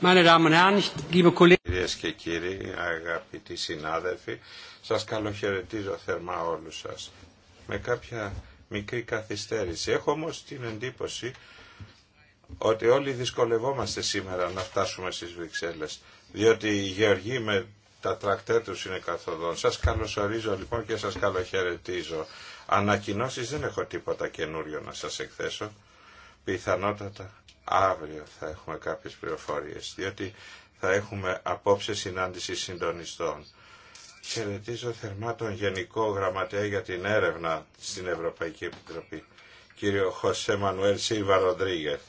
Κυρίες και κύριοι, αγαπητοί συνάδελφοι, σας καλοχαιρετίζω θερμά όλους σας. Με κάποια μικρή καθυστέρηση. Έχω όμως την εντύπωση ότι όλοι δυσκολευόμαστε σήμερα να φτάσουμε στις Βρυξέλλες, διότι οι γεωργοί με τα τρακτέρ τους είναι καθοδόν. Σας καλωσορίζω λοιπόν και σας καλοχαιρετίζω. Ανακοινώσεις δεν έχω τίποτα καινούριο να σας εκθέσω. Πιθανότατα αύριο θα έχουμε κάποιες πληροφορίες, διότι θα έχουμε απόψε συνάντηση συντονιστών. Χαιρετίζω θερμά τον Γενικό Γραμματέα για την έρευνα στην Ευρωπαϊκή Επιτροπή, κύριο Χωσέ Μανουέλ Σίλβα Ροντρίγεθ.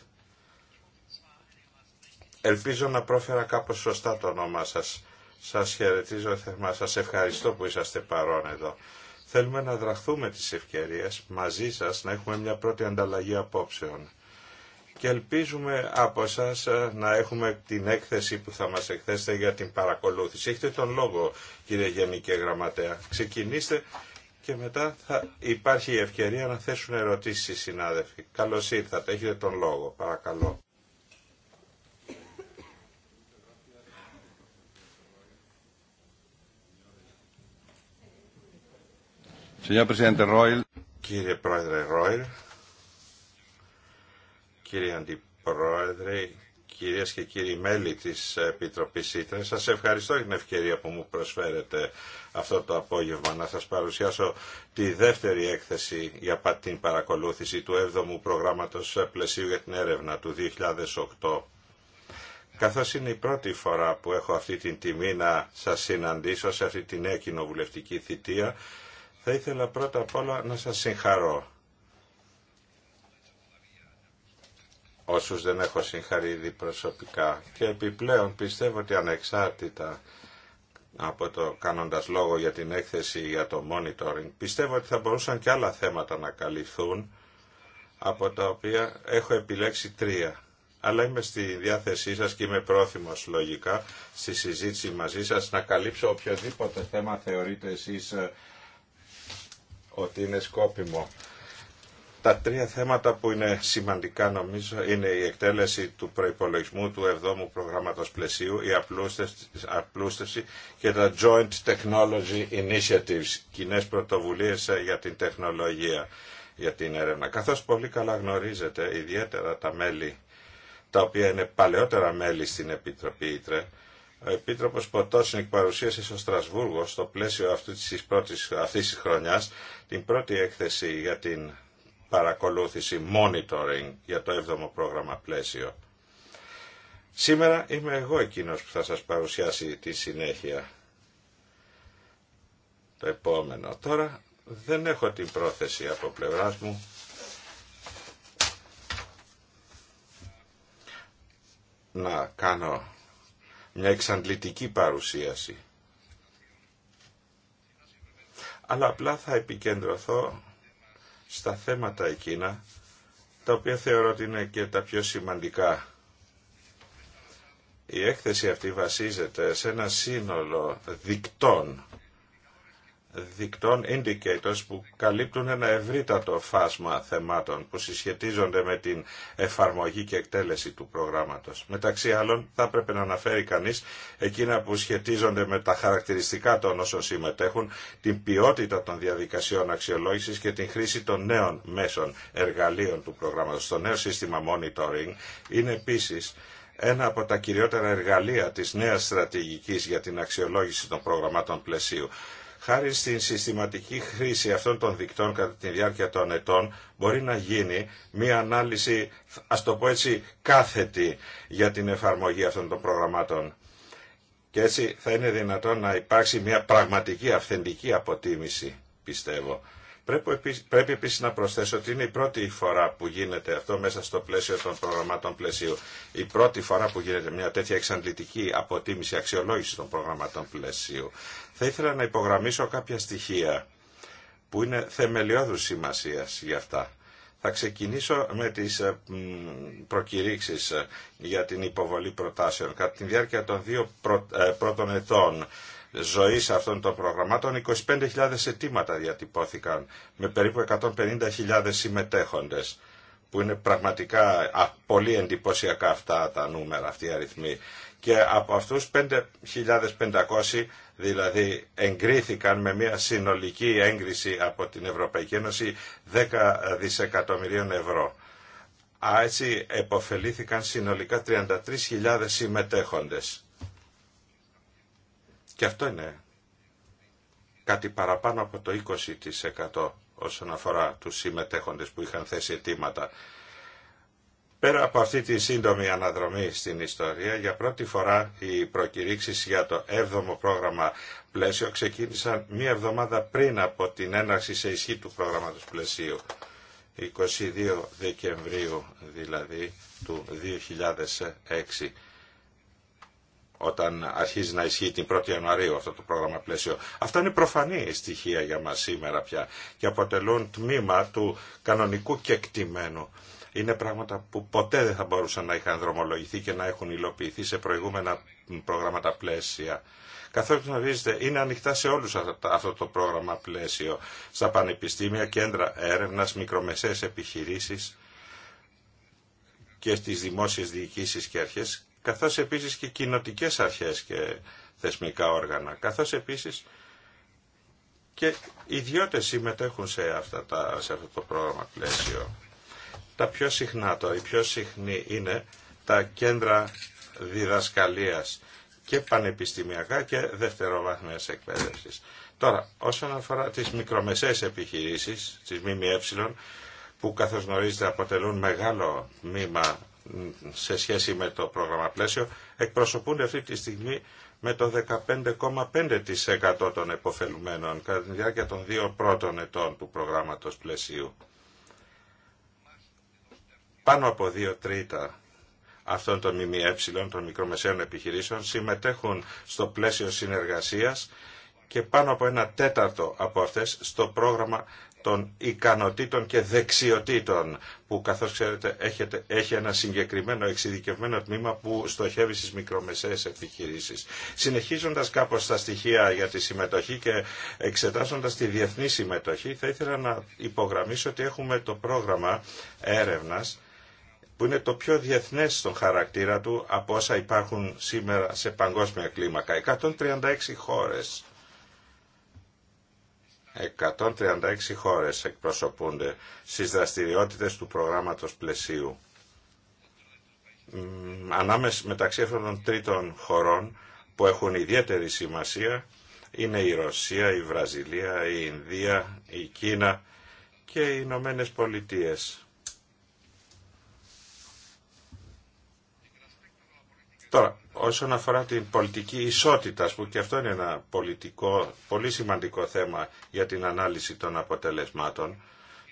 Ελπίζω να πρόφερα κάπως σωστά το όνομά σας. Σας χαιρετίζω θερμά, σας ευχαριστώ που είσαστε παρόν εδώ. Θέλουμε να δραχθούμε τις ευκαιρίες μαζί σας να έχουμε μια πρώτη ανταλλαγή απόψεων και ελπίζουμε από εσά να έχουμε την έκθεση που θα μας εκθέσετε για την παρακολούθηση. Έχετε τον λόγο κύριε Γενική Γραμματέα. Ξεκινήστε και μετά θα υπάρχει η ευκαιρία να θέσουν ερωτήσεις οι συνάδελφοι. Καλώς ήρθατε. Έχετε τον λόγο. Παρακαλώ. Κύριε Πρόεδρε Ρόιλ, κύριε Αντιπρόεδρε, κυρίες και κύριοι μέλη της Επιτροπής Ήτρε. Σας ευχαριστώ για την ευκαιρία που μου προσφέρετε αυτό το απόγευμα να σας παρουσιάσω τη δεύτερη έκθεση για την παρακολούθηση του 7ου προγράμματος πλαισίου για την έρευνα του 2008. Καθώς είναι η πρώτη φορά που έχω αυτή την τιμή να σας συναντήσω σε αυτή τη νέα κοινοβουλευτική θητεία, θα ήθελα πρώτα απ' όλα να σας συγχαρώ όσους δεν έχω συγχαρεί προσωπικά και επιπλέον πιστεύω ότι ανεξάρτητα από το κάνοντας λόγο για την έκθεση για το monitoring πιστεύω ότι θα μπορούσαν και άλλα θέματα να καλυφθούν από τα οποία έχω επιλέξει τρία αλλά είμαι στη διάθεσή σας και είμαι πρόθυμος λογικά στη συζήτηση μαζί σας να καλύψω οποιοδήποτε θέμα θεωρείτε εσείς ε, ότι είναι σκόπιμο τα τρία θέματα που είναι σημαντικά νομίζω είναι η εκτέλεση του προϋπολογισμού του 7ου προγράμματος πλαισίου, η απλούστευση, και τα Joint Technology Initiatives, κοινέ πρωτοβουλίες ε, για την τεχνολογία, για την έρευνα. Καθώς πολύ καλά γνωρίζετε, ιδιαίτερα τα μέλη, τα οποία είναι παλαιότερα μέλη στην Επιτροπή Ήτρε, ο Επίτροπος Ποτόσνικ παρουσίασε στο Στρασβούργο, στο πλαίσιο αυτής της, πρώτης, αυτής της χρονιάς, την πρώτη έκθεση για την παρακολούθηση, monitoring για το 7ο πρόγραμμα πλαίσιο. Σήμερα είμαι εγώ εκείνος που θα σας παρουσιάσει τη συνέχεια. Το επόμενο. Τώρα δεν έχω την πρόθεση από πλευράς μου να κάνω μια εξαντλητική παρουσίαση. Αλλά απλά θα επικεντρωθώ στα θέματα εκείνα, τα οποία θεωρώ ότι είναι και τα πιο σημαντικά. Η έκθεση αυτή βασίζεται σε ένα σύνολο δικτών δικτών indicators που καλύπτουν ένα ευρύτατο φάσμα θεμάτων που συσχετίζονται με την εφαρμογή και εκτέλεση του προγράμματος. Μεταξύ άλλων θα πρέπει να αναφέρει κανείς εκείνα που σχετίζονται με τα χαρακτηριστικά των όσων συμμετέχουν, την ποιότητα των διαδικασιών αξιολόγησης και την χρήση των νέων μέσων εργαλείων του προγράμματος. Το νέο σύστημα monitoring είναι επίσης ένα από τα κυριότερα εργαλεία της νέας στρατηγικής για την αξιολόγηση των προγραμμάτων πλαισίου. Χάρη στην συστηματική χρήση αυτών των δικτών κατά τη διάρκεια των ετών μπορεί να γίνει μια ανάλυση, ας το πω έτσι, κάθετη για την εφαρμογή αυτών των προγραμμάτων. Και έτσι θα είναι δυνατόν να υπάρξει μια πραγματική, αυθεντική αποτίμηση, πιστεύω. Πρέπει επίση να προσθέσω ότι είναι η πρώτη φορά που γίνεται αυτό μέσα στο πλαίσιο των προγραμμάτων πλαισίου. Η πρώτη φορά που γίνεται μια τέτοια εξαντλητική αποτίμηση αξιολόγηση των προγραμμάτων πλαισίου. Θα ήθελα να υπογραμμίσω κάποια στοιχεία που είναι θεμελιωδου σημασια για αυτά. Θα ξεκινήσω με τι ε, προκηρύξεις ε, για την υποβολή προτάσεων. Κατά τη διάρκεια των δύο ε, πρώτων ετών Ζωή αυτών των προγραμμάτων 25.000 αιτήματα διατυπώθηκαν με περίπου 150.000 συμμετέχοντε, που είναι πραγματικά πολύ εντυπωσιακά αυτά τα νούμερα, αυτοί οι αριθμοί. Και από αυτούς 5.500 δηλαδή εγκρίθηκαν με μια συνολική έγκριση από την Ευρωπαϊκή Ένωση 10 δισεκατομμυρίων ευρώ. Α, έτσι επωφελήθηκαν συνολικά 33.000 συμμετέχοντες. Και αυτό είναι κάτι παραπάνω από το 20% όσον αφορά τους συμμετέχοντες που είχαν θέσει αιτήματα. Πέρα από αυτή τη σύντομη αναδρομή στην ιστορία, για πρώτη φορά οι προκηρύξεις για το 7ο πρόγραμμα πλαίσιο ξεκίνησαν μία εβδομάδα πριν από την έναρξη σε ισχύ του πρόγραμματος πλαισίου. 22 Δεκεμβρίου δηλαδή του 2006 όταν αρχίζει να ισχύει την 1η Ιανουαρίου αυτό το πρόγραμμα πλαίσιο. Αυτά είναι προφανή στοιχεία για μας σήμερα πια και αποτελούν τμήμα του κανονικού κεκτημένου. Είναι πράγματα που ποτέ δεν θα μπορούσαν να είχαν δρομολογηθεί και να έχουν υλοποιηθεί σε προηγούμενα προγράμματα πλαίσια. Καθώς γνωρίζετε, είναι ανοιχτά σε όλους αυτό το πρόγραμμα πλαίσιο, στα πανεπιστήμια, κέντρα έρευνας, μικρομεσαίες επιχειρήσεις και στις δημόσιες διοικήσεις και αρχές καθώς επίσης και κοινοτικές αρχές και θεσμικά όργανα, καθώς επίσης και ιδιώτες συμμετέχουν σε, αυτά τα, σε αυτό το πρόγραμμα πλαίσιο. Τα πιο συχνά, το, οι πιο συχνή είναι τα κέντρα διδασκαλίας και πανεπιστημιακά και δευτεροβάθμιας εκπαίδευσης. Τώρα, όσον αφορά τις μικρομεσαίες επιχειρήσεις, τις ΜΜΕ, που καθώς γνωρίζετε αποτελούν μεγάλο μήμα σε σχέση με το πρόγραμμα πλαίσιο εκπροσωπούν αυτή τη στιγμή με το 15,5% των εποφελουμένων κατά τη διάρκεια των δύο πρώτων ετών του προγράμματος πλαισίου. Πάνω από δύο τρίτα αυτών των ΜΜΕ, των μικρομεσαίων επιχειρήσεων, συμμετέχουν στο πλαίσιο συνεργασίας και πάνω από ένα τέταρτο από αυτές στο πρόγραμμα των ικανοτήτων και δεξιοτήτων που καθώς ξέρετε έχετε, έχει ένα συγκεκριμένο εξειδικευμένο τμήμα που στοχεύει στις μικρομεσαίες επιχειρήσεις. Συνεχίζοντας κάπως τα στοιχεία για τη συμμετοχή και εξετάζοντας τη διεθνή συμμετοχή θα ήθελα να υπογραμμίσω ότι έχουμε το πρόγραμμα έρευνας που είναι το πιο διεθνές στον χαρακτήρα του από όσα υπάρχουν σήμερα σε παγκόσμια κλίμακα. 136 χώρες 136 χώρες εκπροσωπούνται στις δραστηριότητες του προγράμματος πλαισίου. Ανάμεσα μεταξύ αυτών των τρίτων χωρών που έχουν ιδιαίτερη σημασία είναι η Ρωσία, η Βραζιλία, η Ινδία, η Κίνα και οι Ηνωμένε Πολιτείες. Τώρα, όσον αφορά την πολιτική ισότητα, που και αυτό είναι ένα πολιτικό, πολύ σημαντικό θέμα για την ανάλυση των αποτελεσμάτων,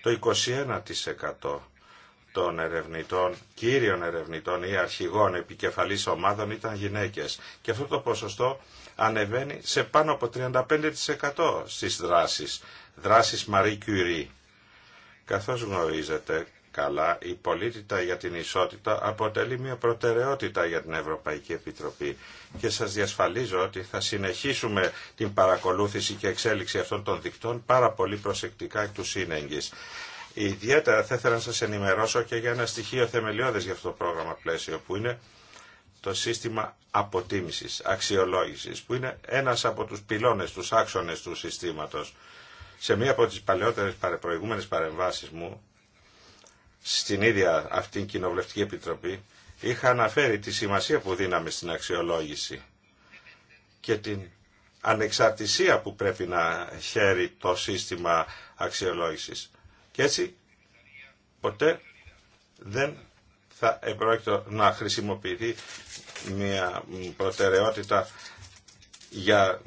το 21% των ερευνητών, κύριων ερευνητών ή αρχηγών επικεφαλής ομάδων ήταν γυναίκες. Και αυτό το ποσοστό ανεβαίνει σε πάνω από 35% στις δράσεις, δράσεις Marie Curie. Καθώς γνωρίζετε, αλλά η πολίτητα για την ισότητα αποτελεί μια προτεραιότητα για την Ευρωπαϊκή Επιτροπή και σας διασφαλίζω ότι θα συνεχίσουμε την παρακολούθηση και εξέλιξη αυτών των δικτών πάρα πολύ προσεκτικά εκ του σύνεγγης. Ιδιαίτερα θα ήθελα να σας ενημερώσω και για ένα στοιχείο θεμελιώδες για αυτό το πρόγραμμα πλαίσιο που είναι το σύστημα αποτίμησης, αξιολόγησης, που είναι ένας από τους πυλώνες, τους άξονες του συστήματος. Σε μία από τις παλαιότερες προηγούμενες παρεμβάσεις μου στην ίδια αυτήν κοινοβουλευτική επιτροπή είχα αναφέρει τη σημασία που δίναμε στην αξιολόγηση και την ανεξαρτησία που πρέπει να χαίρει το σύστημα αξιολόγησης. Και έτσι ποτέ δεν θα επρόκειτο να χρησιμοποιηθεί μια προτεραιότητα για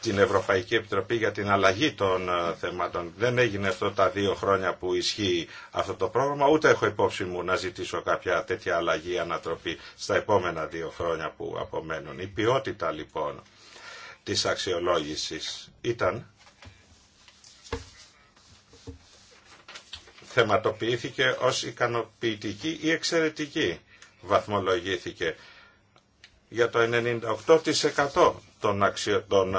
την Ευρωπαϊκή Επιτροπή για την αλλαγή των ε, θεμάτων. Δεν έγινε αυτό τα δύο χρόνια που ισχύει αυτό το πρόγραμμα, ούτε έχω υπόψη μου να ζητήσω κάποια τέτοια αλλαγή, ανατροπή στα επόμενα δύο χρόνια που απομένουν. Η ποιότητα λοιπόν της αξιολόγησης ήταν θεματοποιήθηκε ως ικανοποιητική ή εξαιρετική βαθμολογήθηκε για το 98% των, των ε, ε,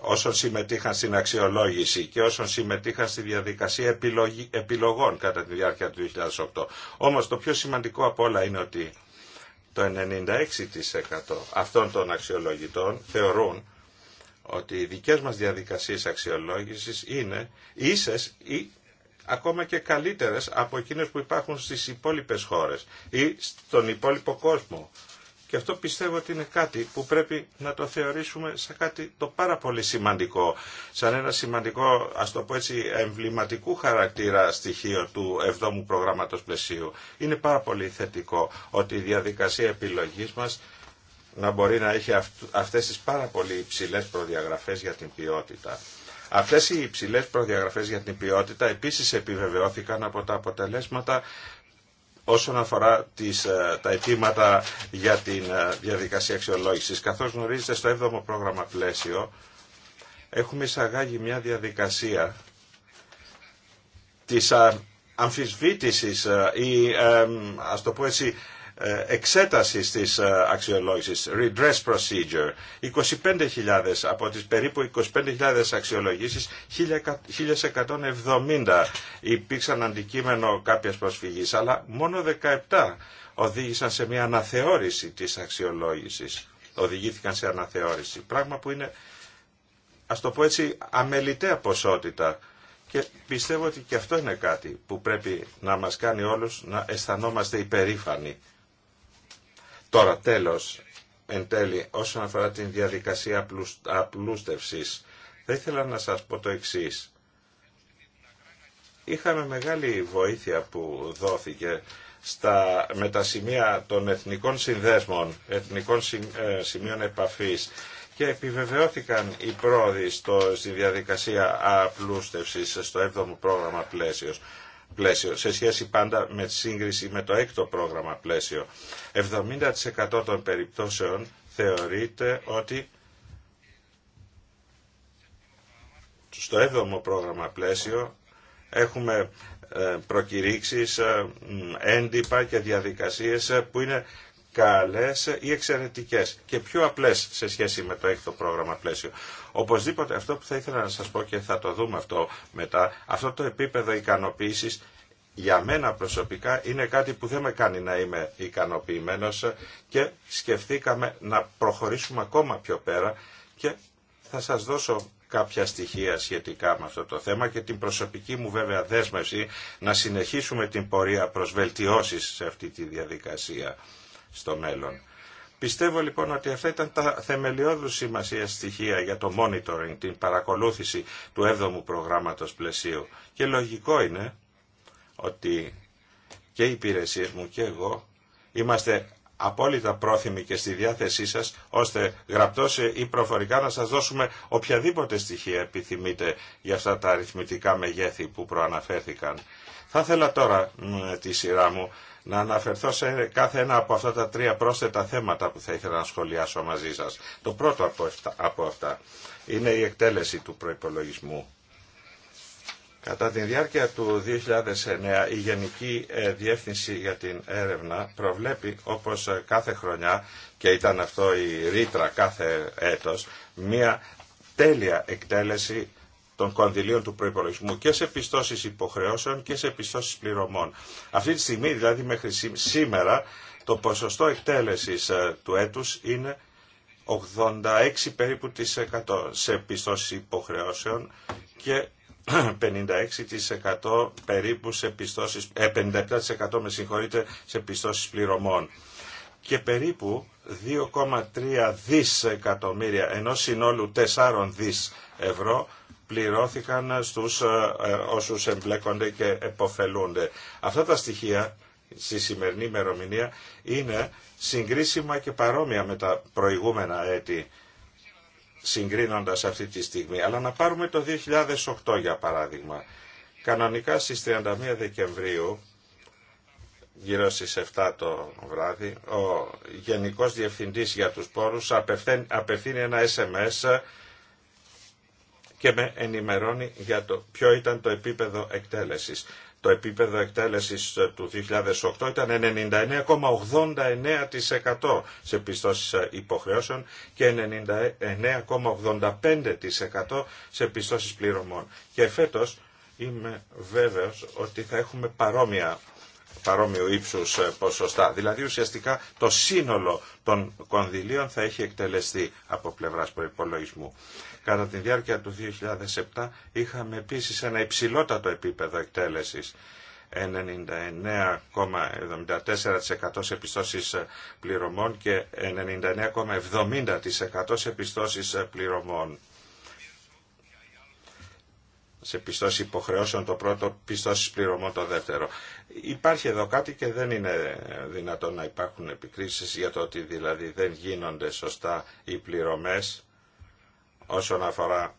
όσων συμμετείχαν στην αξιολόγηση και όσων συμμετείχαν στη διαδικασία επιλογών κατά τη διάρκεια του 2008. Όμως το πιο σημαντικό από όλα είναι ότι το 96% αυτών των αξιολογητών θεωρούν ότι οι δικές μας διαδικασίες αξιολόγησης είναι ίσες ή ακόμα και καλύτερες από εκείνες που υπάρχουν στις υπόλοιπες χώρες ή στον υπόλοιπο κόσμο και αυτό πιστεύω ότι είναι κάτι που πρέπει να το θεωρήσουμε σαν κάτι το πάρα πολύ σημαντικό, σαν ένα σημαντικό, ας το πω έτσι, εμβληματικού χαρακτήρα στοιχείο του 7ου προγράμματος πλαισίου. Είναι πάρα πολύ θετικό ότι η διαδικασία επιλογής μας να μπορεί να έχει αυτές τις πάρα πολύ υψηλές προδιαγραφές για την ποιότητα. Αυτές οι υψηλές προδιαγραφές για την ποιότητα επίσης επιβεβαιώθηκαν από τα αποτελέσματα όσον αφορά τις, ε, τα αιτήματα για τη ε, διαδικασία αξιολόγησης. Καθώς γνωρίζετε στο 7ο πρόγραμμα πλαίσιο έχουμε εισαγάγει μια διαδικασία της ε, αμφισβήτησης ή ας το πω έτσι ε, εξέτασης της ε, αξιολόγησης, redress procedure, 25.000 από τις περίπου 25.000 αξιολογήσεις, 1.170 υπήρξαν αντικείμενο κάποιας προσφυγής, αλλά μόνο 17 οδήγησαν σε μια αναθεώρηση της αξιολόγησης, οδηγήθηκαν σε αναθεώρηση, πράγμα που είναι, ας το πω έτσι, αμεληταία ποσότητα. Και πιστεύω ότι και αυτό είναι κάτι που πρέπει να μας κάνει όλους να αισθανόμαστε υπερήφανοι. Τώρα τέλος, εν τέλει, όσον αφορά την διαδικασία απλούστευσης, θα ήθελα να σας πω το εξής. Είχαμε μεγάλη βοήθεια που δόθηκε στα, με τα σημεία των εθνικών συνδέσμων, εθνικών ε, σημείων επαφής και επιβεβαιώθηκαν οι πρόοδοι το στη διαδικασία απλούστευσης στο 7ο πρόγραμμα πλαίσιος πλαίσιο σε σχέση πάντα με τη σύγκριση με το έκτο πρόγραμμα πλαίσιο. 70% των περιπτώσεων θεωρείται ότι στο έβδομο πρόγραμμα πλαίσιο έχουμε ε, προκηρύξεις, ε, έντυπα και διαδικασίες που είναι καλές ή εξαιρετικές και πιο απλές σε σχέση με το έκτο πρόγραμμα πλαίσιο. Οπωσδήποτε αυτό που θα ήθελα να σας πω και θα το δούμε αυτό μετά, αυτό το επίπεδο ικανοποίησης για μένα προσωπικά είναι κάτι που δεν με κάνει να είμαι ικανοποιημένος και σκεφτήκαμε να προχωρήσουμε ακόμα πιο πέρα και θα σας δώσω κάποια στοιχεία σχετικά με αυτό το θέμα και την προσωπική μου βέβαια δέσμευση να συνεχίσουμε την πορεία προς βελτιώσεις σε αυτή τη διαδικασία στο μέλλον. Πιστεύω λοιπόν ότι αυτά ήταν τα θεμελιώδους σημασία στοιχεία για το monitoring, την παρακολούθηση του 7ου προγράμματος πλαισίου. Και λογικό είναι ότι και οι υπηρεσίε μου και εγώ είμαστε απόλυτα πρόθυμοι και στη διάθεσή σας, ώστε γραπτώς ή προφορικά να σας δώσουμε οποιαδήποτε στοιχεία επιθυμείτε για αυτά τα αριθμητικά μεγέθη που προαναφέρθηκαν. Θα ήθελα τώρα τη σειρά μου να αναφερθώ σε κάθε ένα από αυτά τα τρία πρόσθετα θέματα που θα ήθελα να σχολιάσω μαζί σας. Το πρώτο από αυτά είναι η εκτέλεση του προϋπολογισμού. Κατά τη διάρκεια του 2009 η Γενική ε, Διεύθυνση για την Έρευνα προβλέπει όπως ε, κάθε χρονιά και ήταν αυτό η ρήτρα κάθε έτος μία τέλεια εκτέλεση των κονδυλίων του προπολογισμού και σε πιστώσει υποχρεώσεων και σε πιστώσει πληρωμών. Αυτή τη στιγμή, δηλαδή μέχρι σήμερα, το ποσοστό εκτέλεση ε, του έτου είναι 86 περίπου σε πιστώσει υποχρεώσεων και 56% περίπου σε πιστώσεις, 57% ε, με συγχωρείτε, σε πιστώσεις πληρωμών και περίπου 2,3 δισεκατομμύρια, εκατομμύρια ενώ συνόλου 4 δις ευρώ πληρώθηκαν στους ε, ε, όσους εμπλέκονται και εποφελούνται. Αυτά τα στοιχεία στη σημερινή ημερομηνία είναι συγκρίσιμα και παρόμοια με τα προηγούμενα έτη συγκρίνοντας αυτή τη στιγμή. Αλλά να πάρουμε το 2008 για παράδειγμα. Κανονικά στις 31 Δεκεμβρίου, γύρω στις 7 το βράδυ, ο Γενικός Διευθυντής για τους Πόρους απευθύνει ένα SMS και με ενημερώνει για το ποιο ήταν το επίπεδο εκτέλεσης. Το επίπεδο εκτέλεσης του 2008 ήταν 99,89% σε πιστώσεις υποχρεώσεων και 99,85% σε πιστώσεις πληρωμών. Και φέτος είμαι βέβαιος ότι θα έχουμε παρόμοια παρόμοιου ύψους ε, ποσοστά. Δηλαδή ουσιαστικά το σύνολο των κονδυλίων θα έχει εκτελεστεί από πλευράς προϋπολογισμού. Κατά τη διάρκεια του 2007 είχαμε επίσης ένα υψηλότατο επίπεδο εκτέλεσης. 99,74% σε πιστώσεις ε, πληρωμών και 99,70% σε πιστώσεις ε, πληρωμών. Σε πιστώσεις υποχρεώσεων το πρώτο, πιστώσεις πληρωμών το δεύτερο. Υπάρχει εδώ κάτι και δεν είναι δυνατόν να υπάρχουν επικρίσεις για το ότι δηλαδή δεν γίνονται σωστά οι πληρωμές όσον αφορά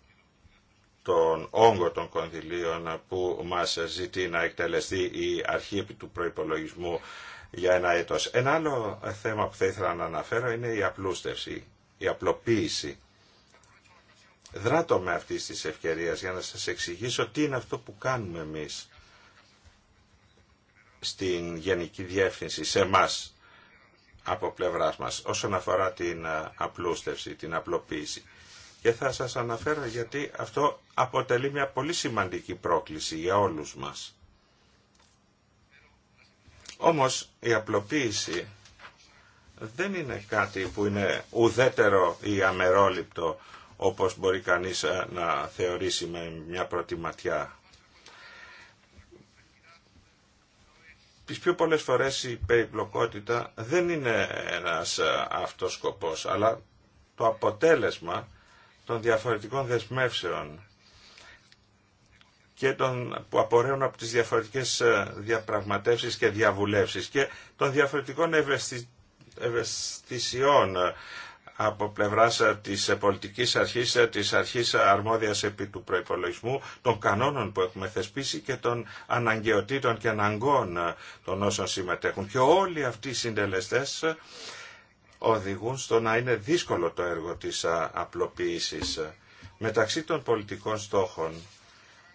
τον όγκο των κονδυλίων που μας ζητεί να εκτελεστεί η αρχή του προϋπολογισμού για ένα έτος. Ένα άλλο θέμα που θα ήθελα να αναφέρω είναι η απλούστευση, η απλοποίηση. Δράτω με αυτή τη ευκαιρία για να σας εξηγήσω τι είναι αυτό που κάνουμε εμείς στην Γενική Διεύθυνση, σε εμά από πλευράς μας, όσον αφορά την απλούστευση, την απλοποίηση και θα σας αναφέρω γιατί αυτό αποτελεί μια πολύ σημαντική πρόκληση για όλους μας. Όμως η απλοποίηση δεν είναι κάτι που είναι ουδέτερο ή αμερόληπτο όπως μπορεί κανείς ε, να θεωρήσει με μια πρώτη ματιά. Τις πιο πολλές φορές η περιπλοκότητα δεν είναι ένας ε, αυτός σκοπός, αλλά το αποτέλεσμα των διαφορετικών δεσμεύσεων και των, που απορρέουν από τις διαφορετικές ε, διαπραγματεύσεις και διαβουλεύσεις και των διαφορετικών ευαισθησιών ε, από πλευράς ε, της πολιτικής αρχής, της αρχής αρμόδιας επί του προϋπολογισμού, των κανόνων που έχουμε θεσπίσει και των αναγκαιοτήτων και αναγκών των όσων συμμετέχουν. Και όλοι αυτοί οι συντελεστές οδηγούν στο να είναι δύσκολο το έργο της απλοποίησης. Μεταξύ των πολιτικών στόχων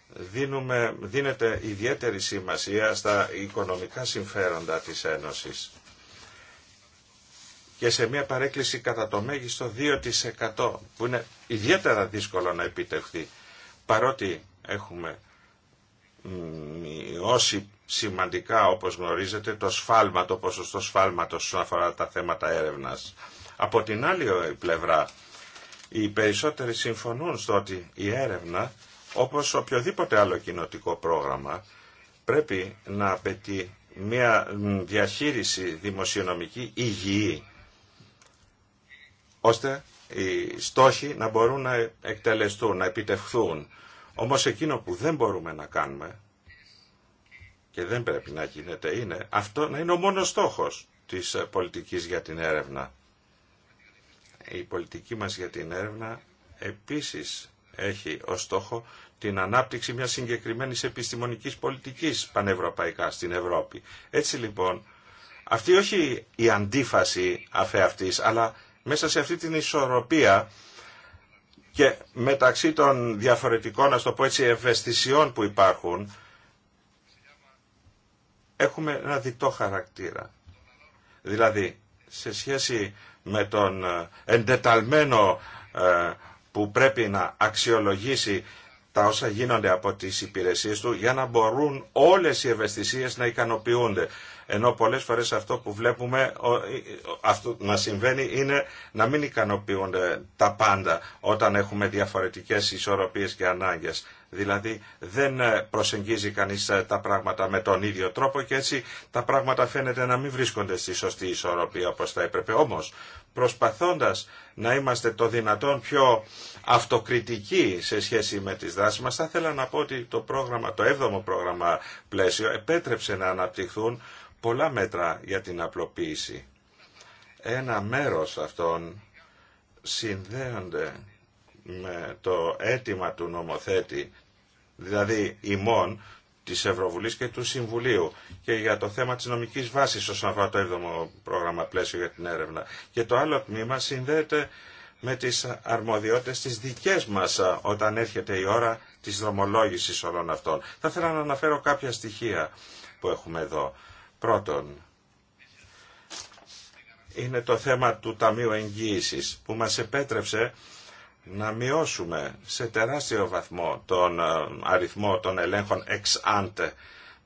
δίνουμε, δίνεται ιδιαίτερη σημασία στα οικονομικά συμφέροντα της Ένωσης και σε μια παρέκκληση κατά το μέγιστο 2% που είναι ιδιαίτερα δύσκολο να επιτευχθεί παρότι έχουμε μειώσει σημαντικά όπως γνωρίζετε το σφάλμα, το ποσοστό σφάλματος όσον αφορά τα θέματα έρευνας. Από την άλλη πλευρά οι περισσότεροι συμφωνούν στο ότι η έρευνα όπως οποιοδήποτε άλλο κοινοτικό πρόγραμμα πρέπει να απαιτεί μια διαχείριση δημοσιονομική υγιή ώστε οι στόχοι να μπορούν να εκτελεστούν, να επιτευχθούν όμως εκείνο που δεν μπορούμε να κάνουμε και δεν πρέπει να γίνεται είναι αυτό να είναι ο μόνος στόχος της πολιτικής για την έρευνα. Η πολιτική μας για την έρευνα επίσης έχει ως στόχο την ανάπτυξη μιας συγκεκριμένης επιστημονικής πολιτικής πανευρωπαϊκά στην Ευρώπη. Έτσι λοιπόν, αυτή όχι η αντίφαση αφέ αυτής, αλλά μέσα σε αυτή την ισορροπία και μεταξύ των διαφορετικών, να το πω έτσι, ευαισθησιών που υπάρχουν, έχουμε ένα διτό χαρακτήρα. Δηλαδή, σε σχέση με τον ε, εντεταλμένο ε, που πρέπει να αξιολογήσει τα όσα γίνονται από τις υπηρεσίες του για να μπορούν όλες οι ευαισθησίες να ικανοποιούνται. Ενώ πολλές φορές αυτό που βλέπουμε αυτό να συμβαίνει είναι να μην ικανοποιούνται τα πάντα όταν έχουμε διαφορετικές ισορροπίες και ανάγκες. Δηλαδή δεν ε, προσεγγίζει κανείς ε, τα πράγματα με τον ίδιο τρόπο και έτσι τα πράγματα φαίνεται να μην βρίσκονται στη σωστή ισορροπία όπως θα έπρεπε. Όμως προσπαθώντας να είμαστε το δυνατόν πιο αυτοκριτικοί σε σχέση με τις δράσεις μας θα ήθελα να πω ότι το, πρόγραμμα, το 7ο πρόγραμμα πλαίσιο επέτρεψε να αναπτυχθούν πολλά μέτρα για την απλοποίηση. Ένα μέρος αυτών συνδέονται με το αίτημα του νομοθέτη, δηλαδή ημών, της Ευρωβουλής και του Συμβουλίου και για το θέμα της νομικής βάσης όσον αφορά το 7ο πρόγραμμα πλαίσιο για την έρευνα. Και το άλλο τμήμα συνδέεται με τις αρμοδιότητες τις δικές μας όταν έρχεται η ώρα της δρομολόγησης όλων αυτών. Θα ήθελα να αναφέρω κάποια στοιχεία που έχουμε εδώ. Πρώτον, είναι το θέμα του Ταμείου Εγγύησης που μας επέτρεψε να μειώσουμε σε τεράστιο βαθμό τον ε, αριθμό των ελέγχων ex ante.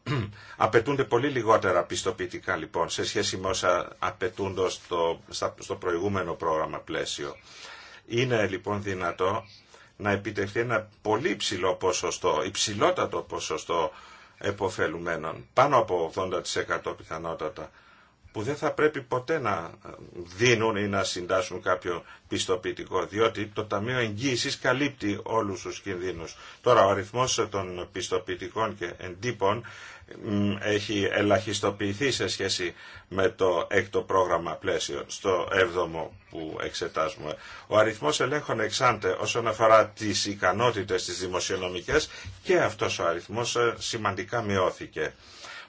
Απαιτούνται πολύ λιγότερα πιστοποιητικά λοιπόν σε σχέση με όσα απαιτούνται στο, στο προηγούμενο πρόγραμμα πλαίσιο. Είναι λοιπόν δυνατό να επιτευχθεί ένα πολύ υψηλό ποσοστό, υψηλότατο ποσοστό εποφελουμένων, πάνω από 80% πιθανότατα, που δεν θα πρέπει ποτέ να δίνουν ή να συντάσσουν κάποιο πιστοποιητικό, διότι το Ταμείο Εγγύησης καλύπτει όλους τους κινδύνους. Τώρα, ο αριθμός των πιστοποιητικών και εντύπων έχει ελαχιστοποιηθεί σε σχέση με το έκτο πρόγραμμα πλαίσιο, στο έβδομο που εξετάζουμε. Ο αριθμός ελέγχων εξάντε όσον αφορά τις ικανότητες τις δημοσιονομικές και αυτός ο αριθμός ε, σημαντικά μειώθηκε.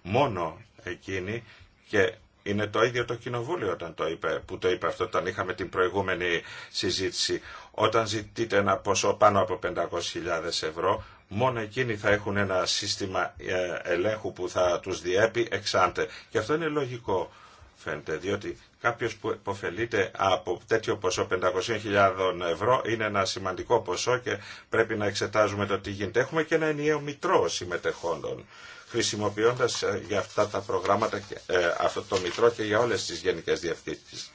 Μόνο εκείνη και είναι το ίδιο το κοινοβούλιο όταν το είπε, που το είπε αυτό όταν είχαμε την προηγούμενη συζήτηση. Όταν ζητείτε ένα ποσό πάνω από 500.000 ευρώ, μόνο εκείνοι θα έχουν ένα σύστημα ε, ελέγχου που θα τους διέπει εξάντε. Και αυτό είναι λογικό φαίνεται, διότι κάποιος που υποφελείται από τέτοιο ποσό 500.000 ευρώ είναι ένα σημαντικό ποσό και πρέπει να εξετάζουμε το τι γίνεται. Έχουμε και ένα ενιαίο μητρό συμμετεχόντων χρησιμοποιώντας ε, για αυτά τα προγράμματα ε, αυτό το μητρό και για όλες τις γενικές διευθύνσεις.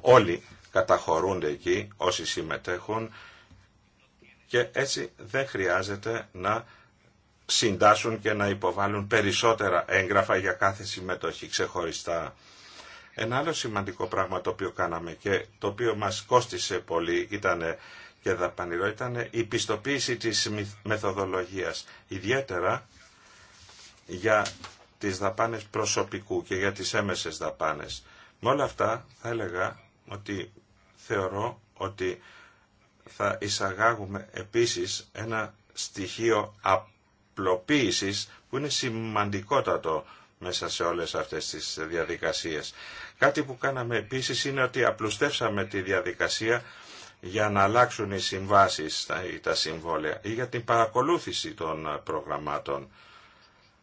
Όλοι καταχωρούνται εκεί όσοι συμμετέχουν και έτσι δεν χρειάζεται να συντάσσουν και να υποβάλουν περισσότερα έγγραφα για κάθε συμμετοχή ξεχωριστά. Ένα άλλο σημαντικό πράγμα το οποίο κάναμε και το οποίο μας κόστισε πολύ ήταν και δαπανηρό ήταν η πιστοποίηση της μεθοδολογίας. Ιδιαίτερα για τις δαπάνες προσωπικού και για τις έμεσες δαπάνες. Με όλα αυτά θα έλεγα ότι θεωρώ ότι θα εισαγάγουμε επίσης ένα στοιχείο απλοποίησης που είναι σημαντικότατο μέσα σε όλες αυτές τις διαδικασίες. Κάτι που κάναμε επίσης είναι ότι απλουστεύσαμε τη διαδικασία για να αλλάξουν οι συμβάσεις ή τα συμβόλαια ή για την παρακολούθηση των προγραμμάτων.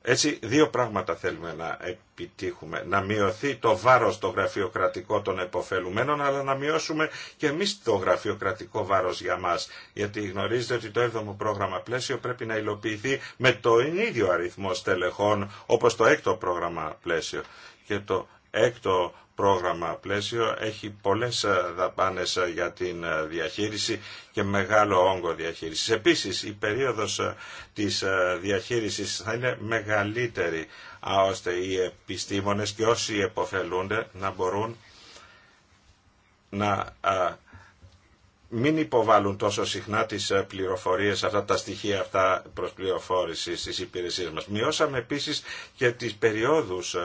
Έτσι δύο πράγματα θέλουμε να επιτύχουμε. Να μειωθεί το βάρος το γραφειοκρατικό των εποφελουμένων, αλλά να μειώσουμε και εμείς το γραφειοκρατικό βάρος για μας. Γιατί γνωρίζετε ότι το 7ο πρόγραμμα πλαίσιο πρέπει να υλοποιηθεί με το ίδιο αριθμό στελεχών όπως το 6ο πρόγραμμα πλαίσιο. Και το 6ο πρόγραμμα πλαίσιο έχει πολλές ε, δαπάνες ε, για την ε, διαχείριση και μεγάλο όγκο διαχείρισης. Επίσης η περίοδος της διαχείρισης θα είναι μεγαλύτερη ώστε οι επιστήμονες και όσοι εποφελούνται να μπορούν να μην υποβάλουν τόσο συχνά τις πληροφορίες, αυτά τα στοιχεία αυτά προς πληροφόρηση στις υπηρεσίες μας. Μειώσαμε επίσης και τις περιόδους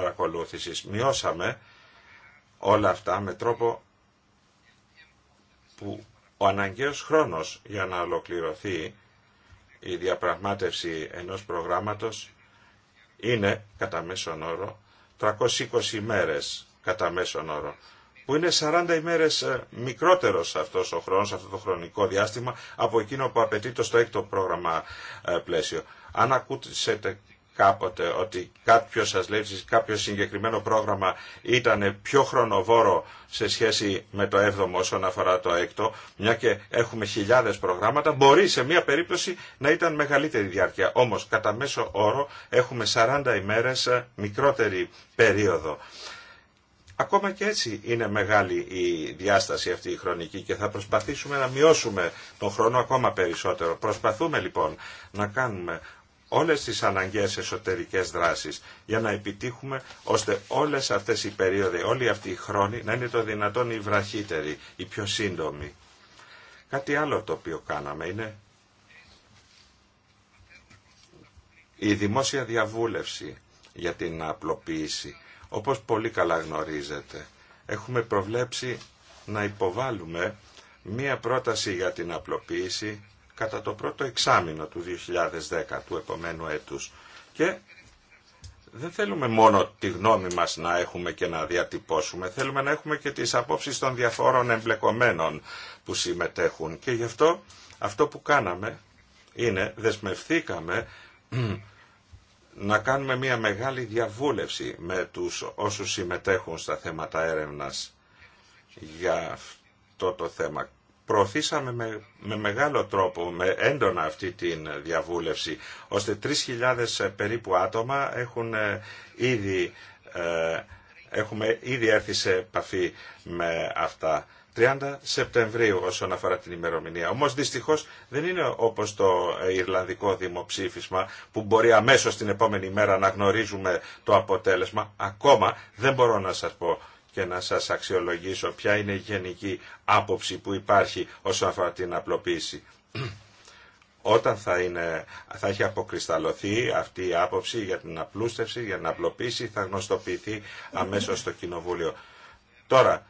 παρακολούθησης. Μειώσαμε όλα αυτά με τρόπο που ο αναγκαίος χρόνος για να ολοκληρωθεί η διαπραγμάτευση ενός προγράμματος είναι κατά μέσον όρο 320 ημέρες κατά μέσον όρο που είναι 40 ημέρες ε, μικρότερος αυτός ο χρόνος, αυτό το χρονικό διάστημα από εκείνο που απαιτείται στο έκτο πρόγραμμα ε, πλαίσιο. Αν ακούσετε κάποτε ότι κάποιο σα λέει ότι κάποιο συγκεκριμένο πρόγραμμα ήταν πιο χρονοβόρο σε σχέση με το 7ο όσον αφορά το 6ο, μια και έχουμε χιλιάδε προγράμματα, μπορεί σε μια περίπτωση να ήταν μεγαλύτερη διάρκεια. Όμω κατά μέσο όρο έχουμε 40 ημέρε μικρότερη περίοδο. Ακόμα και έτσι είναι μεγάλη η διάσταση αυτή η χρονική και θα προσπαθήσουμε να μειώσουμε τον χρόνο ακόμα περισσότερο. Προσπαθούμε λοιπόν να κάνουμε όλες τις αναγκαίες εσωτερικές δράσεις για να επιτύχουμε ώστε όλες αυτές οι περίοδοι, όλη αυτή η χρόνοι να είναι το δυνατόν η βραχύτεροι, η πιο σύντομοι. Κάτι άλλο το οποίο κάναμε είναι η δημόσια διαβούλευση για την απλοποίηση. Όπως πολύ καλά γνωρίζετε, έχουμε προβλέψει να υποβάλουμε μία πρόταση για την απλοποίηση κατά το πρώτο εξάμεινο του 2010 του επομένου έτους και δεν θέλουμε μόνο τη γνώμη μας να έχουμε και να διατυπώσουμε, θέλουμε να έχουμε και τις απόψεις των διαφόρων εμπλεκομένων που συμμετέχουν και γι' αυτό αυτό που κάναμε είναι δεσμευθήκαμε να κάνουμε μια μεγάλη διαβούλευση με τους όσους συμμετέχουν στα θέματα έρευνας για αυτό το θέμα προωθήσαμε με, με μεγάλο τρόπο, με έντονα αυτή την διαβούλευση, ώστε 3.000 ε, περίπου άτομα έχουν ε, ήδη, ε, έχουμε ήδη έρθει σε επαφή με αυτά. 30 Σεπτεμβρίου όσον αφορά την ημερομηνία. Όμως δυστυχώς δεν είναι όπως το Ιρλανδικό δημοψήφισμα που μπορεί αμέσως την επόμενη μέρα να γνωρίζουμε το αποτέλεσμα. Ακόμα δεν μπορώ να σας πω και να σας αξιολογήσω ποια είναι η γενική άποψη που υπάρχει όσον αφορά την απλοποίηση. Όταν θα, είναι, θα έχει αποκρισταλωθεί αυτή η άποψη για την απλούστευση, για την απλοποίηση, θα γνωστοποιηθεί αμέσως στο Κοινοβούλιο. Τώρα,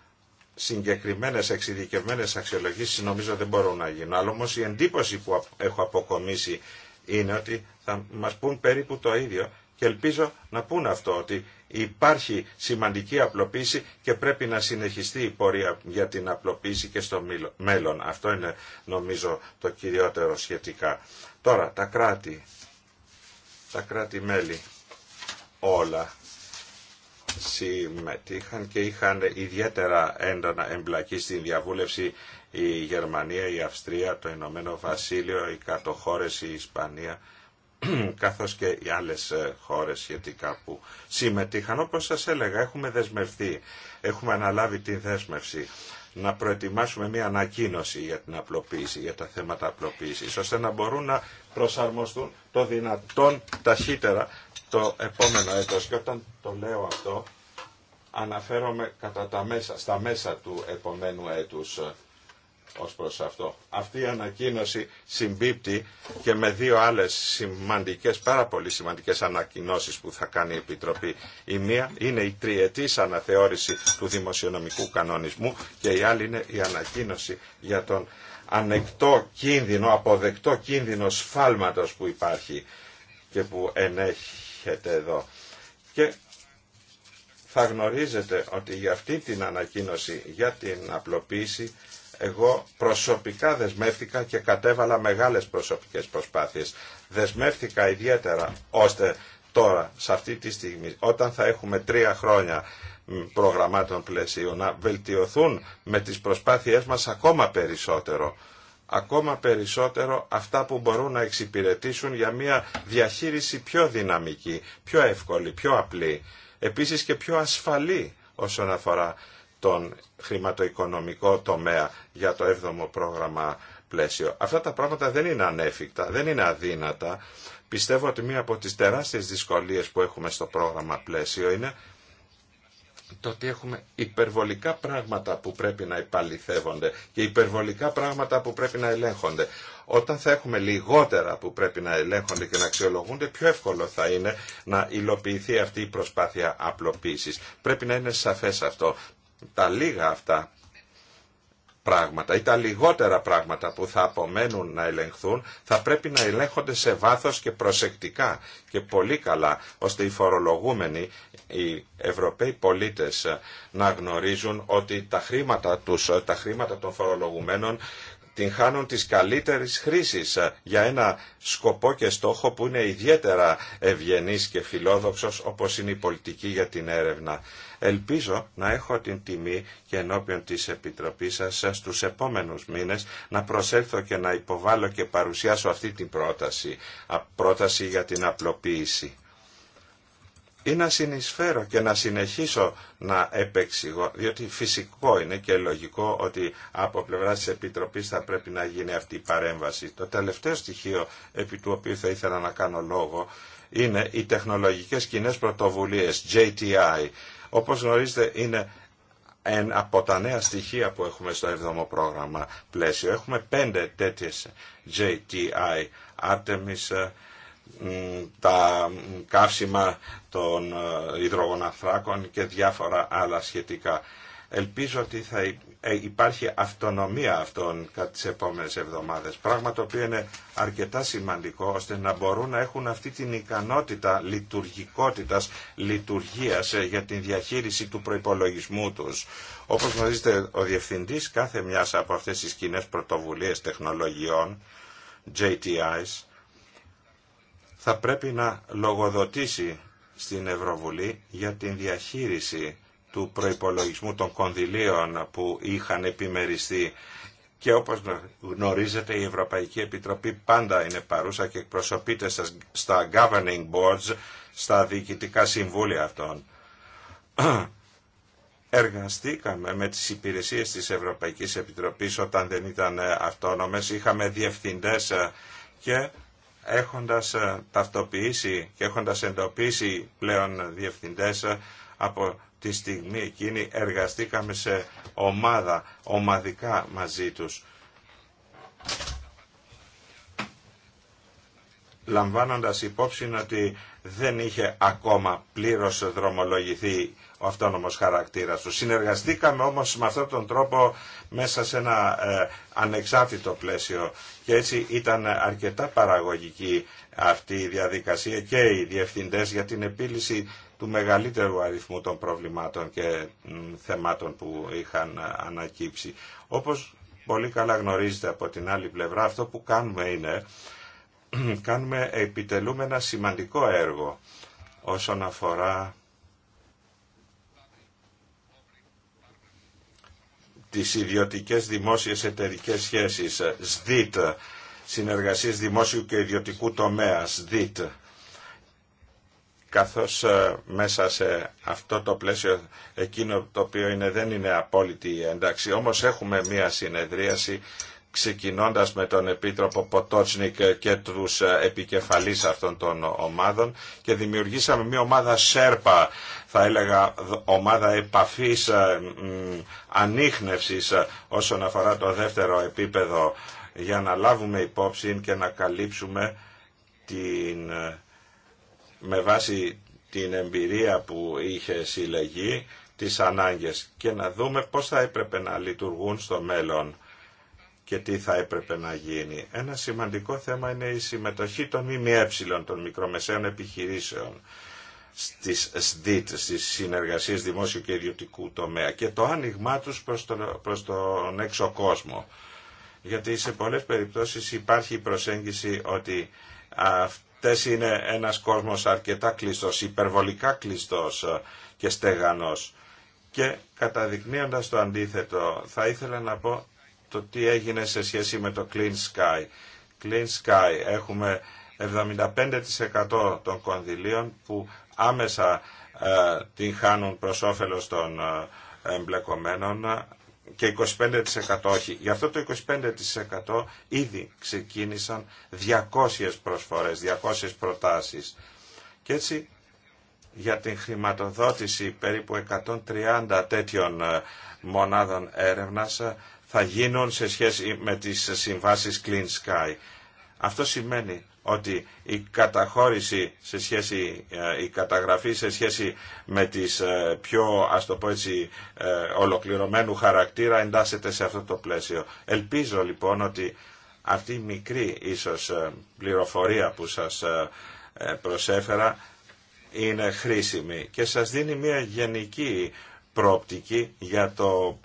συγκεκριμένες εξειδικευμένες αξιολογήσεις νομίζω δεν μπορούν να γίνουν. Αλλά όμως η εντύπωση που έχω αποκομίσει είναι ότι θα μας πούν περίπου το ίδιο και ελπίζω να πούν αυτό ότι υπάρχει σημαντική απλοποίηση και πρέπει να συνεχιστεί η πορεία για την απλοποίηση και στο μέλλον. Αυτό είναι νομίζω το κυριότερο σχετικά. Τώρα τα κράτη, τα κράτη-μέλη όλα συμμετείχαν και είχαν ιδιαίτερα έντονα εμπλακεί στην διαβούλευση η Γερμανία, η Αυστρία, το Ηνωμένο Βασίλειο, οι κατοχώρες, η Ισπανία καθώς και οι άλλες ε, χώρες σχετικά που συμμετείχαν. Όπως σας έλεγα, έχουμε δεσμευτεί, έχουμε αναλάβει την δέσμευση να προετοιμάσουμε μια ανακοίνωση για την απλοποίηση, για τα θέματα απλοποίησης, ώστε να μπορούν να προσαρμοστούν το δυνατόν ταχύτερα το επόμενο έτος. Και όταν το λέω αυτό, αναφέρομαι κατά τα μέσα, στα μέσα του επομένου έτους ως προς αυτό. Αυτή η ανακοίνωση συμπίπτει και με δύο άλλες σημαντικές, πάρα πολύ σημαντικές ανακοινώσεις που θα κάνει η Επιτροπή. Η μία είναι η τριετής αναθεώρηση του δημοσιονομικού κανονισμού και η άλλη είναι η ανακοίνωση για τον ανεκτό κίνδυνο, αποδεκτό κίνδυνο σφάλματος που υπάρχει και που ενέχεται εδώ. Και θα γνωρίζετε ότι για αυτή την ανακοίνωση, για την απλοποίηση, εγώ προσωπικά δεσμεύτηκα και κατέβαλα μεγάλες προσωπικές προσπάθειες. Δεσμεύτηκα ιδιαίτερα ώστε τώρα, σε αυτή τη στιγμή, όταν θα έχουμε τρία χρόνια προγραμμάτων πλαισίου, να βελτιωθούν με τις προσπάθειές μας ακόμα περισσότερο ακόμα περισσότερο αυτά που μπορούν να εξυπηρετήσουν για μια διαχείριση πιο δυναμική, πιο εύκολη, πιο απλή, επίσης και πιο ασφαλή όσον αφορά τον χρηματοοικονομικό τομέα για το 7ο πρόγραμμα πλαίσιο. Αυτά τα πράγματα δεν είναι ανέφικτα, δεν είναι αδύνατα. Πιστεύω ότι μία από τις τεράστιες δυσκολίες που έχουμε στο πρόγραμμα πλαίσιο είναι το ότι έχουμε υπερβολικά πράγματα που πρέπει να υπαλληθεύονται και υπερβολικά πράγματα που πρέπει να ελέγχονται. Όταν θα έχουμε λιγότερα που πρέπει να ελέγχονται και να αξιολογούνται, πιο εύκολο θα είναι να υλοποιηθεί αυτή η προσπάθεια απλοποίησης. Πρέπει να είναι σαφές αυτό τα λίγα αυτά πράγματα ή τα λιγότερα πράγματα που θα απομένουν να ελεγχθούν θα πρέπει να ελέγχονται σε βάθος και προσεκτικά και πολύ καλά ώστε οι φορολογούμενοι, οι Ευρωπαίοι πολίτες να γνωρίζουν ότι τα χρήματα τους, τα χρήματα των φορολογουμένων την χάνουν της καλύτερης χρήσης ε, για ένα σκοπό και στόχο που είναι ιδιαίτερα ευγενής και φιλόδοξος όπως είναι η πολιτική για την έρευνα. Ελπίζω να έχω την τιμή και ενώπιον της Επιτροπής σας ε, στους επόμενους μήνες να προσέλθω και να υποβάλω και παρουσιάσω αυτή την πρόταση, πρόταση για την απλοποίηση ή να συνεισφέρω και να συνεχίσω να επεξηγώ, διότι φυσικό είναι και λογικό ότι από πλευρά τη Επιτροπή θα πρέπει να γίνει αυτή η παρέμβαση. Το τελευταίο στοιχείο επί του οποίου θα ήθελα να κάνω λόγο είναι οι τεχνολογικές κοινέ πρωτοβουλίες, JTI. Όπως γνωρίζετε είναι από τα νέα στοιχεία που έχουμε στο 7ο πρόγραμμα πλαίσιο. Έχουμε πέντε τέτοιες JTI, Artemis, τα καύσιμα των ε, υδρογοναθράκων και διάφορα άλλα σχετικά. Ελπίζω ότι θα ε, υπάρχει αυτονομία αυτών κατά τις επόμενες εβδομάδες, πράγμα το οποίο είναι αρκετά σημαντικό ώστε να μπορούν να έχουν αυτή την ικανότητα λειτουργικότητας, λειτουργίας ε, για την διαχείριση του προϋπολογισμού τους. Όπως γνωρίζετε, ο Διευθυντής κάθε μιας από αυτές τις κοινέ πρωτοβουλίες τεχνολογιών, JTIs, θα πρέπει να λογοδοτήσει στην Ευρωβουλή για την διαχείριση του προϋπολογισμού των κονδυλίων που είχαν επιμεριστεί και όπως γνωρίζετε η Ευρωπαϊκή Επιτροπή πάντα είναι παρούσα και εκπροσωπείται στα governing boards, στα διοικητικά συμβούλια αυτών. Εργαστήκαμε με τις υπηρεσίες της Ευρωπαϊκής Επιτροπής όταν δεν ήταν αυτόνομες, είχαμε διευθυντές ε, και έχοντας ε, ταυτοποιήσει και έχοντας εντοπίσει πλέον διευθυντές ε, από τη στιγμή εκείνη εργαστήκαμε σε ομάδα, ομαδικά μαζί τους. Λαμβάνοντας υπόψη ότι δεν είχε ακόμα πλήρως δρομολογηθεί ο αυτόνομος χαρακτήρας του. Συνεργαστήκαμε όμως με αυτόν τον τρόπο μέσα σε ένα ε, ανεξάρτητο πλαίσιο και έτσι ήταν αρκετά παραγωγική αυτή η διαδικασία και οι διευθυντές για την επίλυση του μεγαλύτερου αριθμού των προβλημάτων και θεμάτων που είχαν ε, ανακύψει. Όπως πολύ καλά γνωρίζετε από την άλλη πλευρά, αυτό που κάνουμε είναι, κάνουμε, επιτελούμε ένα σημαντικό έργο όσον αφορά τις ιδιωτικές δημόσιες εταιρικέ σχέσεις, ΣΔΙΤ, συνεργασίες δημόσιου και ιδιωτικού τομέα, ΣΔΙΤ, καθώς ε, μέσα σε αυτό το πλαίσιο εκείνο το οποίο είναι, δεν είναι απόλυτη η ένταξη, όμως έχουμε μία συνεδρίαση ξεκινώντας με τον Επίτροπο Ποτότσνικ και τους ε, επικεφαλείς αυτών των ομάδων και δημιουργήσαμε μια ομάδα ΣΕΡΠΑ, θα έλεγα ομάδα επαφής, ε, ανείχνευσης ε, όσον αφορά το δεύτερο επίπεδο για να λάβουμε υπόψη και να καλύψουμε την, με βάση την εμπειρία που είχε συλλεγεί τις ανάγκες και να δούμε πώς θα έπρεπε να λειτουργούν στο μέλλον και τι θα έπρεπε να γίνει. Ένα σημαντικό θέμα είναι η συμμετοχή των ΜΜΕ, των μικρομεσαίων επιχειρήσεων στις ΣΔΙΤ, στις συνεργασίες δημόσιου και ιδιωτικού τομέα και το άνοιγμά τους προς τον, προς τον έξω κόσμο. Γιατί σε πολλές περιπτώσεις υπάρχει η προσέγγιση ότι αυτές είναι ένας κόσμος αρκετά κλειστός, υπερβολικά κλειστός και στεγανός. Και καταδεικνύοντας το αντίθετο, θα ήθελα να πω το τι έγινε σε σχέση με το Clean Sky. Clean Sky έχουμε 75% των κονδυλίων που άμεσα ε, την χάνουν προς όφελος των ε, εμπλεκομένων και 25% όχι. Γι' αυτό το 25% ήδη ξεκίνησαν 200 προσφορές, 200 προτάσεις. Και έτσι για την χρηματοδότηση περίπου 130 τέτοιων ε, μονάδων έρευνας θα γίνουν σε σχέση με τις συμβάσεις Clean Sky. Αυτό σημαίνει ότι η καταχώρηση σε σχέση, ε, η καταγραφή σε σχέση με τις ε, πιο, ας ε, ολοκληρωμένου χαρακτήρα εντάσσεται σε αυτό το πλαίσιο. Ελπίζω λοιπόν ότι αυτή η μικρή ίσως πληροφορία που σας προσέφερα είναι χρήσιμη και σας δίνει μια γενική πρόπτικη για το,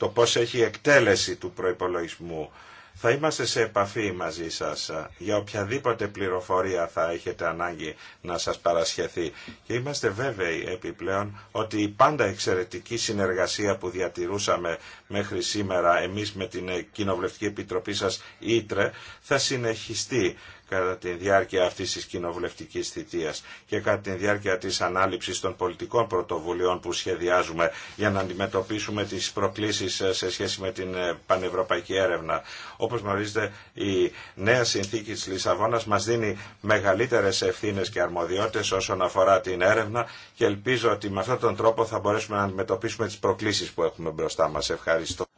το πώς έχει εκτέλεση του προϋπολογισμού. Θα είμαστε σε επαφή μαζί σας για οποιαδήποτε πληροφορία θα έχετε ανάγκη να σας παρασχεθεί. Και είμαστε βέβαιοι επιπλέον ότι η πάντα εξαιρετική συνεργασία που διατηρούσαμε μέχρι σήμερα εμείς με την Κοινοβουλευτική Επιτροπή σας Ήτρε θα συνεχιστεί κατά τη διάρκεια αυτή τη κοινοβουλευτική θητείας και κατά τη διάρκεια τη ανάληψης των πολιτικών πρωτοβουλειών που σχεδιάζουμε για να αντιμετωπίσουμε τι προκλήσει ε, σε σχέση με την ε, πανευρωπαϊκή έρευνα. Όπω γνωρίζετε η νέα συνθήκη τη Λισαβόνα μα δίνει μεγαλύτερε ευθύνε και αρμοδιότητε όσον αφορά την έρευνα και ελπίζω ότι με αυτόν τον τρόπο θα μπορέσουμε να αντιμετωπίσουμε τι προκλήσεις που έχουμε μπροστά μα Ευχαριστώ.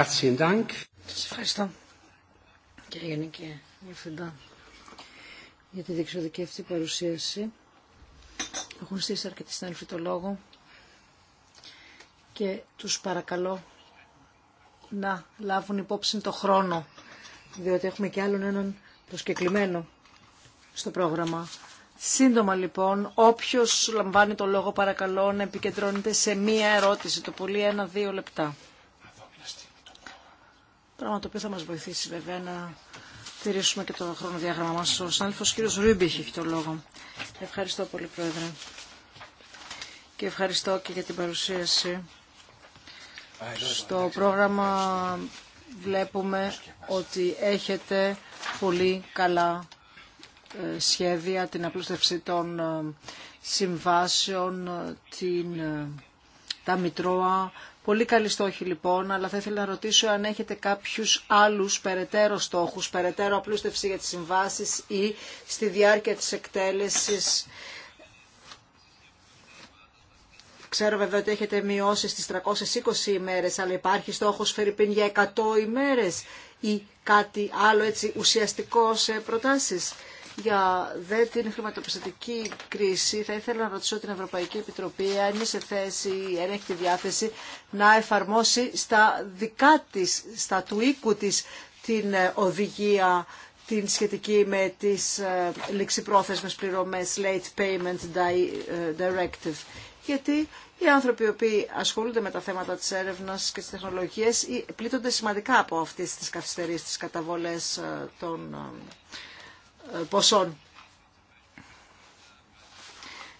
Σας ευχαριστώ, κύριε Γενική Διευθυντά, για τη διεξοδική αυτή παρουσίαση. Έχουν στήσει αρκετοί συνάδελφοι το λόγο και τους παρακαλώ να λάβουν υπόψη το χρόνο, διότι έχουμε και άλλον έναν προσκεκλημένο στο πρόγραμμα. Σύντομα λοιπόν, όποιος λαμβάνει το λόγο παρακαλώ να επικεντρώνεται σε μία ερώτηση, το πολύ ένα-δύο λεπτά. Πράγμα το οποίο θα μας βοηθήσει βέβαια να τηρήσουμε και το χρονοδιάγραμμα μας. Ο συνάδελφο κύριος Ρούμπιχ έχει το λόγο. Ευχαριστώ πολύ Πρόεδρε. Και ευχαριστώ και για την παρουσίαση. Στο πρόγραμμα βλέπουμε ότι έχετε πολύ καλά ε, σχέδια, την απλούστευση των ε, συμβάσεων, ε, την, τα Μητρώα, Πολύ καλή στόχη λοιπόν, αλλά θα ήθελα να ρωτήσω αν έχετε κάποιους άλλους περαιτέρω στόχους, περαιτέρω απλούστευση για τις συμβάσεις ή στη διάρκεια της εκτέλεσης. Ξέρω βέβαια ότι έχετε μειώσει στις 320 ημέρες, αλλά υπάρχει στόχος Φερρυπίν για 100 ημέρες ή κάτι άλλο έτσι ουσιαστικό σε προτάσεις. Για δε την χρηματοπιστωτική κρίση θα ήθελα να ρωτήσω την Ευρωπαϊκή Επιτροπή αν είναι σε θέση, αν έχει τη διάθεση να εφαρμόσει στα δικά της, στα του οίκου της την ε, οδηγία την σχετική με τις ε, ληξιπρόθεσμες πληρωμές Late Payment ε, Directive. Γιατί οι άνθρωποι οι οποίοι ασχολούνται με τα θέματα της έρευνας και της τεχνολογίας πλήττονται σημαντικά από αυτές τις καθυστερήσεις, τις καταβολές των ε, ποσών.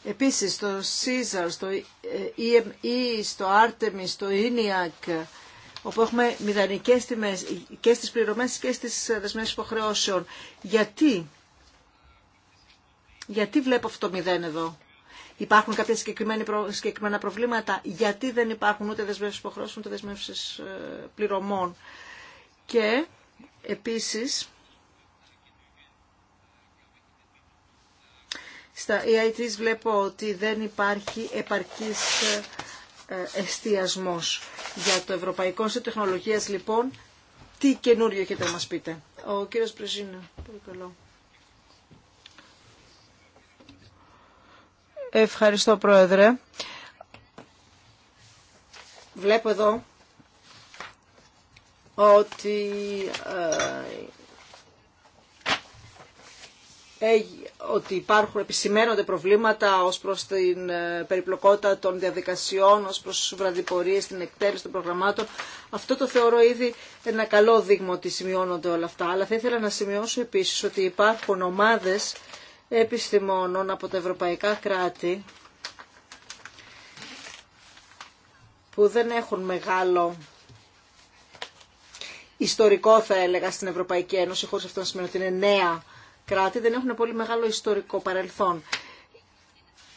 Επίσης στο Caesar, στο EME, ε, e, στο Artemis, στο ENIAC, όπου έχουμε μηδανικές τιμές και στις πληρωμές και στις δεσμεύσεις υποχρεώσεων. Γιατί, γιατί βλέπω αυτό το μηδέν εδώ. Υπάρχουν κάποια συγκεκριμένα προβλήματα. Γιατί δεν υπάρχουν ούτε δεσμεύσεις υποχρεώσεων, ούτε δεσμεύσεις ε, πληρωμών. Και επίσης Στα EITs βλέπω ότι δεν υπάρχει επαρκής ε, εστιασμός για το Ευρωπαϊκό Τεχνολογίας λοιπόν. Τι καινούριο έχετε να μας πείτε. Ο κύριος πολύ καλό Ευχαριστώ Πρόεδρε. Βλέπω εδώ ότι ε, ότι υπάρχουν, επισημαίνονται προβλήματα ως προς την ε, περιπλοκότητα των διαδικασιών, ως προς τις βραδιπορίες, την εκτέλεση των προγραμμάτων. Αυτό το θεωρώ ήδη ένα καλό δείγμα ότι σημειώνονται όλα αυτά. Αλλά θα ήθελα να σημειώσω επίσης ότι υπάρχουν ομάδες επιστημόνων από τα ευρωπαϊκά κράτη που δεν έχουν μεγάλο ιστορικό θα έλεγα στην Ευρωπαϊκή Ένωση, χωρίς αυτό να σημαίνει ότι είναι νέα κράτη δεν έχουν πολύ μεγάλο ιστορικό παρελθόν.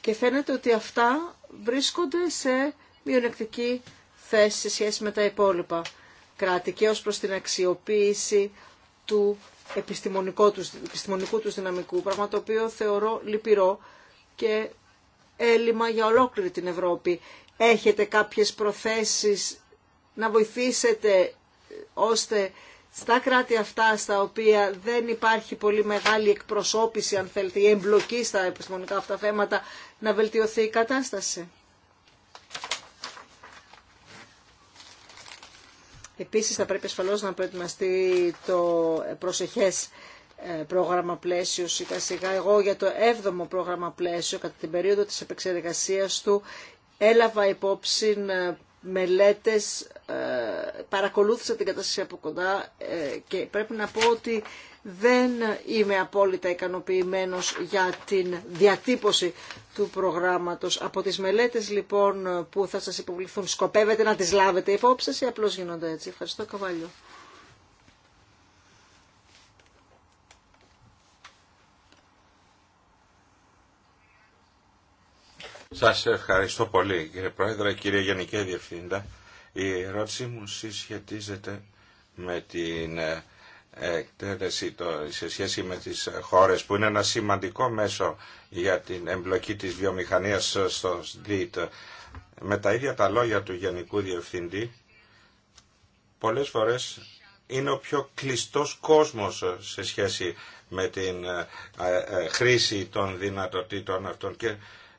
Και φαίνεται ότι αυτά βρίσκονται σε μειονεκτική θέση σε σχέση με τα υπόλοιπα κράτη και ως προς την αξιοποίηση του επιστημονικού τους, επιστημονικού τους δυναμικού, πράγμα το οποίο θεωρώ λυπηρό και έλλειμμα για ολόκληρη την Ευρώπη. Έχετε κάποιες προθέσεις να βοηθήσετε ώστε στα κράτη αυτά στα οποία δεν υπάρχει πολύ μεγάλη εκπροσώπηση, αν θέλετε, ή εμπλοκή στα επιστημονικά αυτά θέματα, να βελτιωθεί η κατάσταση. Επίσης θα πρέπει ασφαλώς να προετοιμαστεί το προσεχές ε, πρόγραμμα πλαίσιο σιγά σιγά. Εγώ για το 7ο πρόγραμμα πλαίσιο κατά την περίοδο της επεξεργασίας του έλαβα υπόψη ε, μελέτες, ε, παρακολούθησα την κατάσταση από κοντά ε, και πρέπει να πω ότι δεν είμαι απόλυτα ικανοποιημένος για την διατύπωση του προγράμματος. Από τις μελέτες λοιπόν που θα σας υποβληθούν σκοπεύετε να τις λάβετε υπόψη ή απλώς γίνονται έτσι. Ευχαριστώ Καβάλιο. Σας ευχαριστώ πολύ κύριε Πρόεδρε, κύριε Γενική Διευθύντα. Η ερώτησή μου συσχετίζεται με την ε, εκτέλεση σε σχέση με τις χώρες που είναι ένα σημαντικό μέσο για την εμπλοκή της βιομηχανίας στο ΣΔΙΤ. Με τα ίδια τα λόγια του Γενικού Διευθυντή, πολλές φορές είναι ο πιο κλειστός κόσμος σε σχέση με την ε, ε, χρήση των δυνατοτήτων αυτών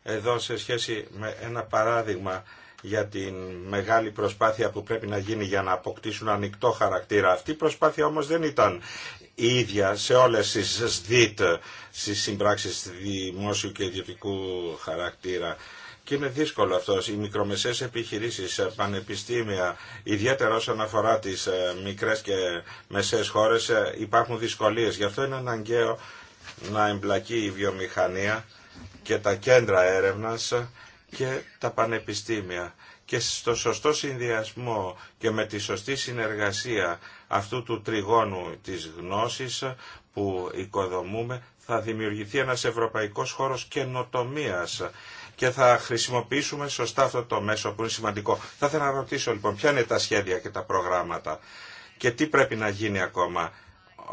εδώ σε σχέση με ένα παράδειγμα για την μεγάλη προσπάθεια που πρέπει να γίνει για να αποκτήσουν ανοιχτό χαρακτήρα. Αυτή η προσπάθεια όμως δεν ήταν η ίδια σε όλες τις ΣΔΙΤ, στις συμπράξεις δημόσιου και ιδιωτικού χαρακτήρα. Και είναι δύσκολο αυτό. Οι μικρομεσαίες επιχειρήσεις, ε, πανεπιστήμια, ιδιαίτερα όσον αφορά τις ε, μικρές και μεσαίες χώρες, ε, υπάρχουν δυσκολίες. Γι' αυτό είναι αναγκαίο να εμπλακεί η βιομηχανία και τα κέντρα έρευνας και τα πανεπιστήμια. Και στο σωστό συνδυασμό και με τη σωστή συνεργασία αυτού του τριγώνου της γνώσης που οικοδομούμε θα δημιουργηθεί ένας ευρωπαϊκός χώρος καινοτομίας και θα χρησιμοποιήσουμε σωστά αυτό το μέσο που είναι σημαντικό. Θα ήθελα να ρωτήσω λοιπόν ποια είναι τα σχέδια και τα προγράμματα και τι πρέπει να γίνει ακόμα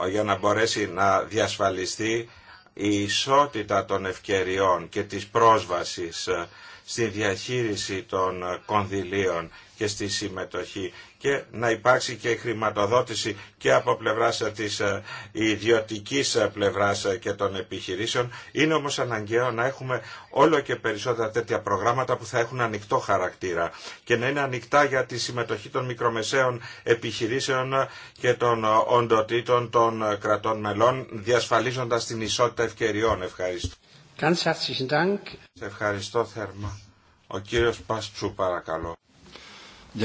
για να μπορέσει να διασφαλιστεί η ισότητα των ευκαιριών και της πρόσβασης ε, στη διαχείριση των ε, κονδυλίων και στη συμμετοχή και να υπάρξει και χρηματοδότηση και από πλευρά ε, της ε, ιδιωτικής ε, πλευράς και των επιχειρήσεων. Είναι όμως αναγκαίο να έχουμε όλο και περισσότερα τέτοια προγράμματα που θα έχουν ανοιχτό χαρακτήρα και να είναι ανοιχτά για τη συμμετοχή των μικρομεσαίων επιχειρήσεων και των οντοτήτων των κρατών μελών, διασφαλίζοντας την ισότητα ευκαιριών. Ευχαριστώ. Σε ευχαριστώ θερμά. Ο κύριος Παστσού παρακαλώ. E,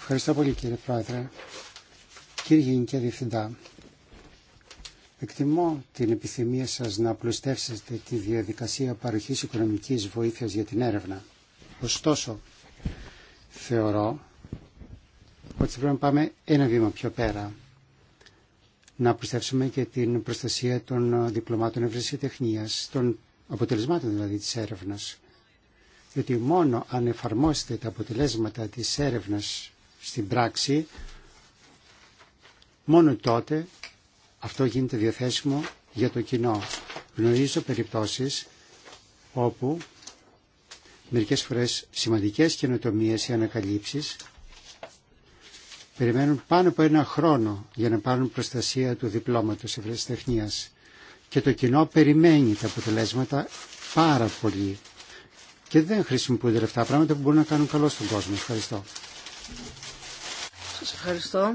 Ευχαριστώ πολύ κύριε Πρόεδρε. Κύριε Γενική Διευθυντά, εκτιμώ την επιθυμία σας να πλουστεύσετε τη διαδικασία παροχής οικονομικής βοήθειας για την έρευνα. Ωστόσο, θεωρώ ότι πρέπει να πάμε ένα βήμα πιο πέρα. Να πλουστεύσουμε και την προστασία των διπλωμάτων ευρεσιτεχνία, των αποτελεσμάτων δηλαδή της έρευνας διότι μόνο αν εφαρμόσετε τα αποτελέσματα της έρευνας στην πράξη, μόνο τότε αυτό γίνεται διαθέσιμο για το κοινό. Γνωρίζω περιπτώσεις όπου μερικές φορές σημαντικές καινοτομίε ή ανακαλύψεις περιμένουν πάνω από ένα χρόνο για να πάρουν προστασία του διπλώματος ευρεσιτεχνίας. Και το κοινό περιμένει τα αποτελέσματα πάρα πολύ και δεν χρησιμοποιούνται λεφτά, πράγματα που μπορούν να κάνουν καλό στον κόσμο. Ευχαριστώ. Σας ευχαριστώ.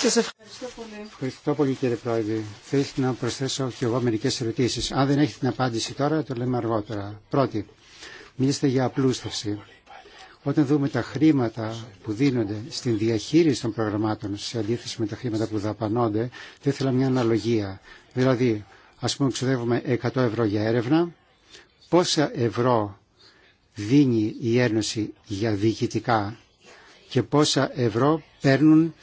Σας ευχαριστώ πολύ. Ευχαριστώ πολύ κύριε Πρόεδρε. Θα ήθελα να προσθέσω και εγώ μερικές ερωτήσεις. Αν δεν έχετε την απάντηση τώρα, το λέμε αργότερα. Πρώτη, μιλήστε για απλούστευση. Όταν δούμε τα χρήματα που δίνονται στην διαχείριση των προγραμμάτων σε αντίθεση με τα χρήματα που δαπανώνται, θα ήθελα μια αναλογία. Δηλαδή, ας πούμε ξοδεύουμε 100 ευρώ για έρευνα, πόσα ευρώ δίνει η Ένωση για διοικητικά και πόσα ευρώ παίρνουν,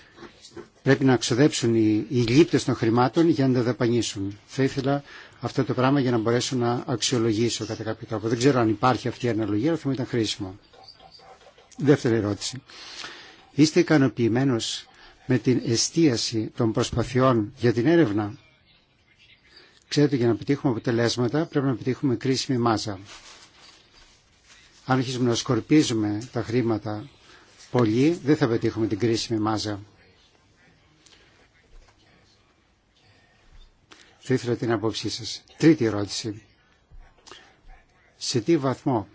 πρέπει να ξοδέψουν οι, οι λήπτες των χρημάτων για να τα δαπανίσουν. Θα ήθελα αυτό το πράγμα για να μπορέσω να αξιολογήσω κατά κάποιο τρόπο. Δεν ξέρω αν υπάρχει αυτή η αναλογία, αλλά θα μου ήταν χρήσιμο. Δεύτερη ερώτηση. Είστε ικανοποιημένο με την εστίαση των προσπαθειών για την έρευνα. Ξέρετε, για να πετύχουμε αποτελέσματα πρέπει να πετύχουμε κρίσιμη μάζα. Αν αρχίσουμε να σκορπίζουμε τα χρήματα πολύ, δεν θα πετύχουμε την κρίσιμη μάζα. Θα ήθελα την άποψή σας. Τρίτη ερώτηση. Σε τι βαθμό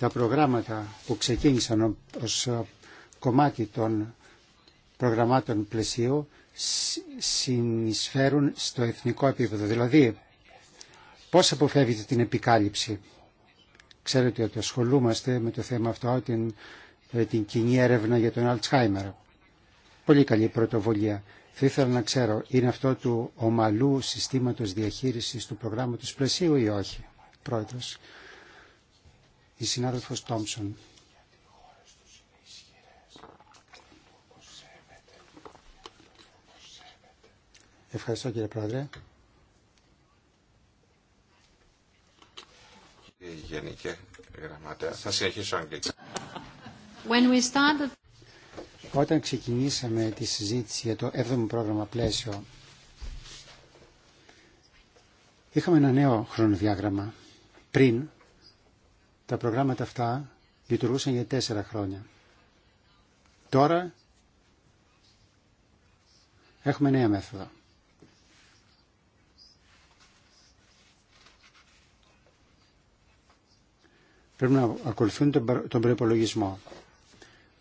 τα προγράμματα που ξεκίνησαν ως κομμάτι των προγραμμάτων πλαισίου συνεισφέρουν στο εθνικό επίπεδο. Δηλαδή, πώς αποφεύγετε την επικάλυψη. Ξέρετε ότι ασχολούμαστε με το θέμα αυτό, την, ε, την κοινή έρευνα για τον Αλτσχάιμερ. Πολύ καλή πρωτοβολία. Θα ήθελα να ξέρω, είναι αυτό του ομαλού συστήματος διαχείρισης του προγράμματος πλαισίου ή όχι, πρόεδρος η συνάδελφος Τόμψον. Ευχαριστώ κύριε Πρόεδρε. Όταν ξεκινήσαμε τη συζήτηση για το 7ο πρόγραμμα πλαίσιο, είχαμε ένα νέο χρονοδιάγραμμα πριν τα προγράμματα αυτά λειτουργούσαν για τέσσερα χρόνια. Τώρα έχουμε νέα μέθοδο. Πρέπει να ακολουθούν τον προπολογισμό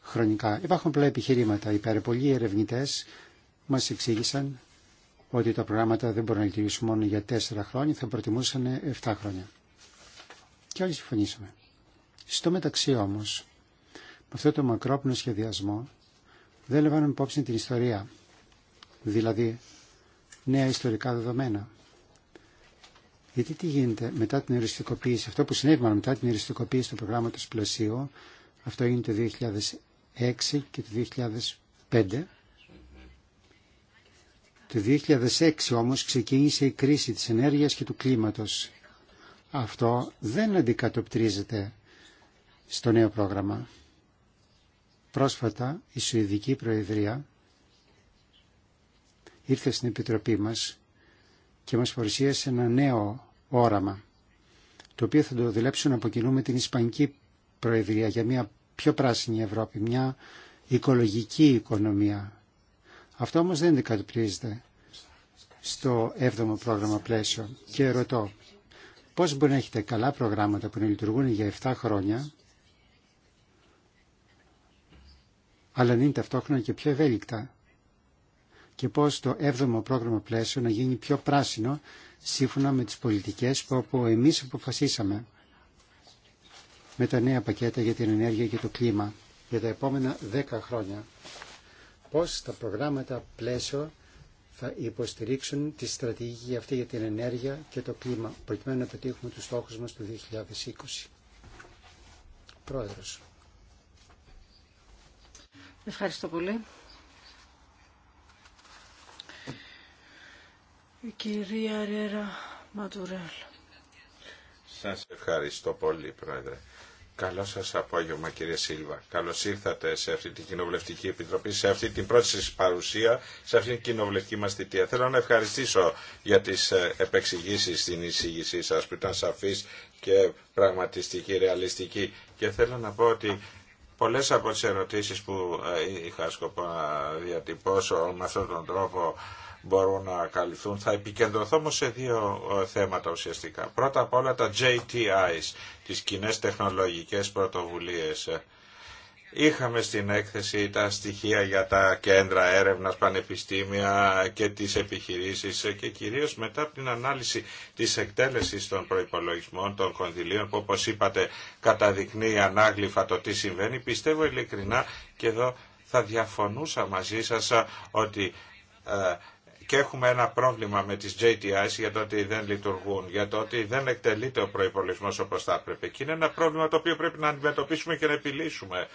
χρονικά. Υπάρχουν πολλά επιχειρήματα. Υπέρ πολλοί ερευνητέ μα εξήγησαν ότι τα προγράμματα δεν μπορούν να λειτουργήσουν μόνο για τέσσερα χρόνια, θα προτιμούσαν 7 χρόνια. Και όλοι συμφωνήσαμε. Στο μεταξύ όμως, με αυτό το μακρόπνο σχεδιασμό δεν λαμβάνουμε υπόψη την ιστορία, δηλαδή νέα ιστορικά δεδομένα. Γιατί τι γίνεται μετά την οριστικοποίηση, αυτό που συνέβη μάλλον μετά την οριστικοποίηση του προγράμματος Πλασίου, αυτό έγινε το 2006 και το 2005. Το 2006 όμως ξεκίνησε η κρίση της ενέργειας και του κλίματος. Αυτό δεν αντικατοπτρίζεται στο νέο πρόγραμμα. Πρόσφατα η Σουηδική Προεδρία ήρθε στην Επιτροπή μας και μας παρουσίασε ένα νέο όραμα, το οποίο θα το δουλέψουν να κοινού την Ισπανική Προεδρία για μια πιο πράσινη Ευρώπη, μια οικολογική οικονομία. Αυτό όμως δεν αντικατοπτρίζεται στο 7ο πρόγραμμα πλαίσιο. Και ρωτώ, πώς μπορεί να έχετε καλά προγράμματα που να λειτουργούν για 7 χρόνια αλλά να είναι ταυτόχρονα και πιο ευέλικτα. Και πώς το 7ο πρόγραμμα πλαίσιο να γίνει πιο πράσινο σύμφωνα με τις πολιτικές που όπου εμείς αποφασίσαμε με τα νέα πακέτα για την ενέργεια και το κλίμα για τα επόμενα δέκα χρόνια. Πώς τα προγράμματα πλαίσιο θα υποστηρίξουν τη στρατηγική αυτή για την ενέργεια και το κλίμα, προκειμένου να πετύχουμε τους στόχους μας του 2020. Πρόεδρος. Ευχαριστώ πολύ. Η κυρία Ρέρα Ματουρέλ. Σας ευχαριστώ πολύ, Πρόεδρε. Καλό σας απόγευμα, κύριε Σίλβα. Καλώς ήρθατε σε αυτή την κοινοβουλευτική επιτροπή, σε αυτή την πρώτη σας παρουσία, σε αυτή την κοινοβουλευτική μας θητεία. Θέλω να ευχαριστήσω για τις ε, επεξηγήσεις στην εισήγησή σας που ήταν σαφή και πραγματιστική, ρεαλιστική. Και θέλω να πω ότι Πολλές από τις ερωτήσεις που ε, είχα σκοπό να διατυπώσω με αυτόν τον τρόπο μπορούν να καλυφθούν. Θα επικεντρωθώ όμως σε δύο ε, θέματα ουσιαστικά. Πρώτα απ' όλα τα JTIs, τις κοινέ τεχνολογικές πρωτοβουλίες Είχαμε στην έκθεση τα στοιχεία για τα κέντρα έρευνας, πανεπιστήμια και τις επιχειρήσεις και κυρίως μετά από την ανάλυση της εκτέλεσης των προϋπολογισμών των κονδυλίων που όπως είπατε καταδεικνύει ανάγλυφα το τι συμβαίνει. Πιστεύω ειλικρινά και εδώ θα διαφωνούσα μαζί σας ότι ε, και έχουμε ένα πρόβλημα με τις JTIs για το ότι δεν λειτουργούν, για το ότι δεν εκτελείται ο προϋπολογισμός όπως θα έπρεπε. Και είναι ένα πρόβλημα το οποίο πρέπει να αντιμετωπίσουμε και να επιλύσουμε.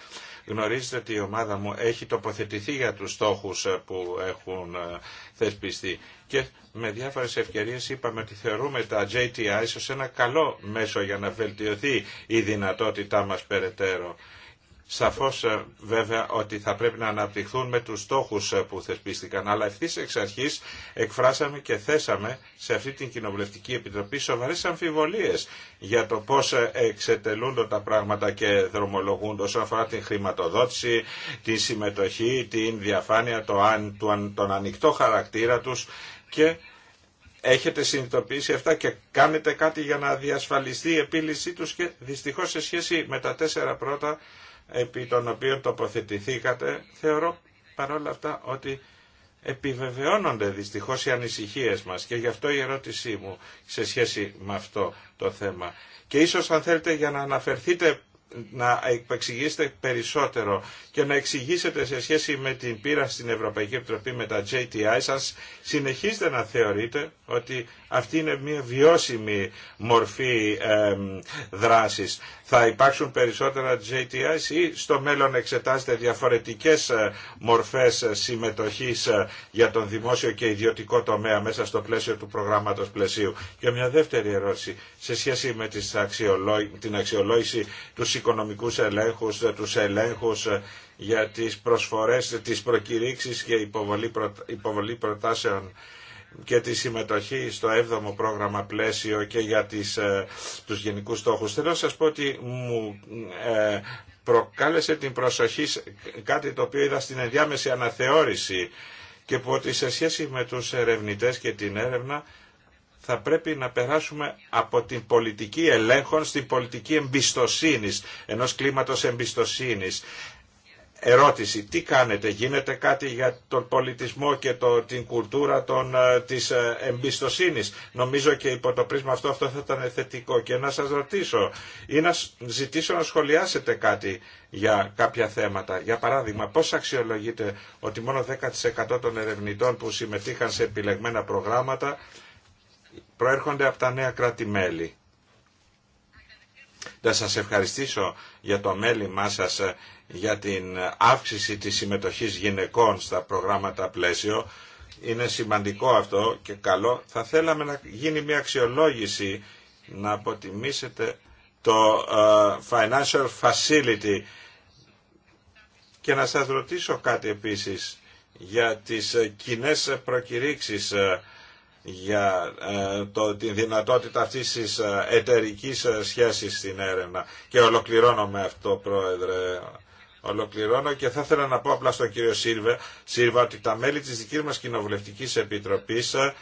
Γνωρίζετε ότι η ομάδα μου έχει τοποθετηθεί για τους στόχους ε, που έχουν ε, θεσπιστεί. Και με διάφορες ευκαιρίες είπαμε ότι θεωρούμε τα JTIs ως ένα καλό μέσο για να βελτιωθεί η δυνατότητά μας περαιτέρω. Σαφώς ε, βέβαια ότι θα πρέπει να αναπτυχθούν με τους στόχους ε, που θεσπίστηκαν, αλλά ευθύ εξ αρχής εκφράσαμε και θέσαμε σε αυτή την Κοινοβουλευτική Επιτροπή σοβαρές αμφιβολίες για το πώς ε, εξετελούνται τα πράγματα και δρομολογούνται όσον αφορά την χρηματοδότηση, τη συμμετοχή, την διαφάνεια, τον ανοιχτό χαρακτήρα τους και έχετε συνειδητοποιήσει αυτά και κάνετε κάτι για να διασφαλιστεί η επίλυσή τους και δυστυχώς σε σχέση με τα τέσσερα πρώτα επί των οποίων τοποθετηθήκατε, θεωρώ παρόλα αυτά ότι επιβεβαιώνονται δυστυχώς οι ανησυχίες μας και γι' αυτό η ερώτησή μου σε σχέση με αυτό το θέμα. Και ίσως αν θέλετε για να αναφερθείτε να εξηγήσετε περισσότερο και να εξηγήσετε σε σχέση με την πείρα στην Ευρωπαϊκή Επιτροπή με τα JTI σας, συνεχίζετε να θεωρείτε ότι αυτή είναι μια βιώσιμη μορφή ε, δράσης θα υπάρξουν περισσότερα JTIs ή στο μέλλον εξετάζετε διαφορετικές ε, μορφές ε, συμμετοχής ε, για τον δημόσιο και ιδιωτικό τομέα μέσα στο πλαίσιο του προγράμματος πλαισίου. Και μια δεύτερη ερώτηση σε σχέση με την αξιολόγηση τους οικονομικούς ελέγχους, τους ελέγχους για τις προσφορές, τις προκηρύξεις και υποβολή προτάσεων και τη συμμετοχή στο 7ο πρόγραμμα πλαίσιο και για τις, ε, τους γενικούς στόχους. Θέλω να σας πω ότι μου ε, προκάλεσε την προσοχή κάτι το οποίο είδα στην ενδιάμεση αναθεώρηση και που ότι σε σχέση με τους ερευνητές και την έρευνα θα πρέπει να περάσουμε από την πολιτική ελέγχων στην πολιτική εμπιστοσύνης, ενός κλίματος εμπιστοσύνης ερώτηση, τι κάνετε, γίνεται κάτι για τον πολιτισμό και το, την κουλτούρα των, ε, της ε, εμπιστοσύνης. Νομίζω και υπό το πρίσμα αυτό αυτό θα ήταν θετικό και να σας ρωτήσω ή να ζητήσω να σχολιάσετε κάτι για κάποια θέματα. Για παράδειγμα, πώς αξιολογείτε ότι μόνο 10% των ερευνητών που συμμετείχαν σε επιλεγμένα προγράμματα προέρχονται από τα νέα κράτη-μέλη. Να σας ευχαριστήσω για το μέλημά σας ε, για την αύξηση της συμμετοχής γυναικών στα προγράμματα πλαίσιο. Είναι σημαντικό αυτό και καλό. Θα θέλαμε να γίνει μια αξιολόγηση να αποτιμήσετε το ε, Financial Facility και να σας ρωτήσω κάτι επίσης για τις ε, κοινέ προκηρύξεις ε, για το, δυνατότητα αυτής της εταιρικής σχέσης στην έρευνα. Και ολοκληρώνω με αυτό, Πρόεδρε, Ολοκληρώνω και θα ήθελα να πω απλά στον κύριο Σύρβα, ότι τα μέλη της δικής μας Κοινοβουλευτικής Επιτροπής ε,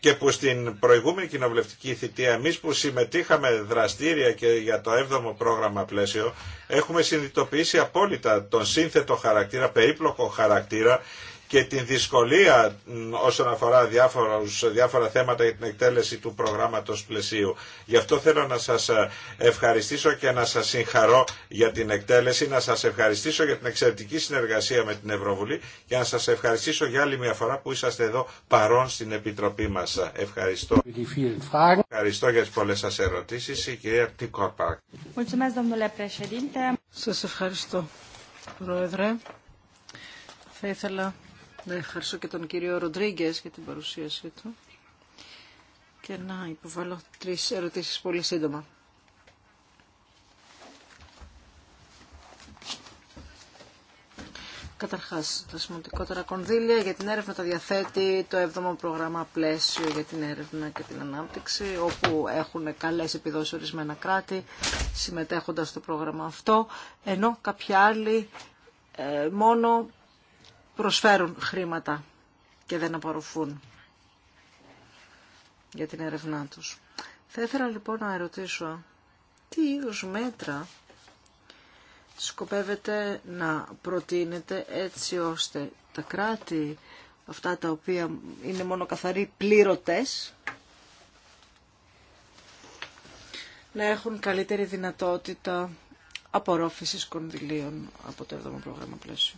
και που στην προηγούμενη κοινοβουλευτική θητεία εμείς που συμμετείχαμε δραστήρια και για το 7ο πρόγραμμα πλαίσιο έχουμε συνειδητοποιήσει απόλυτα τον σύνθετο χαρακτήρα, περίπλοκο χαρακτήρα και την δυσκολία όσον αφορά διάφορους, διάφορα θέματα για την εκτέλεση του προγράμματος πλαισίου. Γι' αυτό θέλω να σας ε, ευχαριστήσω και να σας συγχαρώ για την εκτέλεση, να σας ευχαριστήσω για την εξαιρετική συνεργασία με την Ευρωβουλή και να σας ευχαριστήσω για άλλη μια φορά που είσαστε εδώ παρόν στην Επιτροπή μας. Ευχαριστώ. Ευχαριστώ για τις πολλές σας ερωτήσεις. Η κυρία ευχαριστώ, Πρόεδρε. Να ευχαριστώ και τον κύριο Ροντρίγκε για την παρουσίασή του και να υποβάλω τρεις ερωτήσεις πολύ σύντομα. Καταρχάς, τα σημαντικότερα κονδύλια για την έρευνα τα διαθέτει το 7ο πρόγραμμα πλαίσιο για την έρευνα και την ανάπτυξη, όπου έχουν καλές επιδόσεις ορισμένα κράτη συμμετέχοντας στο πρόγραμμα αυτό, ενώ κάποια άλλη ε, μόνο προσφέρουν χρήματα και δεν απορροφούν για την έρευνά τους. Θα ήθελα λοιπόν να ερωτήσω τι είδους μέτρα σκοπεύετε να προτείνετε έτσι ώστε τα κράτη αυτά τα οποία είναι μόνο καθαροί πλήρωτες να έχουν καλύτερη δυνατότητα απορρόφησης κονδυλίων από το 7ο πρόγραμμα πλαίσιο.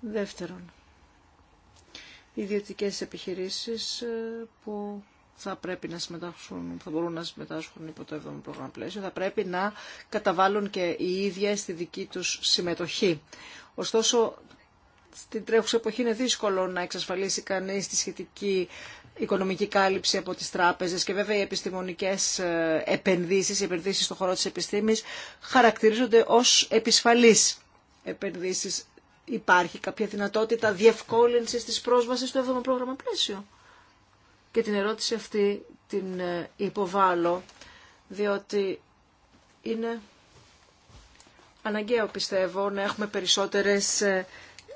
Δεύτερον, οι ιδιωτικές επιχειρήσεις ε, που θα πρέπει να συμμετάσχουν, θα μπορούν να συμμετάσχουν υπό το 7ο πρόγραμμα πλαίσιο, θα πρέπει να καταβάλουν και οι ίδιες τη δική τους συμμετοχή. Ωστόσο, στην τρέχουσα εποχή είναι δύσκολο να εξασφαλίσει κανείς τη σχετική οικονομική κάλυψη από τις τράπεζες και βέβαια οι επιστημονικές ε, επενδύσεις, οι επενδύσεις στον χώρο της επιστήμης χαρακτηρίζονται ως επισφαλείς επενδύσεις Υπάρχει κάποια δυνατότητα διευκόλυνσης της πρόσβασης στο 7ο πρόγραμμα πλαίσιο. Και την ερώτηση αυτή την ε, υποβάλλω, διότι είναι αναγκαίο πιστεύω να έχουμε περισσότερες ε,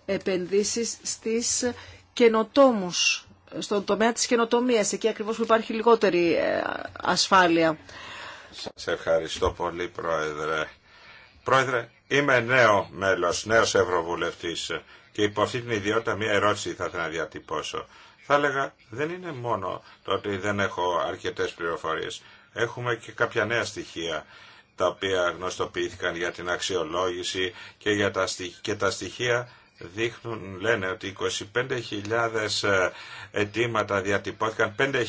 επενδύσεις στις καινοτόμους, στον τομέα της καινοτομίας, εκεί ακριβώς που υπάρχει λιγότερη ε, ασφάλεια. Σας ευχαριστώ πολύ Πρόεδρε. Πρόεδρε, είμαι νέο μέλος, νέος ευρωβουλευτής και υπό αυτή την ιδιότητα μια ερώτηση θα ήθελα να διατυπώσω. Θα έλεγα, δεν είναι μόνο το ότι δεν έχω αρκετές πληροφορίες. Έχουμε και κάποια νέα στοιχεία τα οποία γνωστοποιήθηκαν για την αξιολόγηση και, για τα, και τα στοιχεία δείχνουν, λένε ότι 25.000 ε, αιτήματα διατυπώθηκαν, 5.000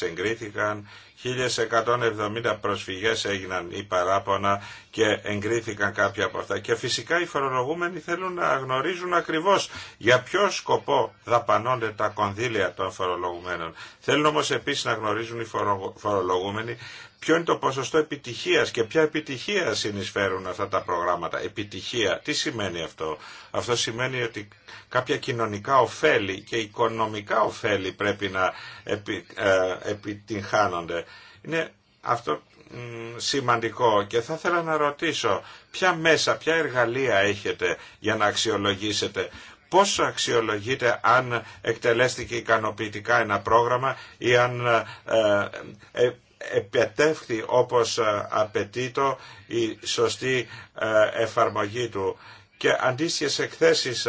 εγκρίθηκαν 1170 προσφυγές έγιναν ή παράπονα και εγκρίθηκαν κάποια από αυτά. Και φυσικά οι φορολογούμενοι θέλουν να γνωρίζουν ακριβώς για ποιο σκοπό δαπανώνται τα κονδύλια των φορολογουμένων. Θέλουν όμως επίσης να γνωρίζουν οι φορολογούμενοι ποιο είναι το ποσοστό επιτυχίας και ποια επιτυχία συνεισφέρουν αυτά τα προγράμματα. Επιτυχία. Τι σημαίνει αυτό. Αυτό σημαίνει ότι κάποια κοινωνικά ωφέλη και οικονομικά ωφέλη πρέπει να ε, επιτυγχάνονται. Είναι αυτό σημαντικό και θα ήθελα να ρωτήσω ποια μέσα, ποια εργαλεία έχετε για να αξιολογήσετε Πώς αξιολογείτε αν εκτελέστηκε ικανοποιητικά ένα πρόγραμμα ή αν ε, ε επετεύχθη όπως ε, απαιτεί η σωστή ε, εφαρμογή του. Και αντίστοιχε εκθέσεις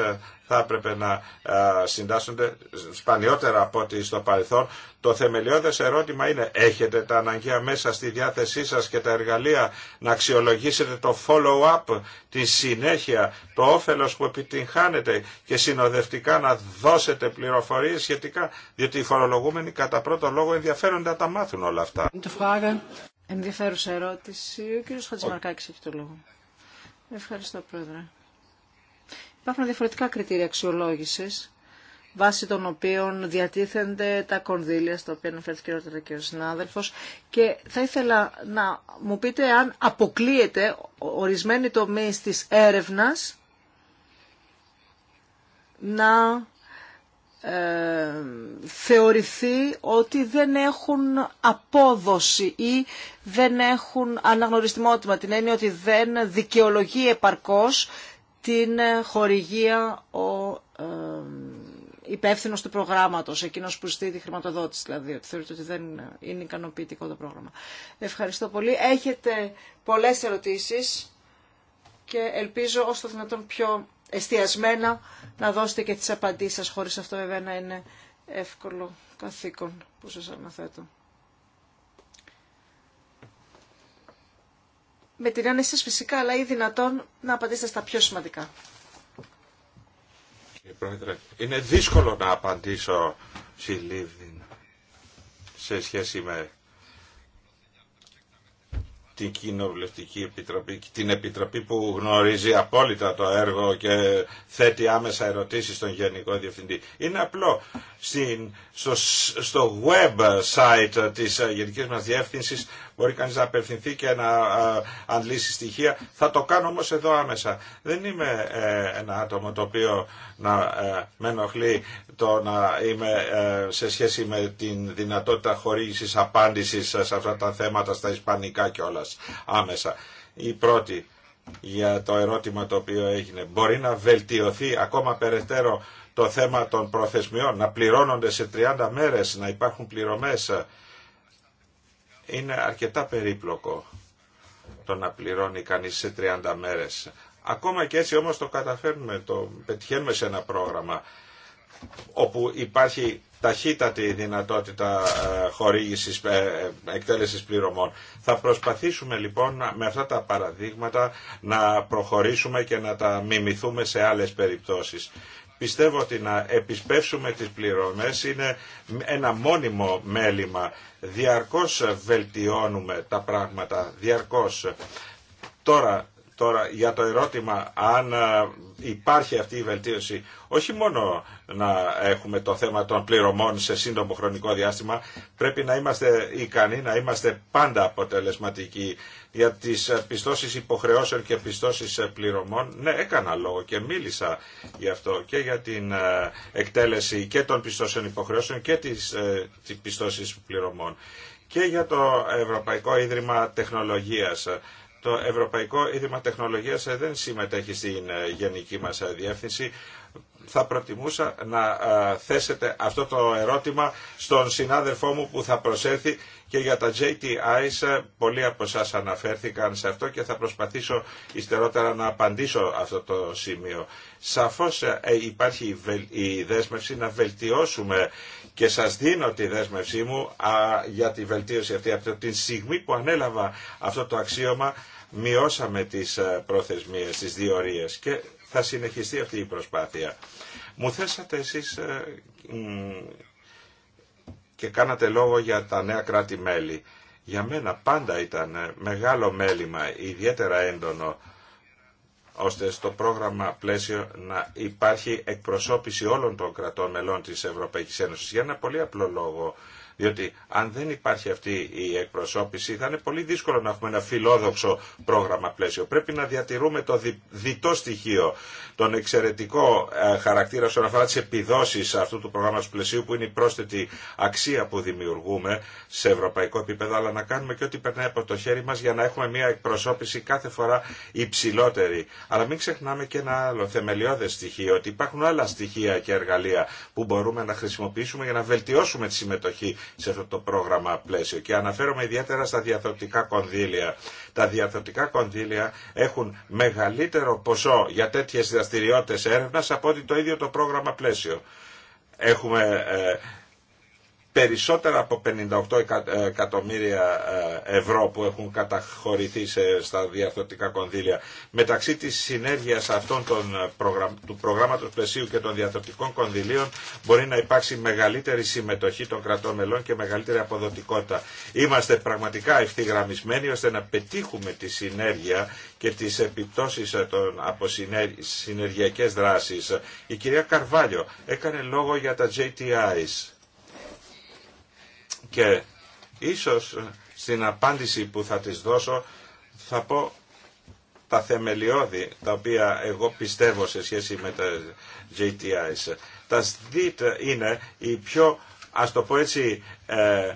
θα έπρεπε να συντάσσονται σπανιότερα από ό,τι στο παρελθόν. Το θεμελιώδες ερώτημα είναι έχετε τα αναγκαία μέσα στη διάθεσή σας και τα εργαλεία να αξιολογήσετε το follow-up, τη συνέχεια, το όφελος που επιτυγχάνετε και συνοδευτικά να δώσετε πληροφορίες σχετικά, διότι οι φορολογούμενοι κατά πρώτο λόγο ενδιαφέρονται να τα μάθουν όλα αυτά. Ενδιαφέρουσα ερώτηση. Ο κ. Χατζημαρκάκης έχει το λόγο. Ευχαριστώ, Πρόεδρε. Υπάρχουν διαφορετικά κριτήρια αξιολόγηση βάσει των οποίων διατίθενται τα κονδύλια, στα οποία αναφέρθηκε ο και ο Και θα ήθελα να μου πείτε αν αποκλείεται ορισμένη τομή της έρευνας... να ε, θεωρηθεί ότι δεν έχουν απόδοση ή δεν έχουν αναγνωριστημότητα. Την έννοια ότι δεν δικαιολογεί επαρκώς την ε, χορηγία ο ε, υπεύθυνο του προγράμματο, εκείνο που ζητεί τη χρηματοδότηση, δηλαδή, ότι θεωρείται ότι δεν είναι ικανοποιητικό το πρόγραμμα. Ευχαριστώ πολύ. Έχετε πολλέ ερωτήσει και ελπίζω όσο το δυνατόν πιο εστιασμένα να δώσετε και τις απαντήσεις σας, χωρίς αυτό βέβαια να είναι εύκολο καθήκον που σας αναθέτω. με την άνεση σας φυσικά, αλλά ή δυνατόν να απαντήσετε στα πιο σημαντικά. Κύριε Πρόεδρε, είναι δύσκολο να απαντήσω σε σχέση με την Κοινοβουλευτική Επιτροπή, την Επιτροπή που γνωρίζει απόλυτα το έργο και θέτει άμεσα ερωτήσεις στον Γενικό Διευθυντή. Είναι απλό. Στην, στο, στο web site της Γενικής μας Διεύθυνσης μπορεί κανείς να απευθυνθεί και να αντλήσει στοιχεία. Θα το κάνω όμως εδώ άμεσα. Δεν είμαι ε, ένα άτομο το οποίο να ε, με ενοχλεί το να είμαι ε, σε σχέση με την δυνατότητα χορήγησης απάντησης σε αυτά τα θέματα στα ισπανικά όλας άμεσα. Η πρώτη για το ερώτημα το οποίο έγινε. Μπορεί να βελτιωθεί ακόμα περαιτέρω το θέμα των προθεσμιών, να πληρώνονται σε 30 μέρες, να υπάρχουν πληρωμές είναι αρκετά περίπλοκο το να πληρώνει κανείς σε 30 μέρες. Ακόμα και έτσι όμως το καταφέρνουμε, το πετυχαίνουμε σε ένα πρόγραμμα όπου υπάρχει ταχύτατη δυνατότητα ε, χορήγησης, ε, ε, εκτέλεσης πληρωμών. Θα προσπαθήσουμε λοιπόν με αυτά τα παραδείγματα να προχωρήσουμε και να τα μιμηθούμε σε άλλες περιπτώσεις. Πιστεύω ότι να επισπεύσουμε τις πληρωμές είναι ένα μόνιμο μέλημα. Διαρκώς βελτιώνουμε τα πράγματα, διαρκώς. Τώρα Τώρα για το ερώτημα αν ε, υπάρχει αυτή η βελτίωση, όχι μόνο να έχουμε το θέμα των πληρωμών σε σύντομο χρονικό διάστημα, πρέπει να είμαστε ικανοί, να είμαστε πάντα αποτελεσματικοί για τις ε, πιστώσεις υποχρεώσεων και πιστώσεις ε, πληρωμών. Ναι, έκανα λόγο και μίλησα γι' αυτό και για την εκτέλεση και των πιστώσεων υποχρεώσεων και τις, τις πληρωμών και για το Ευρωπαϊκό Ίδρυμα Τεχνολογίας. Το Ευρωπαϊκό Ίδρυμα Τεχνολογίας ε, δεν συμμετέχει στην ε, γενική μας ε, διεύθυνση. Θα προτιμούσα να θέσετε αυτό το ερώτημα στον συνάδελφό μου που θα προσέλθει και για τα JTIs πολλοί από εσά αναφέρθηκαν σε αυτό και θα προσπαθήσω υστερότερα να απαντήσω αυτό το σημείο. Σαφώς υπάρχει η δέσμευση να βελτιώσουμε και σας δίνω τη δέσμευσή μου για τη βελτίωση αυτή. Από την στιγμή που ανέλαβα αυτό το αξίωμα μειώσαμε τις ε, προθεσμίες, τις διορίες και θα συνεχιστεί αυτή η προσπάθεια. Μου θέσατε εσείς ε, και κάνατε λόγο για τα νέα κράτη-μέλη. Για μένα πάντα ήταν ε, μεγάλο μέλημα, ιδιαίτερα έντονο, ώστε στο πρόγραμμα πλαίσιο να υπάρχει εκπροσώπηση όλων των κρατών μελών της Ευρωπαϊκής Ένωσης για ένα πολύ απλό λόγο διότι αν δεν υπάρχει αυτή η εκπροσώπηση θα είναι πολύ δύσκολο να έχουμε ένα φιλόδοξο πρόγραμμα πλαίσιο. Πρέπει να διατηρούμε το δι, διτό στοιχείο, τον εξαιρετικό ε, χαρακτήρα όσον αφορά τι επιδόσει αυτού του προγράμματο πλαισίου που είναι η πρόσθετη αξία που δημιουργούμε σε ευρωπαϊκό επίπεδο, αλλά να κάνουμε και ό,τι περνάει από το χέρι μα για να έχουμε μια εκπροσώπηση κάθε φορά υψηλότερη. Αλλά μην ξεχνάμε και ένα άλλο θεμελιώδε στοιχείο, ότι υπάρχουν άλλα στοιχεία και εργαλεία που μπορούμε να χρησιμοποιήσουμε για να βελτιώσουμε τη συμμετοχή σε αυτό το πρόγραμμα πλαίσιο. Και αναφέρομαι ιδιαίτερα στα διαθροτικά κονδύλια. Τα διαθροτικά κονδύλια έχουν μεγαλύτερο ποσό για τέτοιες δραστηριότητες έρευνας από ότι το ίδιο το πρόγραμμα πλαίσιο. Έχουμε ε, περισσότερα από 58 ε, εκατομμύρια ε, ευρώ που έχουν καταχωρηθεί σε, στα διαρθρωτικά κονδύλια. Μεταξύ της συνέργειας αυτών των ε, του προγράμματος πλαισίου και των διαρθρωτικών κονδυλίων μπορεί να υπάρξει μεγαλύτερη συμμετοχή των κρατών μελών και μεγαλύτερη αποδοτικότητα. Είμαστε πραγματικά ευθυγραμμισμένοι ώστε να πετύχουμε τη συνέργεια και τις επιπτώσεις από συνεργειακές δράσεις. Η κυρία Καρβάλιο έκανε λόγο για τα JTIs και ίσως ε, στην απάντηση που θα της δώσω θα πω τα θεμελιώδη τα οποία εγώ πιστεύω σε σχέση με τα JTIs. Τα SDIT είναι η πιο, ας το πω έτσι, ε,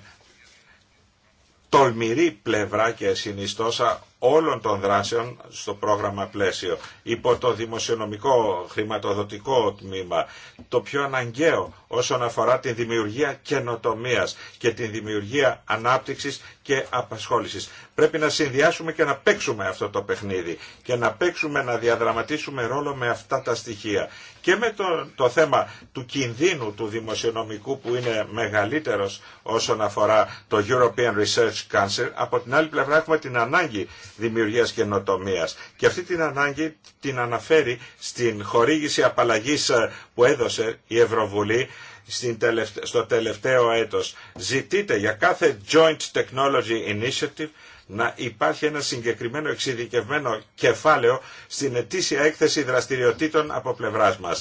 τολμηρή πλευρά και συνιστόσα όλων των δράσεων στο πρόγραμμα πλαίσιο υπό το δημοσιονομικό χρηματοδοτικό τμήμα το πιο αναγκαίο όσον αφορά τη δημιουργία καινοτομίας και τη δημιουργία ανάπτυξης και απασχόλησης. Πρέπει να συνδυάσουμε και να παίξουμε αυτό το παιχνίδι και να παίξουμε να διαδραματίσουμε ρόλο με αυτά τα στοιχεία. Και με το, το θέμα του κινδύνου του δημοσιονομικού που είναι μεγαλύτερος όσον αφορά το European Research Council, από την άλλη πλευρά έχουμε την ανάγκη δημιουργίας καινοτομίας. Και αυτή την ανάγκη την αναφέρει στην χορήγηση απαλλαγής ε, που έδωσε η Ευρωβουλή στο τελευταίο έτος. Ζητείτε για κάθε Joint Technology Initiative να υπάρχει ένα συγκεκριμένο εξειδικευμένο κεφάλαιο στην ετήσια έκθεση δραστηριοτήτων από πλευρά μα.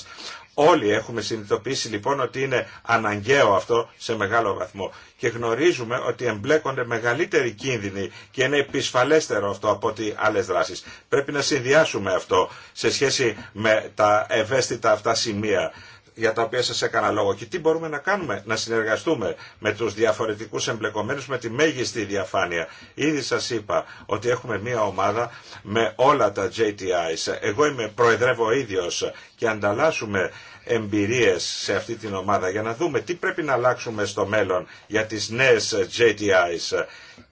Όλοι έχουμε συνειδητοποιήσει λοιπόν ότι είναι αναγκαίο αυτό σε μεγάλο βαθμό και γνωρίζουμε ότι εμπλέκονται μεγαλύτεροι κίνδυνοι και είναι επισφαλέστερο αυτό από ότι άλλε δράσει. Πρέπει να συνδυάσουμε αυτό σε σχέση με τα ευαίσθητα αυτά σημεία για τα οποία σας έκανα λόγο και τι μπορούμε να κάνουμε, να συνεργαστούμε με τους διαφορετικούς εμπλεκομένους με τη μέγιστη διαφάνεια. Ήδη σας είπα ότι έχουμε μία ομάδα με όλα τα JTIs. Εγώ είμαι προεδρεύω ίδιος και ανταλλάσσουμε εμπειρίες σε αυτή την ομάδα για να δούμε τι πρέπει να αλλάξουμε στο μέλλον για τις νέες JTIs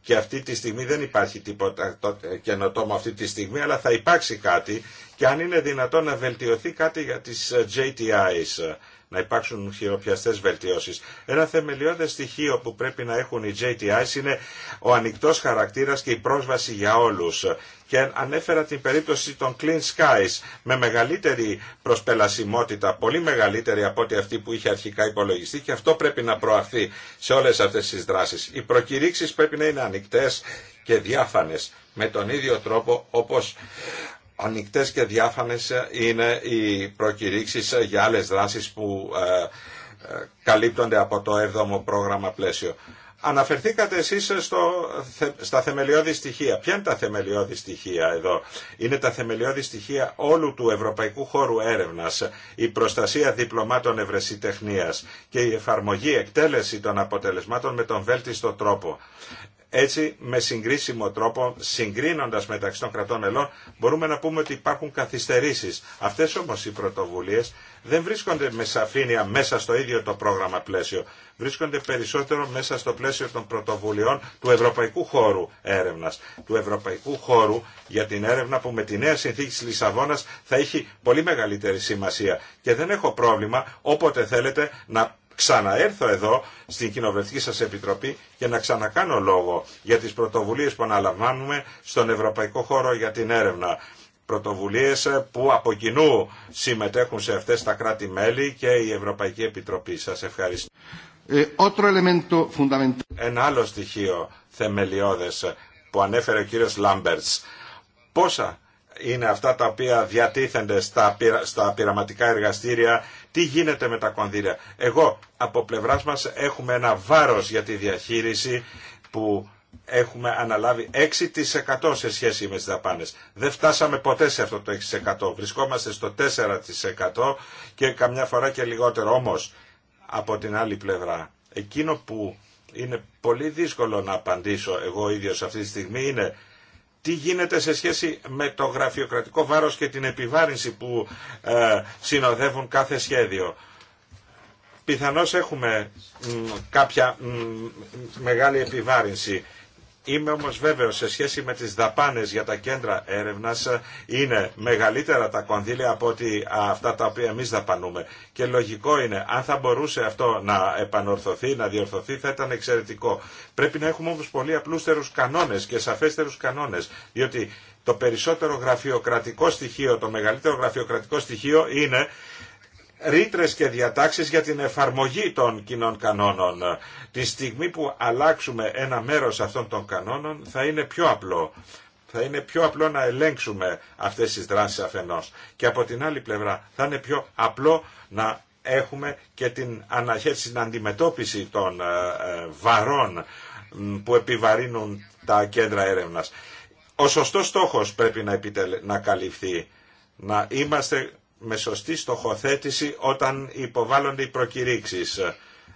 και αυτή τη στιγμή δεν υπάρχει τίποτα καινοτόμο αυτή τη στιγμή αλλά θα υπάρξει κάτι και αν είναι δυνατόν να βελτιωθεί κάτι για τις ε, JTIs, ε, να υπάρξουν χειροπιαστές βελτιώσεις. Ένα θεμελιώδες στοιχείο που πρέπει να έχουν οι JTIs είναι ο ανοιχτός χαρακτήρας και η πρόσβαση για όλους. Και ανέφερα την περίπτωση των Clean Skies με μεγαλύτερη προσπελασιμότητα, πολύ μεγαλύτερη από ό,τι αυτή που είχε αρχικά υπολογιστεί και αυτό πρέπει να προαχθεί σε όλες αυτές τις δράσεις. Οι προκηρύξεις πρέπει να είναι ανοιχτές και διάφανες με τον ίδιο τρόπο όπως Ανοιχτές και διάφανες είναι οι προκηρύξεις για άλλες δράσεις που ε, ε, καλύπτονται από το 7ο πρόγραμμα πλαίσιο. Αναφερθήκατε εσείς στο, στα θεμελιώδη στοιχεία. Ποια είναι τα θεμελιώδη στοιχεία εδώ. Είναι τα θεμελιώδη στοιχεία όλου του ευρωπαϊκού χώρου έρευνας, η προστασία διπλωμάτων ευρεσιτεχνίας και η εφαρμογή, εκτέλεση των αποτελεσμάτων με τον βέλτιστο τρόπο. Έτσι, με συγκρίσιμο τρόπο, συγκρίνοντα μεταξύ των κρατών μελών, μπορούμε να πούμε ότι υπάρχουν καθυστερήσει. Αυτέ όμω οι πρωτοβουλίε δεν βρίσκονται με σαφήνεια μέσα στο ίδιο το πρόγραμμα πλαίσιο. Βρίσκονται περισσότερο μέσα στο πλαίσιο των πρωτοβουλειών του Ευρωπαϊκού Χώρου Έρευνα. Του Ευρωπαϊκού Χώρου για την έρευνα που με τη νέα συνθήκη τη Λισαβόνα θα έχει πολύ μεγαλύτερη σημασία. Και δεν έχω πρόβλημα όποτε θέλετε να ξαναέρθω εδώ στην κοινοβουλευτική σας επιτροπή για να ξανακάνω λόγο για τις πρωτοβουλίες που αναλαμβάνουμε στον Ευρωπαϊκό χώρο για την έρευνα πρωτοβουλίες που από κοινού συμμετέχουν σε αυτές τα κράτη-μέλη και η Ευρωπαϊκή Επιτροπή. Σας ευχαριστώ. Ε, Ένα άλλο στοιχείο θεμελιώδες που ανέφερε ο κύριος Λάμπερτς. Πόσα είναι αυτά τα οποία διατίθενται στα, πειραματικά εργαστήρια τι γίνεται με τα κονδύλια. Εγώ από πλευρά μα έχουμε ένα βάρος για τη διαχείριση που έχουμε αναλάβει 6% σε σχέση με τις δαπάνες. Δεν φτάσαμε ποτέ σε αυτό το 6%. Βρισκόμαστε στο 4% και καμιά φορά και λιγότερο. Όμως από την άλλη πλευρά εκείνο που είναι πολύ δύσκολο να απαντήσω εγώ ίδιος αυτή τη στιγμή είναι τι γίνεται σε σχέση με το γραφειοκρατικό βάρος και την επιβάρυνση που ε, συνοδεύουν κάθε σχέδιο. Πιθανώς έχουμε κάποια μεγάλη επιβάρυνση Είμαι όμως βέβαιος σε σχέση με τις δαπάνες για τα κέντρα έρευνας είναι μεγαλύτερα τα κονδύλια από ότι αυτά τα οποία εμείς δαπανούμε. Και λογικό είναι, αν θα μπορούσε αυτό να επανορθωθεί, να διορθωθεί θα ήταν εξαιρετικό. Πρέπει να έχουμε όμως πολύ απλούστερους κανόνες και σαφέστερους κανόνες, διότι το περισσότερο γραφειοκρατικό στοιχείο, το μεγαλύτερο γραφειοκρατικό στοιχείο είναι ρήτρε και διατάξεις για την εφαρμογή των κοινών κανόνων. Τη στιγμή που αλλάξουμε ένα μέρος αυτών των κανόνων θα είναι πιο απλό. Θα είναι πιο απλό να ελέγξουμε αυτές τις δράσεις αφενός. Και από την άλλη πλευρά θα είναι πιο απλό να έχουμε και την αναχέτηση, την αντιμετώπιση των ε, ε, βαρών που επιβαρύνουν τα κέντρα έρευνας. Ο σωστός στόχος πρέπει να, να καλυφθεί. Να είμαστε με σωστή στοχοθέτηση όταν υποβάλλονται οι προκηρύξεις.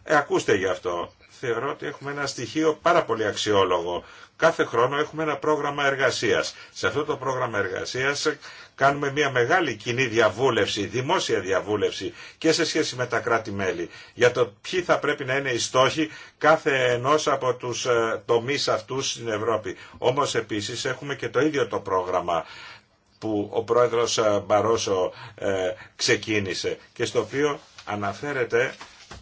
Ε, ακούστε γι' αυτό. Θεωρώ ότι έχουμε ένα στοιχείο πάρα πολύ αξιόλογο. Κάθε χρόνο έχουμε ένα πρόγραμμα εργασίας. Σε αυτό το πρόγραμμα εργασίας κάνουμε μια μεγάλη κοινή διαβούλευση, δημόσια διαβούλευση και σε σχέση με τα κράτη-μέλη για το ποιοι θα πρέπει να είναι οι στόχοι κάθε ενός από τους ε, τομείς αυτούς στην Ευρώπη. Όμως επίσης έχουμε και το ίδιο το πρόγραμμα που ο πρόεδρος ε, Μπαρόσο ε, ξεκίνησε και στο οποίο αναφέρεται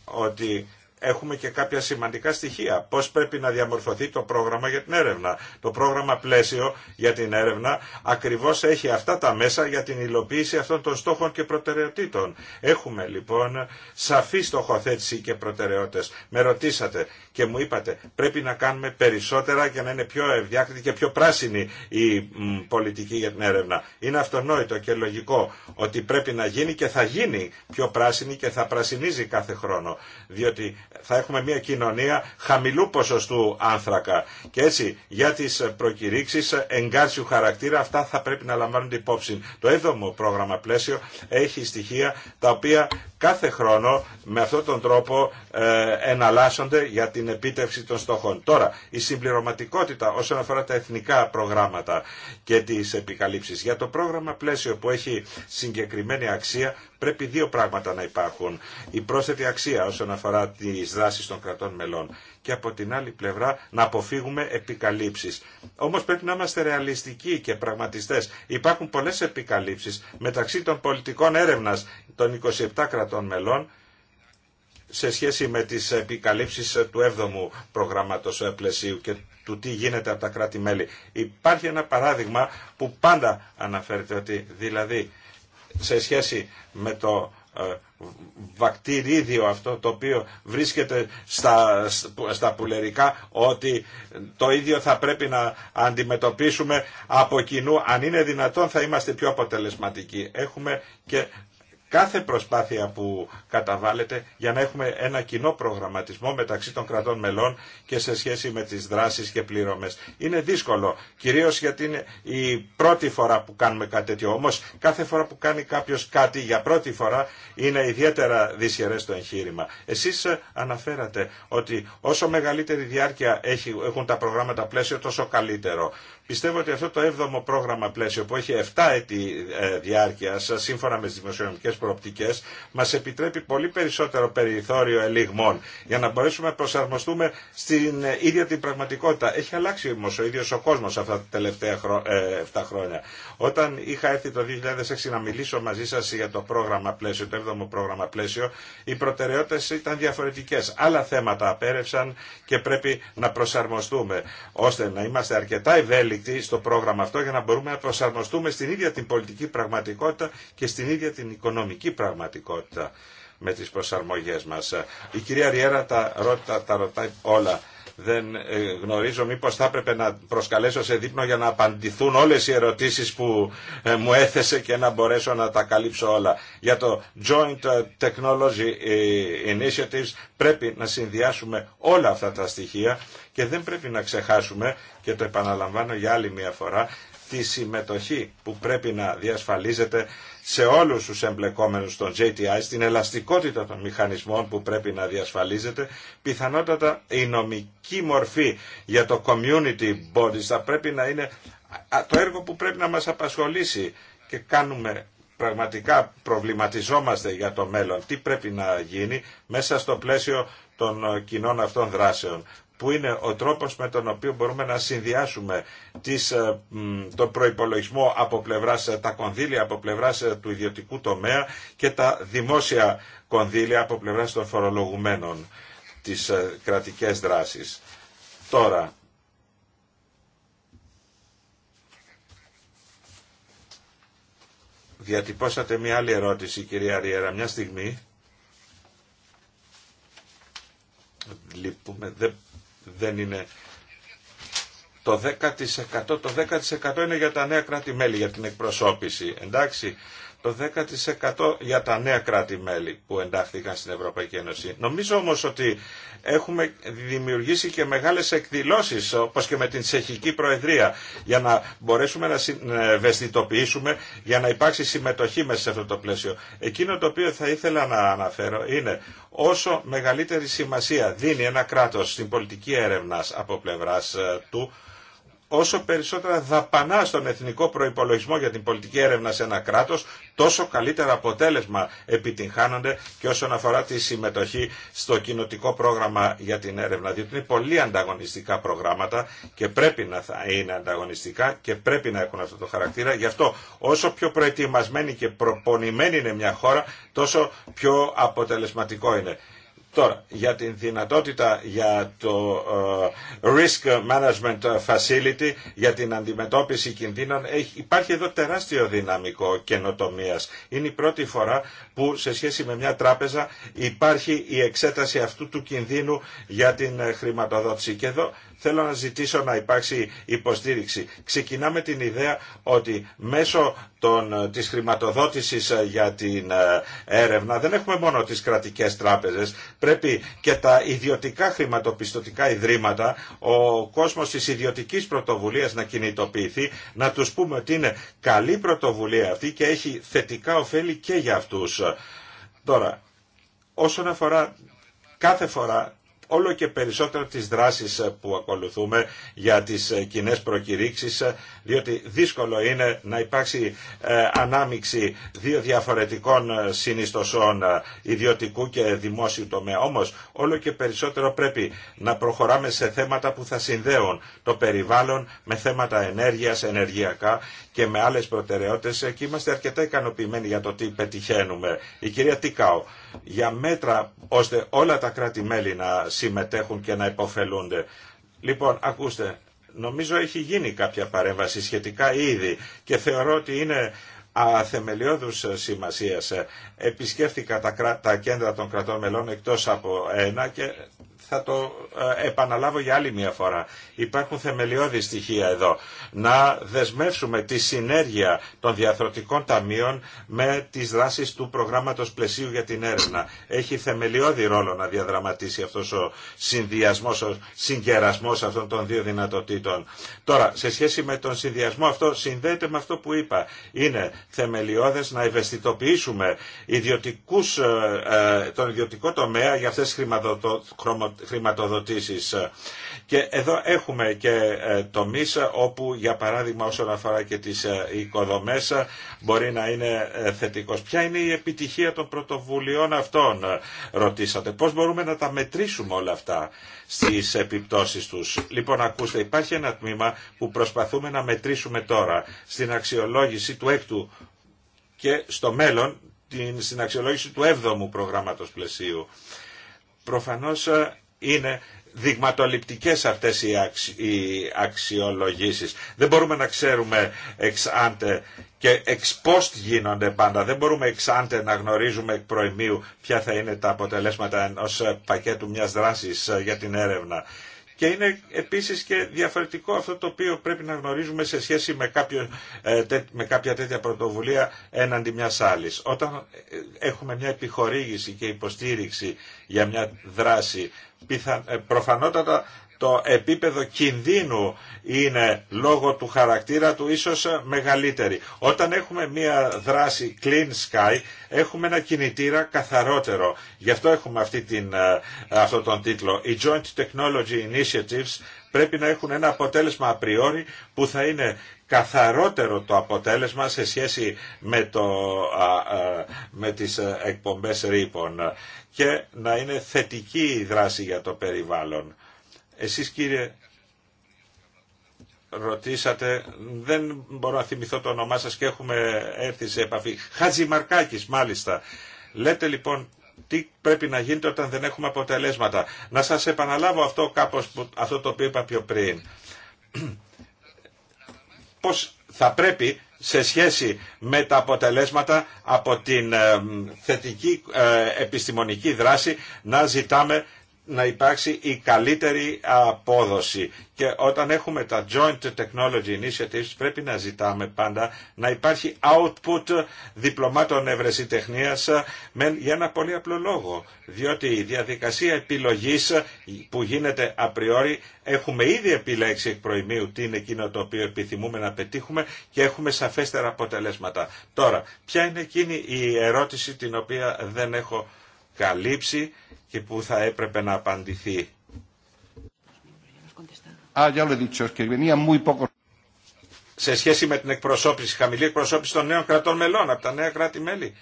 ότι έχουμε και κάποια σημαντικά στοιχεία. Πώς πρέπει να διαμορφωθεί το πρόγραμμα για την έρευνα. Το πρόγραμμα πλαίσιο για την έρευνα ακριβώς έχει αυτά τα μέσα για την υλοποίηση αυτών των στόχων και προτεραιοτήτων. Έχουμε λοιπόν σαφή στοχοθέτηση και προτεραιότητες. Με ρωτήσατε και μου είπατε πρέπει να κάνουμε περισσότερα για να είναι πιο ευδιάκριτη και πιο πράσινη η πολιτική για την έρευνα. Είναι αυτονόητο και λογικό ότι πρέπει να γίνει και θα γίνει πιο πράσινη και θα πρασινίζει κάθε χρόνο. Διότι θα έχουμε μια κοινωνία χαμηλού ποσοστού άνθρακα. Και έτσι για τις προκηρύξεις εγκάρσιου χαρακτήρα αυτά θα πρέπει να λαμβάνονται υπόψη. Το 7ο πρόγραμμα πλαίσιο έχει στοιχεία τα οποία κάθε χρόνο με αυτόν τον τρόπο ε, εναλλάσσονται για την επίτευξη των στόχων. Τώρα, η συμπληρωματικότητα όσον αφορά τα εθνικά προγράμματα και τις επικαλύψεις. Για το πρόγραμμα πλαίσιο που έχει συγκεκριμένη αξία πρέπει δύο πράγματα να υπάρχουν. Η πρόσθετη αξία όσον αφορά τι δράσει των κρατών μελών και από την άλλη πλευρά να αποφύγουμε επικαλύψεις. Όμως πρέπει να είμαστε ρεαλιστικοί και πραγματιστές. Υπάρχουν πολλές επικαλύψεις μεταξύ των πολιτικών έρευνας των 27 κρατών μελών σε σχέση με τις επικαλύψεις του 7ου προγράμματος πλαισίου και του τι γίνεται από τα κράτη-μέλη. Υπάρχει ένα παράδειγμα που πάντα αναφέρεται ότι δηλαδή σε σχέση με το ε, βακτηρίδιο αυτό το οποίο βρίσκεται στα, στα πουλερικά ότι το ίδιο θα πρέπει να αντιμετωπίσουμε από κοινού αν είναι δυνατόν θα είμαστε πιο αποτελεσματικοί έχουμε και κάθε προσπάθεια που καταβάλλεται για να έχουμε ένα κοινό προγραμματισμό μεταξύ των κρατών μελών και σε σχέση με τις δράσεις και πληρωμές. Είναι δύσκολο, κυρίως γιατί είναι η πρώτη φορά που κάνουμε κάτι τέτοιο. Όμως κάθε φορά που κάνει κάποιος κάτι για πρώτη φορά είναι ιδιαίτερα δυσχερές το εγχείρημα. Εσείς ε, αναφέρατε ότι όσο μεγαλύτερη διάρκεια έχουν τα προγράμματα πλαίσιο τόσο καλύτερο. Πιστεύω ότι αυτό το 7ο πρόγραμμα πλαίσιο που έχει 7 έτη ε, διάρκεια, σύμφωνα με τι δημοσιονομικέ προοπτικέ, μα επιτρέπει πολύ περισσότερο περιθώριο ελιγμών για να μπορέσουμε να προσαρμοστούμε στην ε, ίδια την πραγματικότητα. Έχει αλλάξει όμω ο ίδιο ο κόσμο αυτά τα τελευταία 7 ε, χρόνια. Όταν είχα έρθει το 2006 να μιλήσω μαζί σα για το πρόγραμμα πλαίσιο, το 7ο πρόγραμμα πλαίσιο, οι προτεραιότητε ήταν διαφορετικέ. Άλλα θέματα απέρευσαν και πρέπει να προσαρμοστούμε ώστε να είμαστε αρκετά ευέλικτοι στο πρόγραμμα αυτό για να μπορούμε να προσαρμοστούμε στην ίδια την πολιτική πραγματικότητα και στην ίδια την οικονομική πραγματικότητα με τις προσαρμογές μας. Η κυρία Ριέρα τα, τα ρωτάει όλα δεν ε, γνωρίζω μήπως θα έπρεπε να προσκαλέσω σε δείπνο για να απαντηθούν όλες οι ερωτήσεις που ε, μου έθεσε και να μπορέσω να τα καλύψω όλα. Για το Joint Technology ε, Initiatives πρέπει να συνδυάσουμε όλα αυτά τα στοιχεία και δεν πρέπει να ξεχάσουμε και το επαναλαμβάνω για άλλη μια φορά τη συμμετοχή που πρέπει να διασφαλίζεται σε όλους τους εμπλεκόμενους των JTI, στην ελαστικότητα των μηχανισμών που πρέπει να διασφαλίζεται, πιθανότατα η νομική μορφή για το community bodies θα πρέπει να είναι το έργο που πρέπει να μας απασχολήσει και κάνουμε πραγματικά προβληματιζόμαστε για το μέλλον, τι πρέπει να γίνει μέσα στο πλαίσιο των ε, κοινών αυτών δράσεων που είναι ο τρόπος με τον οποίο μπορούμε να συνδυάσουμε τις, ε, το προϋπολογισμό από πλευράς, ε, τα κονδύλια από πλευράς ε, του ιδιωτικού τομέα και τα δημόσια κονδύλια από πλευράς των φορολογουμένων τις κρατικές δράσεις. Τώρα, διατυπώσατε μια άλλη ερώτηση κυρία Ριέρα, μια στιγμή. Λυπούμε, δεν δεν είναι το 10%, το 10% είναι για τα νέα κράτη-μέλη, για την εκπροσώπηση. Εντάξει, το 10% για τα νέα κράτη-μέλη που εντάχθηκαν στην Ευρωπαϊκή Ένωση. Νομίζω όμως ότι έχουμε δημιουργήσει και μεγάλες εκδηλώσεις όπως και με την Τσεχική Προεδρία για να μπορέσουμε να ευαισθητοποιήσουμε για να υπάρξει συμμετοχή μέσα σε αυτό το πλαίσιο. Εκείνο το οποίο θα ήθελα να αναφέρω είναι όσο μεγαλύτερη σημασία δίνει ένα κράτος στην πολιτική έρευνας από πλευράς ε, του όσο περισσότερα δαπανά στον εθνικό προϋπολογισμό για την πολιτική έρευνα σε ένα κράτος, τόσο καλύτερα αποτέλεσμα επιτυγχάνονται και όσον αφορά τη συμμετοχή στο κοινοτικό πρόγραμμα για την έρευνα. Διότι είναι πολύ ανταγωνιστικά προγράμματα και πρέπει να είναι ανταγωνιστικά και πρέπει να έχουν αυτό το χαρακτήρα. Γι' αυτό όσο πιο προετοιμασμένη και προπονημένη είναι μια χώρα, τόσο πιο αποτελεσματικό είναι. Τώρα, για την δυνατότητα για το ε, Risk Management Facility, για την αντιμετώπιση κινδύνων, υπάρχει εδώ τεράστιο δυναμικό καινοτομία. Είναι η πρώτη φορά που σε σχέση με μια τράπεζα υπάρχει η εξέταση αυτού του κινδύνου για την ε, χρηματοδότηση. Και εδώ θέλω να ζητήσω να υπάρξει υποστήριξη. Ξεκινάμε την ιδέα ότι μέσω των, της χρηματοδότησης ε, για την ε, έρευνα δεν έχουμε μόνο τις κρατικές τράπεζες, πρέπει και τα ιδιωτικά χρηματοπιστωτικά ιδρύματα, ο κόσμος της ιδιωτικής πρωτοβουλίας να κινητοποιηθεί, να τους πούμε ότι είναι καλή πρωτοβουλία αυτή και έχει θετικά ωφέλη και για αυτούς. Τώρα, όσον αφορά κάθε φορά όλο και περισσότερο τις δράσεις που ακολουθούμε για τις κοινέ προκηρύξεις διότι δύσκολο είναι να υπάρξει ε, ανάμιξη δύο διαφορετικών συνιστοσών ε, ιδιωτικού και δημόσιου τομέα. Όμως όλο και περισσότερο πρέπει να προχωράμε σε θέματα που θα συνδέουν το περιβάλλον με θέματα ενέργειας, ενεργειακά και με άλλες προτεραιότητες και είμαστε αρκετά ικανοποιημένοι για το τι πετυχαίνουμε. Η κυρία Τικάου για μέτρα ώστε όλα τα κράτη-μέλη να συμμετέχουν και να υποφελούνται. Λοιπόν, ακούστε, νομίζω έχει γίνει κάποια παρέμβαση σχετικά ήδη και θεωρώ ότι είναι αθεμελιώδους σημασίας. Επισκέφθηκα τα, κέντρα των κρατών μελών εκτός από ένα και θα το ε, επαναλάβω για άλλη μια φορά. Υπάρχουν θεμελιώδη στοιχεία εδώ. Να δεσμεύσουμε τη συνέργεια των διαθροτικών ταμείων με τις δράσεις του προγράμματος πλαισίου για την έρευνα. Έχει θεμελιώδη ρόλο να διαδραματίσει αυτός ο συνδυασμός, ο συγκερασμός αυτών των δύο δυνατοτήτων. Τώρα, σε σχέση με τον συνδυασμό αυτό, συνδέεται με αυτό που είπα. Είναι θεμελιώδες να ευαισθητοποιήσουμε ιδιωτικούς, ε, ε, τον ιδιωτικό τομέα για αυτές τις χρηματοδοτήσεις. Και εδώ έχουμε και το ε, τομείς όπου για παράδειγμα όσον αφορά και τις ε, οικοδομές μπορεί να είναι ε, θετικός. Ποια είναι η επιτυχία των πρωτοβουλειών αυτών ρωτήσατε. Πώς μπορούμε να τα μετρήσουμε όλα αυτά στις επιπτώσεις τους. Λοιπόν ακούστε υπάρχει ένα τμήμα που προσπαθούμε να μετρήσουμε τώρα στην αξιολόγηση του έκτου και στο μέλλον στην αξιολόγηση του 7ου προγράμματος πλαισίου. Προφανώς είναι δειγματοληπτικές αυτές οι, αξι... αξιολογήσεις. Δεν μπορούμε να ξέρουμε εξάντε και εξ post γίνονται πάντα. Δεν μπορούμε εξ να γνωρίζουμε εκ προημίου ποια θα είναι τα αποτελέσματα ενός πακέτου μιας δράσης για την έρευνα. Και είναι επίσης και διαφορετικό αυτό το οποίο πρέπει να γνωρίζουμε σε σχέση με, κάποιο, ε, με κάποια τέτοια πρωτοβουλία έναντι μιας άλλης. Όταν ε, έχουμε μια επιχορήγηση και υποστήριξη για μια δράση ε, προφανότατα το επίπεδο κινδύνου είναι λόγω του χαρακτήρα του ίσως ε, μεγαλύτερη. Όταν έχουμε μία δράση clean sky έχουμε ένα κινητήρα καθαρότερο. Γι' αυτό έχουμε αυτή την, ε, αυτόν τον τίτλο. Οι Joint Technology Initiatives πρέπει να έχουν ένα αποτέλεσμα απριόρι που θα είναι καθαρότερο το αποτέλεσμα σε σχέση με, το, με τις ε, εκπομπές ρήπων και να είναι θετική η δράση για το περιβάλλον. Εσείς κύριε ρωτήσατε, δεν μπορώ να θυμηθώ το όνομά σας και έχουμε έρθει σε επαφή. Χατζημαρκάκης μάλιστα. Λέτε λοιπόν τι πρέπει να γίνεται όταν δεν έχουμε αποτελέσματα. Να σας επαναλάβω αυτό, κάπως, αυτό το οποίο είπα πιο πριν. Πώς θα πρέπει σε σχέση με τα αποτελέσματα από την θετική ε, επιστημονική δράση να ζητάμε να υπάρξει η καλύτερη απόδοση. Και όταν έχουμε τα Joint Technology Initiatives πρέπει να ζητάμε πάντα να υπάρχει output διπλωμάτων ευρεσιτεχνίας για ένα πολύ απλό λόγο. Διότι η διαδικασία επιλογής που γίνεται απριόρι έχουμε ήδη επιλέξει εκ προημίου τι είναι εκείνο το οποίο επιθυμούμε να πετύχουμε και έχουμε σαφέστερα αποτελέσματα. Τώρα, ποια είναι εκείνη η ερώτηση την οποία δεν έχω καλύψει και που θα έπρεπε να απαντηθεί. Σε σχέση με την εκπροσώπηση, χαμηλή εκπροσώπηση των νέων κρατών μελών από τα νέα κράτη-μέλη.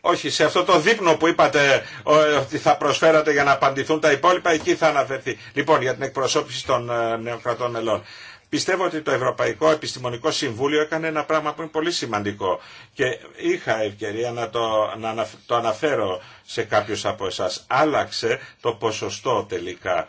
Όχι, σε αυτό το δείπνο που είπατε ότι θα προσφέρατε για να απαντηθούν τα υπόλοιπα, εκεί θα αναφερθεί. Λοιπόν, για την εκπροσώπηση των ε, νέων κρατών μελών. Πιστεύω ότι το Ευρωπαϊκό Επιστημονικό Συμβούλιο έκανε ένα πράγμα που είναι πολύ σημαντικό και είχα ευκαιρία να το, να το αναφέρω σε κάποιους από εσάς. Άλλαξε το ποσοστό τελικά.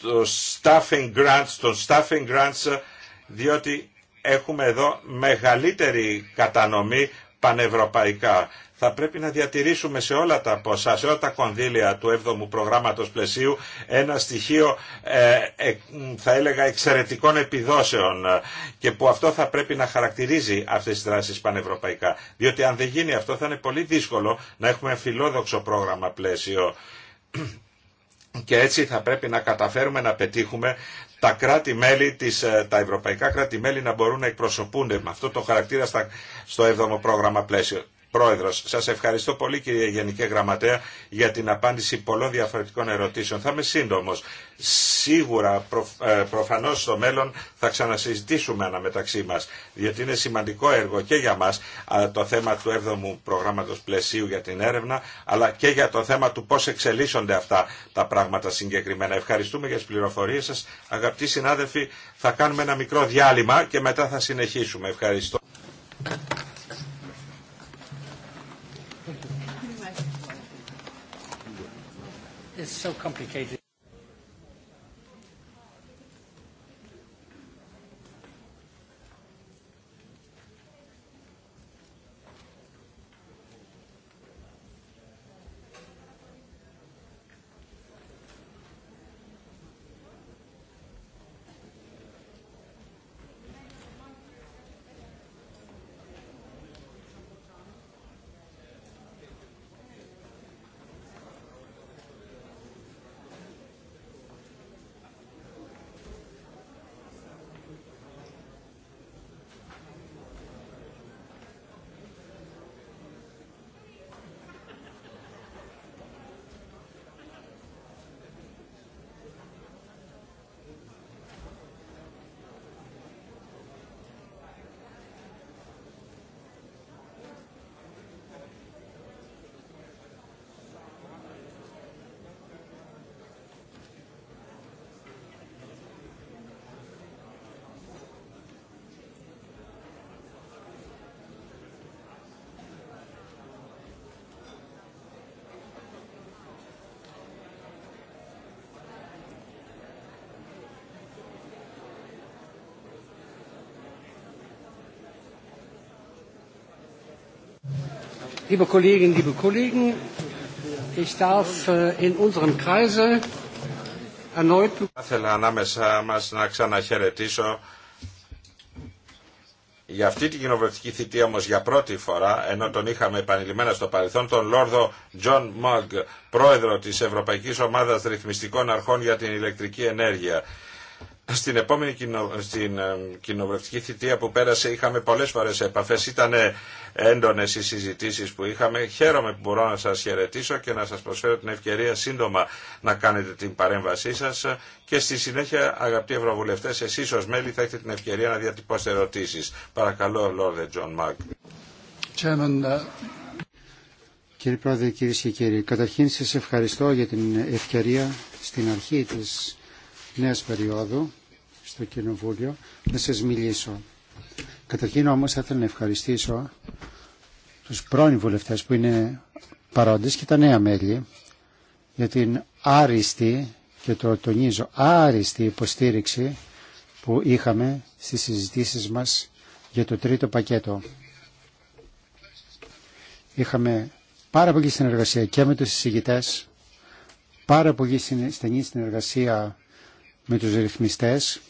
Το staffing grants, των staffing grants, διότι έχουμε εδώ μεγαλύτερη κατανομή πανευρωπαϊκά θα πρέπει να διατηρήσουμε σε όλα τα ποσά, σε όλα τα κονδύλια του 7ου προγράμματος πλαισίου ένα στοιχείο ε, ε, θα έλεγα εξαιρετικών επιδόσεων ε, και που αυτό θα πρέπει να χαρακτηρίζει αυτές τις δράσεις πανευρωπαϊκά. Διότι αν δεν γίνει αυτό θα είναι πολύ δύσκολο να έχουμε φιλόδοξο πρόγραμμα πλαίσιο και έτσι θα πρέπει να καταφέρουμε να πετύχουμε τα κράτη-μέλη, τα ευρωπαϊκά κράτη-μέλη να μπορούν να εκπροσωπούν με αυτό το χαρακτήρα στο 7ο πρόγραμμα πλαίσιο. Πρόεδρος, σας ευχαριστώ πολύ κύριε Γενική Γραμματέα για την απάντηση πολλών διαφορετικών ερωτήσεων. Θα είμαι σύντομος. Σίγουρα προ, ε, προφανώς στο μέλλον θα ξανασυζητήσουμε αναμεταξύ μας, διότι είναι σημαντικό έργο και για μας το θέμα του 7ου προγράμματος πλαισίου για την έρευνα, αλλά και για το θέμα του πώς εξελίσσονται αυτά τα πράγματα συγκεκριμένα. Ευχαριστούμε για τις πληροφορίες σας. Αγαπητοί συνάδελφοι, θα κάνουμε ένα μικρό διάλειμμα και μετά θα συνεχίσουμε. Ευχαριστώ. so complicated. Liebe Kolleginnen, liebe Kollegen, ich darf äh, in unserem Kreise erneut. Ήθελα ανάμεσά μα να ξαναχαιρετήσω για αυτή την κοινοβουλευτική θητεία όμω για πρώτη φορά, ενώ τον είχαμε επανειλημμένα στο παρελθόν, τον Λόρδο Τζον Μόγκ, πρόεδρο τη Ευρωπαϊκή Ομάδα Ρυθμιστικών Αρχών για την Ηλεκτρική Ενέργεια. Στην επόμενη κοινο, στην ε, κοινοβουλευτική θητεία που πέρασε είχαμε πολλές φορές επαφές, ήταν έντονες οι συζητήσεις που είχαμε. Χαίρομαι που μπορώ να σας χαιρετήσω και να σας προσφέρω την ευκαιρία σύντομα να κάνετε την παρέμβασή σας και στη συνέχεια αγαπητοί ευρωβουλευτές εσείς ως μέλη θα έχετε την ευκαιρία να διατυπώσετε ερωτήσεις. Παρακαλώ Λόρδε Τζον Μαγκ. Uh, κύριε Πρόεδρε, κύριε και κύριοι, καταρχήν σας ευχαριστώ για την ευκαιρία στην αρχή της νέας περίοδου στο Κοινοβούλιο να σας μιλήσω. Καταρχήν όμως θα ήθελα να ευχαριστήσω τους πρώην βουλευτές που είναι παρόντες και τα νέα μέλη για την άριστη και το τονίζω άριστη υποστήριξη που είχαμε στις συζητήσεις μας για το τρίτο πακέτο. Είχαμε πάρα πολύ συνεργασία και με τους συζητητές, πάρα πολύ στενή συνεργασία με τους ρυθμιστές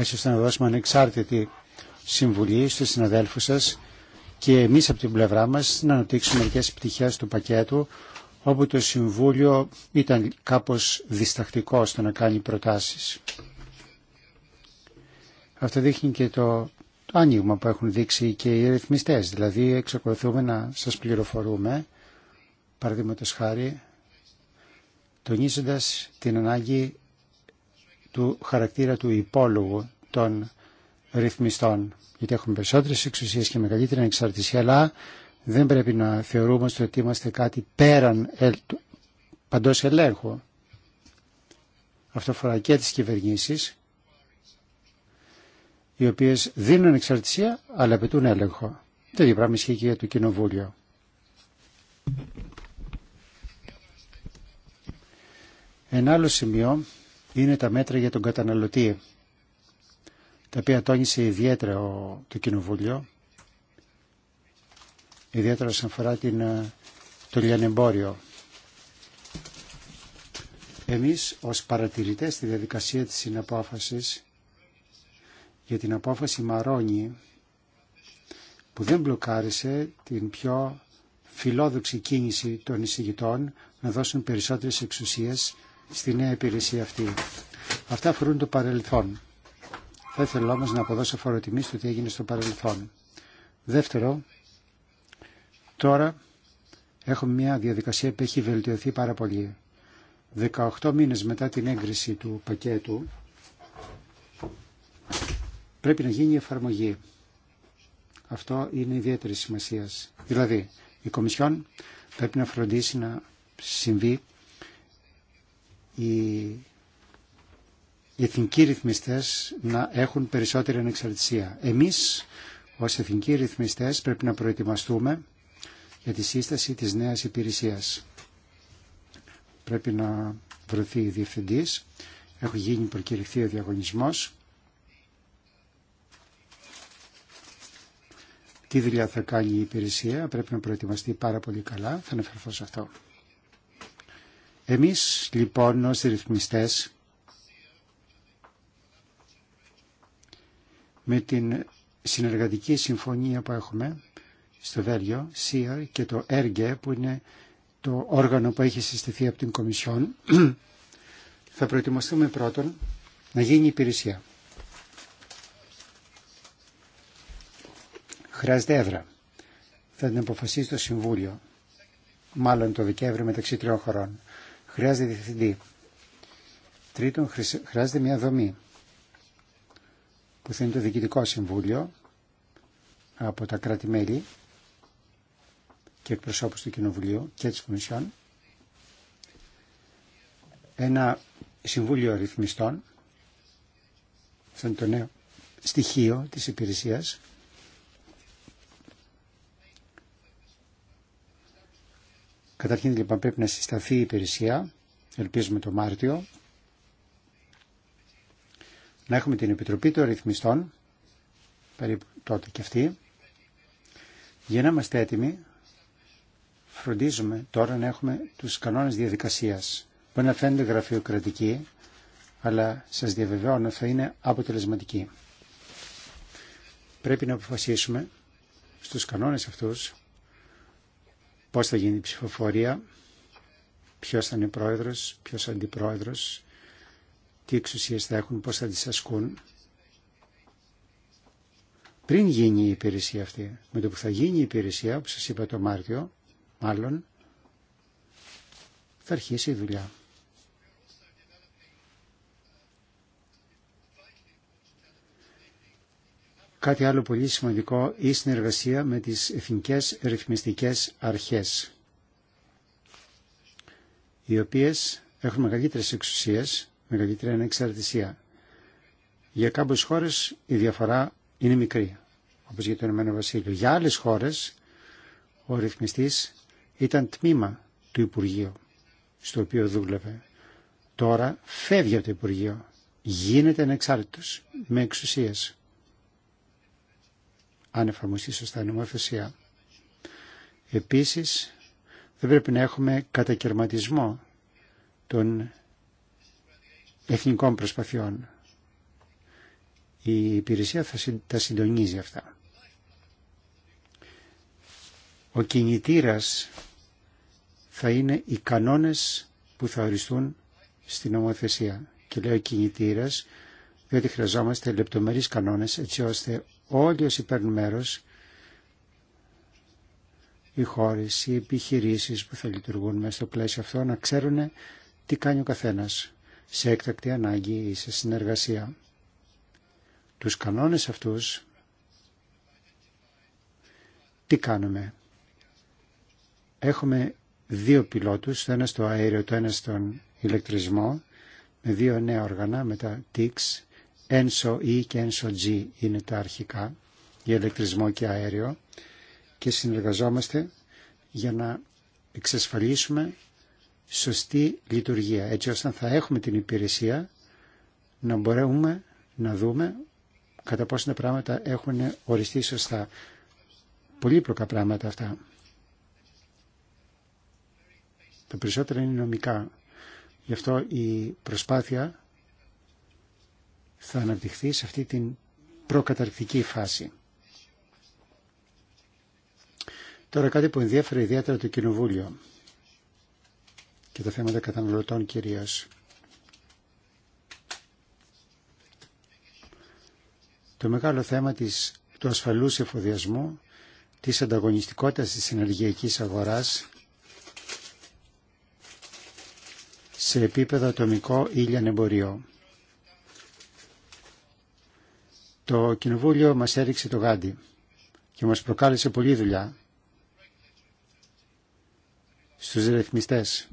έτσι ώστε να δώσουμε ανεξάρτητη συμβουλή στους συναδέλφους σας και εμείς από την πλευρά μας να αναπτύξουμε μερικές πτυχές του πακέτου όπου το Συμβούλιο ήταν κάπως διστακτικό στο να κάνει προτάσεις. Αυτό δείχνει και το άνοιγμα που έχουν δείξει και οι ρυθμιστές. Δηλαδή εξακολουθούμε να σας πληροφορούμε, παραδείγματο χάρη, τονίζοντας την ανάγκη του χαρακτήρα του υπόλογου των ρυθμιστών. Γιατί έχουμε περισσότερες εξουσίες και μεγαλύτερη ανεξαρτησία, αλλά δεν πρέπει να θεωρούμε ότι είμαστε κάτι πέραν παντός ελέγχου. Αυτό αφορά και τις κυβερνήσεις, οι οποίες δίνουν εξαρτησία, αλλά απαιτούν έλεγχο. Το ίδιο πράγμα ισχύει και για το Κοινοβούλιο. Ένα άλλο σημείο είναι τα μέτρα για τον καταναλωτή, τα οποία τόνισε ιδιαίτερα το Κοινοβούλιο, ιδιαίτερα όσον αφορά την, ε, το λιανεμπόριο. Εμείς ως παρατηρητές στη διαδικασία της συναπόφασης για την απόφαση Μαρόνι που δεν μπλοκάρισε την πιο φιλόδοξη κίνηση των εισηγητών να δώσουν περισσότερες εξουσίες στη νέα υπηρεσία αυτή. Αυτά αφορούν το παρελθόν. Θα ήθελα όμως να αποδώσω φοροτιμή στο τι έγινε στο παρελθόν. Δεύτερο, τώρα έχουμε μια διαδικασία που έχει βελτιωθεί πάρα πολύ. 18 μήνες μετά την έγκριση του πακέτου πρέπει να γίνει η εφαρμογή. Αυτό είναι ιδιαίτερη σημασία. Δηλαδή, η Κομισιόν πρέπει να φροντίσει να συμβεί οι, εθνικοί ρυθμιστές να έχουν περισσότερη ανεξαρτησία. Εμείς ως εθνικοί ρυθμιστές πρέπει να προετοιμαστούμε για τη σύσταση της νέας υπηρεσίας. Πρέπει να βρωθεί η διευθυντής. Έχει γίνει προκηρυχθεί ο διαγωνισμός. Τι δουλειά θα κάνει η υπηρεσία, πρέπει να προετοιμαστεί πάρα πολύ καλά. Θα αναφερθώ σε αυτό. Εμείς λοιπόν ως ρυθμιστές με την συνεργατική συμφωνία που έχουμε στο Βέλγιο, ΣΥΑΡ και το ΕΡΓΕ που είναι το όργανο που έχει συστηθεί από την Κομισιόν θα προετοιμαστούμε πρώτον να γίνει υπηρεσία. Χρειάζεται έδρα. Θα την αποφασίσει το Συμβούλιο, μάλλον το Δεκέμβριο μεταξύ τριών χωρών. Χρειάζεται διευθυντή. Τρίτον, χρειάζεται μια δομή που θα είναι το Διοικητικό Συμβούλιο από τα κράτη-μέλη και εκπροσώπους του Κοινοβουλίου και της Κομισιόν. Ένα Συμβούλιο Ρυθμιστών, αυτό είναι το νέο στοιχείο της υπηρεσίας, Καταρχήν λοιπόν πρέπει να συσταθεί η υπηρεσία, ελπίζουμε το Μάρτιο, να έχουμε την Επιτροπή των Ρυθμιστών, περίπου τότε και αυτή, για να είμαστε έτοιμοι, φροντίζουμε τώρα να έχουμε τους κανόνες διαδικασίας. Μπορεί να φαίνεται γραφειοκρατική, αλλά σας διαβεβαιώνω θα είναι αποτελεσματική. Πρέπει να αποφασίσουμε στους κανόνες αυτούς πώς θα γίνει η ψηφοφορία, ποιος θα είναι πρόεδρος, ποιος αντιπρόεδρος, τι εξουσίες θα έχουν, πώς θα τις ασκούν. Πριν γίνει η υπηρεσία αυτή, με το που θα γίνει η υπηρεσία, όπως σας είπα το Μάρτιο, μάλλον, θα αρχίσει η δουλειά. Κάτι άλλο πολύ σημαντικό, η συνεργασία με τις εθνικές ρυθμιστικές αρχές, οι οποίες έχουν μεγαλύτερες εξουσίες, μεγαλύτερη ανεξαρτησία. Για κάποιες χώρες η διαφορά είναι μικρή, όπως για το Ηνωμένο Βασίλειο. Για άλλες χώρες ο ρυθμιστής ήταν τμήμα του Υπουργείου, στο οποίο δούλευε. Τώρα φεύγει από το Υπουργείο, γίνεται ανεξάρτητος, με εξουσίες αν εφαρμοστεί σωστά η νομοθεσία. Επίσης, δεν πρέπει να έχουμε κατακαιρματισμό των εθνικών προσπαθειών. Η υπηρεσία θα τα συντονίζει αυτά. Ο κινητήρας θα είναι οι κανόνες που θα οριστούν στην νομοθεσία. Και λέω κινητήρας διότι χρειαζόμαστε λεπτομερείς κανόνες έτσι ώστε όλοι όσοι παίρνουν μέρος, οι χώρες, οι επιχειρήσεις που θα λειτουργούν μέσα στο πλαίσιο αυτό, να ξέρουν τι κάνει ο καθένας σε έκτακτη ανάγκη ή σε συνεργασία. Τους κανόνες αυτούς τι κάνουμε. Έχουμε δύο πιλότους, το ένα στο αέριο, το ένα στον ηλεκτρισμό, με δύο νέα όργανα, με τα TICS, ένσο E και ένσο G είναι τα αρχικά για ηλεκτρισμό και αέριο και συνεργαζόμαστε για να εξασφαλίσουμε σωστή λειτουργία έτσι ώστε θα έχουμε την υπηρεσία να μπορούμε να δούμε κατά πόσο τα πράγματα έχουν οριστεί σωστά. Πολύπλοκα πράγματα αυτά. Τα περισσότερα είναι νομικά. Γι' αυτό η προσπάθεια θα αναπτυχθεί σε αυτή την προκαταρκτική φάση. Τώρα κάτι που ενδιαφέρει ιδιαίτερα το Κοινοβούλιο και τα θέματα καταναλωτών κυρίως. Το μεγάλο θέμα της, του ασφαλούς εφοδιασμού, της ανταγωνιστικότητας της ενεργειακής αγοράς σε επίπεδο ατομικό ήλιαν εμπορίο. Το Κοινοβούλιο μας έριξε το γάντι και μας προκάλεσε πολλή δουλειά στους ρυθμιστές.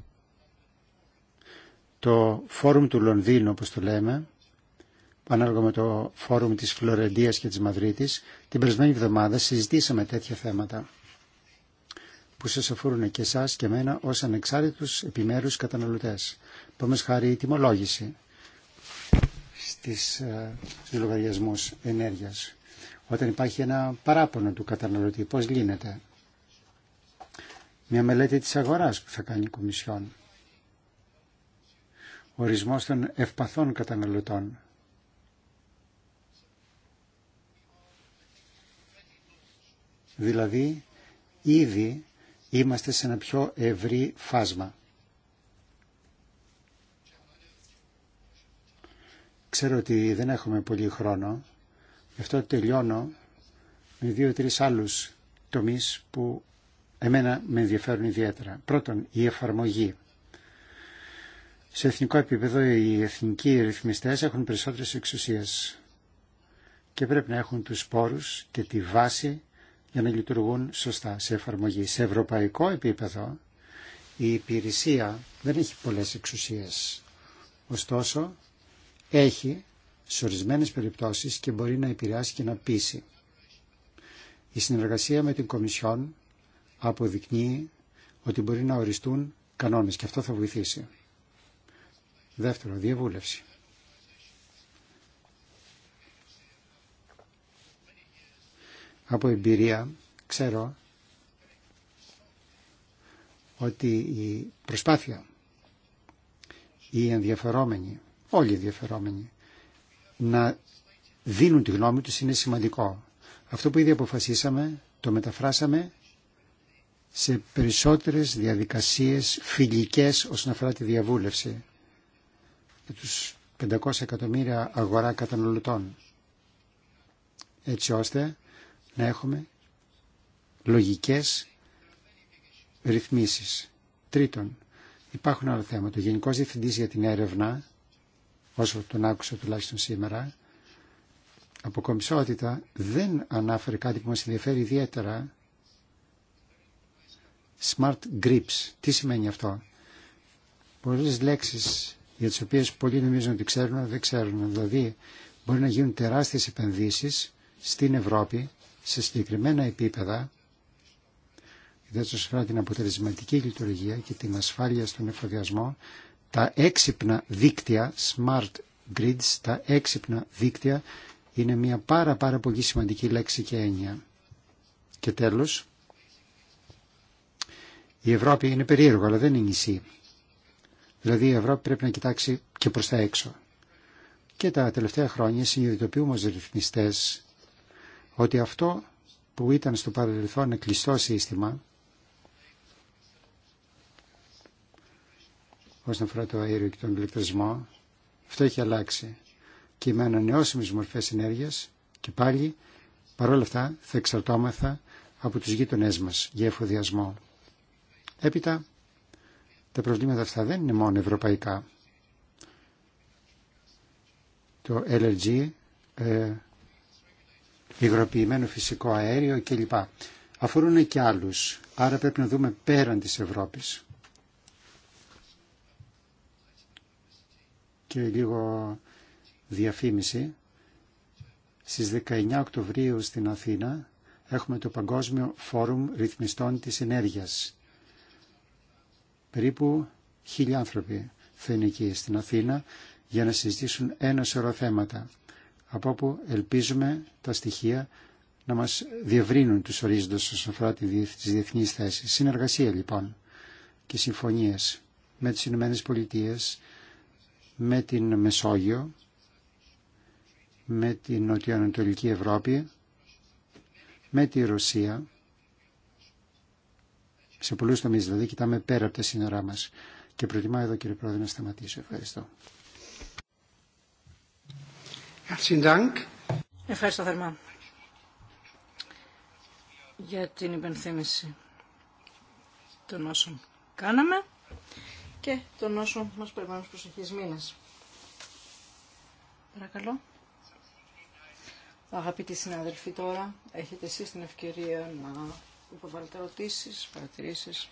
Το φόρουμ του Λονδίνου, όπως το λέμε, ανάλογα με το φόρουμ της Φλωρεντίας και της Μαδρίτης, την περασμένη εβδομάδα συζητήσαμε τέτοια θέματα που σας αφορούν και εσά και εμένα ως ανεξάρτητους επιμέρους καταναλωτές. Πάμε χάρη η τιμολόγηση της λογαριασμού ε, λογαριασμούς ενέργειας. Όταν υπάρχει ένα παράπονο του καταναλωτή, πώς λύνεται. Μια μελέτη της αγοράς που θα κάνει η Κομισιόν. Ορισμός των ευπαθών καταναλωτών. Δηλαδή, ήδη είμαστε σε ένα πιο ευρύ φάσμα. Ξέρω ότι δεν έχουμε πολύ χρόνο, γι' αυτό τελειώνω με δύο-τρεις άλλους τομείς που εμένα με ενδιαφέρουν ιδιαίτερα. Πρώτον, η εφαρμογή. Σε εθνικό επίπεδο οι εθνικοί ρυθμιστές έχουν περισσότερες εξουσίες και πρέπει να έχουν τους πόρους και τη βάση για να λειτουργούν σωστά σε εφαρμογή. Σε ευρωπαϊκό επίπεδο η υπηρεσία δεν έχει πολλές εξουσίες. Ωστόσο, έχει σε ορισμένες περιπτώσεις και μπορεί να επηρεάσει και να πείσει. Η συνεργασία με την Κομισιόν αποδεικνύει ότι μπορεί να οριστούν κανόνες και αυτό θα βοηθήσει. Δεύτερο, διαβούλευση. Από εμπειρία ξέρω ότι η προσπάθεια, ενδιαφερόμενη όλοι οι ενδιαφερόμενοι να δίνουν τη γνώμη τους είναι σημαντικό. Αυτό που ήδη αποφασίσαμε το μεταφράσαμε σε περισσότερες διαδικασίες φιλικές όσον αφορά τη διαβούλευση για τους 500 εκατομμύρια αγορά καταναλωτών έτσι ώστε να έχουμε λογικές ρυθμίσεις. Τρίτον, υπάρχουν άλλα θέματα. Ο Γενικός Διευθυντής για την έρευνα όσο τον άκουσα τουλάχιστον σήμερα, από κομψότητα δεν ανάφερε κάτι που μας ενδιαφέρει ιδιαίτερα. Smart grips. Τι σημαίνει αυτό. Πολλές λέξεις για τις οποίες πολλοί νομίζουν ότι ξέρουν, αλλά δεν ξέρουν. Δηλαδή, μπορεί να γίνουν τεράστιες επενδύσεις στην Ευρώπη, σε συγκεκριμένα επίπεδα, ιδιαίτερα αφορά την αποτελεσματική λειτουργία και την ασφάλεια στον εφοδιασμό, τα έξυπνα δίκτυα, smart grids, τα έξυπνα δίκτυα είναι μια πάρα πάρα πολύ σημαντική λέξη και έννοια. Και τέλος, η Ευρώπη είναι περίεργο αλλά δεν είναι νησί. Δηλαδή η Ευρώπη πρέπει να κοιτάξει και προς τα έξω. Και τα τελευταία χρόνια συνειδητοποιούμε ως ρυθμιστές ότι αυτό που ήταν στο παρελθόν κλειστό σύστημα όσον αφορά το αέριο και τον ηλεκτρισμό. Αυτό έχει αλλάξει. Και με ανανεώσιμε μορφέ ενέργειας και πάλι παρόλα αυτά θα εξαρτώμεθα από τους γείτονές μας για εφοδιασμό. Έπειτα, τα προβλήματα αυτά δεν είναι μόνο ευρωπαϊκά. Το LNG, ε, υγροποιημένο φυσικό αέριο κλπ. Αφορούν και άλλους, άρα πρέπει να δούμε πέραν της Ευρώπης. και λίγο διαφήμιση. Στις 19 Οκτωβρίου στην Αθήνα έχουμε το Παγκόσμιο Φόρουμ Ρυθμιστών της Ενέργειας. Περίπου χίλια άνθρωποι θα είναι εκεί στην Αθήνα για να συζητήσουν ένα σωρό θέματα, από όπου ελπίζουμε τα στοιχεία να μας διευρύνουν τους ορίζοντες όσον αφορά τις διεθνείς θέσεις. Συνεργασία λοιπόν και συμφωνίες με τις Ηνωμένες Πολιτείες, με την Μεσόγειο, με την Νοτιοανατολική Ευρώπη, με τη Ρωσία. Σε πολλούς τομείς δηλαδή κοιτάμε πέρα από τα σύνορά μας. Και προτιμά εδώ κύριε Πρόεδρε να σταματήσω. Ευχαριστώ. Ευχαριστώ θερμά για την υπενθύμηση των όσων κάναμε και τον όσο μας περιμένουν στους προσεχείς μήνες. Παρακαλώ. Αγαπητοί συνάδελφοι, τώρα έχετε εσείς την ευκαιρία να υποβάλλετε ερωτήσει, παρατηρήσεις.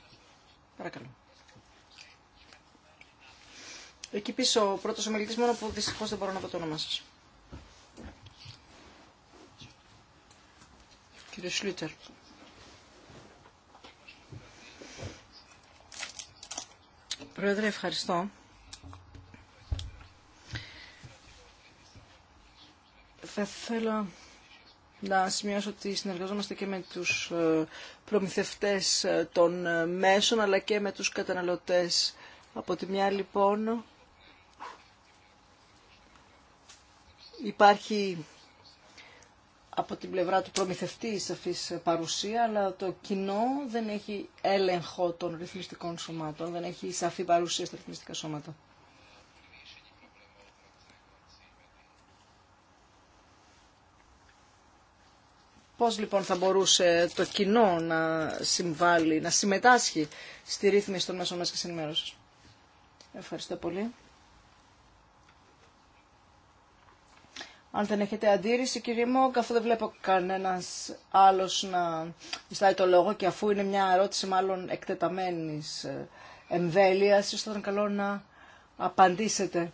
Παρακαλώ. Εκεί πίσω ο πρώτος ομιλητής, μόνο που δυστυχώς δεν μπορώ να πω το όνομά σας. Κύριε Σλίτερ. Πρόεδρε, ευχαριστώ. Θα θέλω να σημειώσω ότι συνεργαζόμαστε και με τους ε, προμηθευτές ε, των ε, μέσων αλλά και με τους καταναλωτές. Από τη μια λοιπόν υπάρχει από την πλευρά του προμηθευτή σαφής παρουσία, αλλά το κοινό δεν έχει έλεγχο των ρυθμιστικών σωμάτων, δεν έχει σαφή παρουσία στα ρυθμιστικά σώματα. Πώς λοιπόν θα μπορούσε το κοινό να συμβάλλει, να συμμετάσχει στη ρύθμιση των μέσων μας και Ευχαριστώ πολύ. Αν δεν έχετε αντίρρηση, κύριε Μόγκ, αφού δεν βλέπω κανένας άλλος να ζητάει το λόγο και αφού είναι μια ερώτηση μάλλον εκτεταμένης ε, εμβέλειας, ίσως θα ήταν καλό να απαντήσετε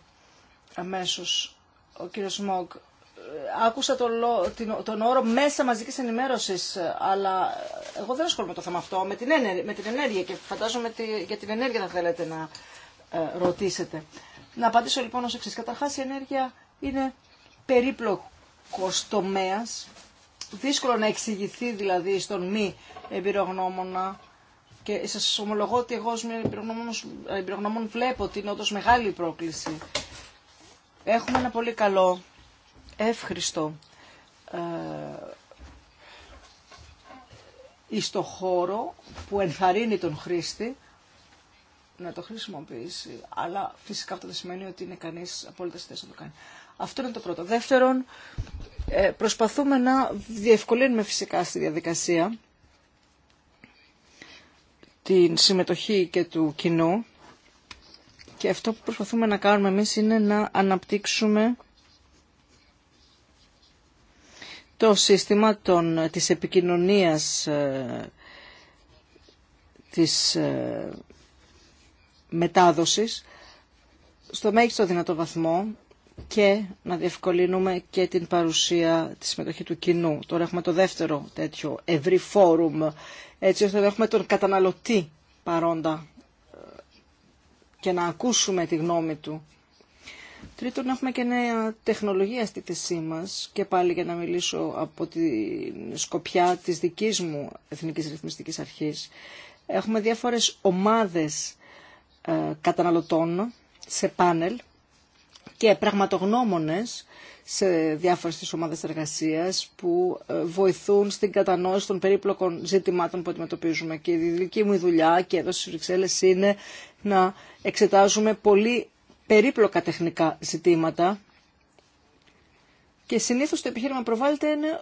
αμέσως. Ο κύριος Μόγκ, ε, άκουσα τον, τον όρο μέσα μαζικής ενημέρωσης, ε, αλλά εγώ δεν ασχολούμαι το θέμα αυτό, με την, ενέργεια, με την ενέργεια και φαντάζομαι για την ενέργεια θα θέλετε να ρωτήσετε. Να απαντήσω λοιπόν ως εξής. Καταρχάς η ενέργεια είναι Περίπλοκο τομέα. δύσκολο να εξηγηθεί δηλαδή στον μη εμπειρογνώμονα και σα ομολογώ ότι εγώ ω μη εμπειρογνώμων βλέπω ότι είναι όντως μεγάλη πρόκληση. Έχουμε ένα πολύ καλό, εύχριστο ε, στο χώρο που ενθαρρύνει τον χρήστη να το χρησιμοποιήσει. Αλλά φυσικά αυτό δεν σημαίνει ότι είναι κανείς απόλυτα στη να το κάνει. Αυτό είναι το πρώτο. Δεύτερον, ε, προσπαθούμε να διευκολύνουμε φυσικά στη διαδικασία την συμμετοχή και του κοινού και αυτό που προσπαθούμε να κάνουμε εμείς είναι να αναπτύξουμε το σύστημα των, της επικοινωνίας ε, της ε, μετάδοσης στο μέγιστο δυνατό βαθμό και να διευκολύνουμε και την παρουσία, τη συμμετοχή του κοινού. Τώρα έχουμε το δεύτερο τέτοιο ευρύ φόρουμ, έτσι ώστε να έχουμε τον καταναλωτή παρόντα ε, και να ακούσουμε τη γνώμη του. Τρίτον, έχουμε και νέα τεχνολογία στη θέσή μας και πάλι για να μιλήσω από τη σκοπιά της δικής μου Εθνικής Ρυθμιστικής Αρχής. Έχουμε διάφορες ομάδες ε, καταναλωτών σε πάνελ και πραγματογνώμονες σε διάφορες τις ομάδες εργασίας που ε, βοηθούν στην κατανόηση των περίπλοκων ζητημάτων που αντιμετωπίζουμε. Και η δική μου δουλειά και εδώ στις Βρυξέλλες είναι να εξετάζουμε πολύ περίπλοκα τεχνικά ζητήματα και συνήθως το επιχείρημα προβάλλεται είναι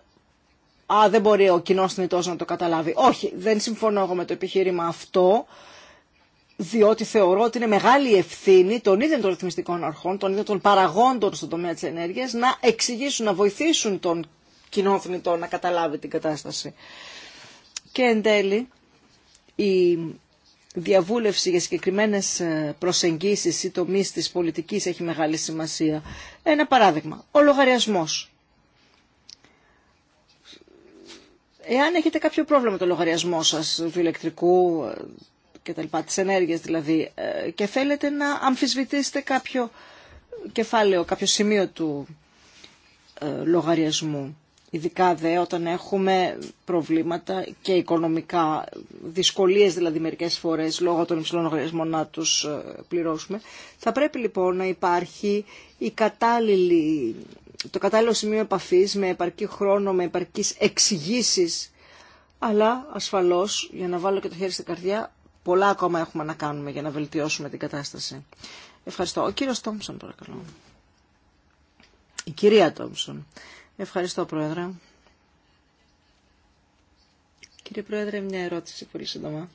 «Α, δεν μπορεί ο κοινό θνητός να το καταλάβει». Όχι, δεν συμφωνώ εγώ με το επιχείρημα αυτό διότι θεωρώ ότι είναι μεγάλη ευθύνη των ίδιων των ρυθμιστικών αρχών, των ίδιων των παραγόντων στον τομέα της ενέργειας, να εξηγήσουν, να βοηθήσουν τον κοινό θνητό να καταλάβει την κατάσταση. Και εν τέλει, η διαβούλευση για συγκεκριμένες ε, προσεγγίσεις ή τομείς της πολιτικής έχει μεγάλη σημασία. Ένα παράδειγμα, ο λογαριασμός. Εάν έχετε κάποιο πρόβλημα με το λογαριασμό σας του ηλεκτρικού, και τα λοιπά, τις ενέργειες δηλαδή, ε, και θέλετε να αμφισβητήσετε κάποιο κεφάλαιο, κάποιο σημείο του ε, λογαριασμού. Ειδικά δε όταν έχουμε προβλήματα και οικονομικά, δυσκολίες δηλαδή μερικές φορές λόγω των υψηλών λογαριασμών να τους ε, πληρώσουμε. Θα πρέπει λοιπόν να υπάρχει η κατάλληλη, το κατάλληλο σημείο επαφής με επαρκή χρόνο, με επαρκή εξηγήσει, αλλά ασφαλώς, για να βάλω και το χέρι στην καρδιά, Πολλά ακόμα έχουμε να κάνουμε για να βελτιώσουμε την κατάσταση. Ευχαριστώ. Ο κύριος Τόμψον, παρακαλώ. Η κυρία Τόμψον. Ευχαριστώ, Πρόεδρε. Κύριε Πρόεδρε, μια ερώτηση πολύ σύντομα.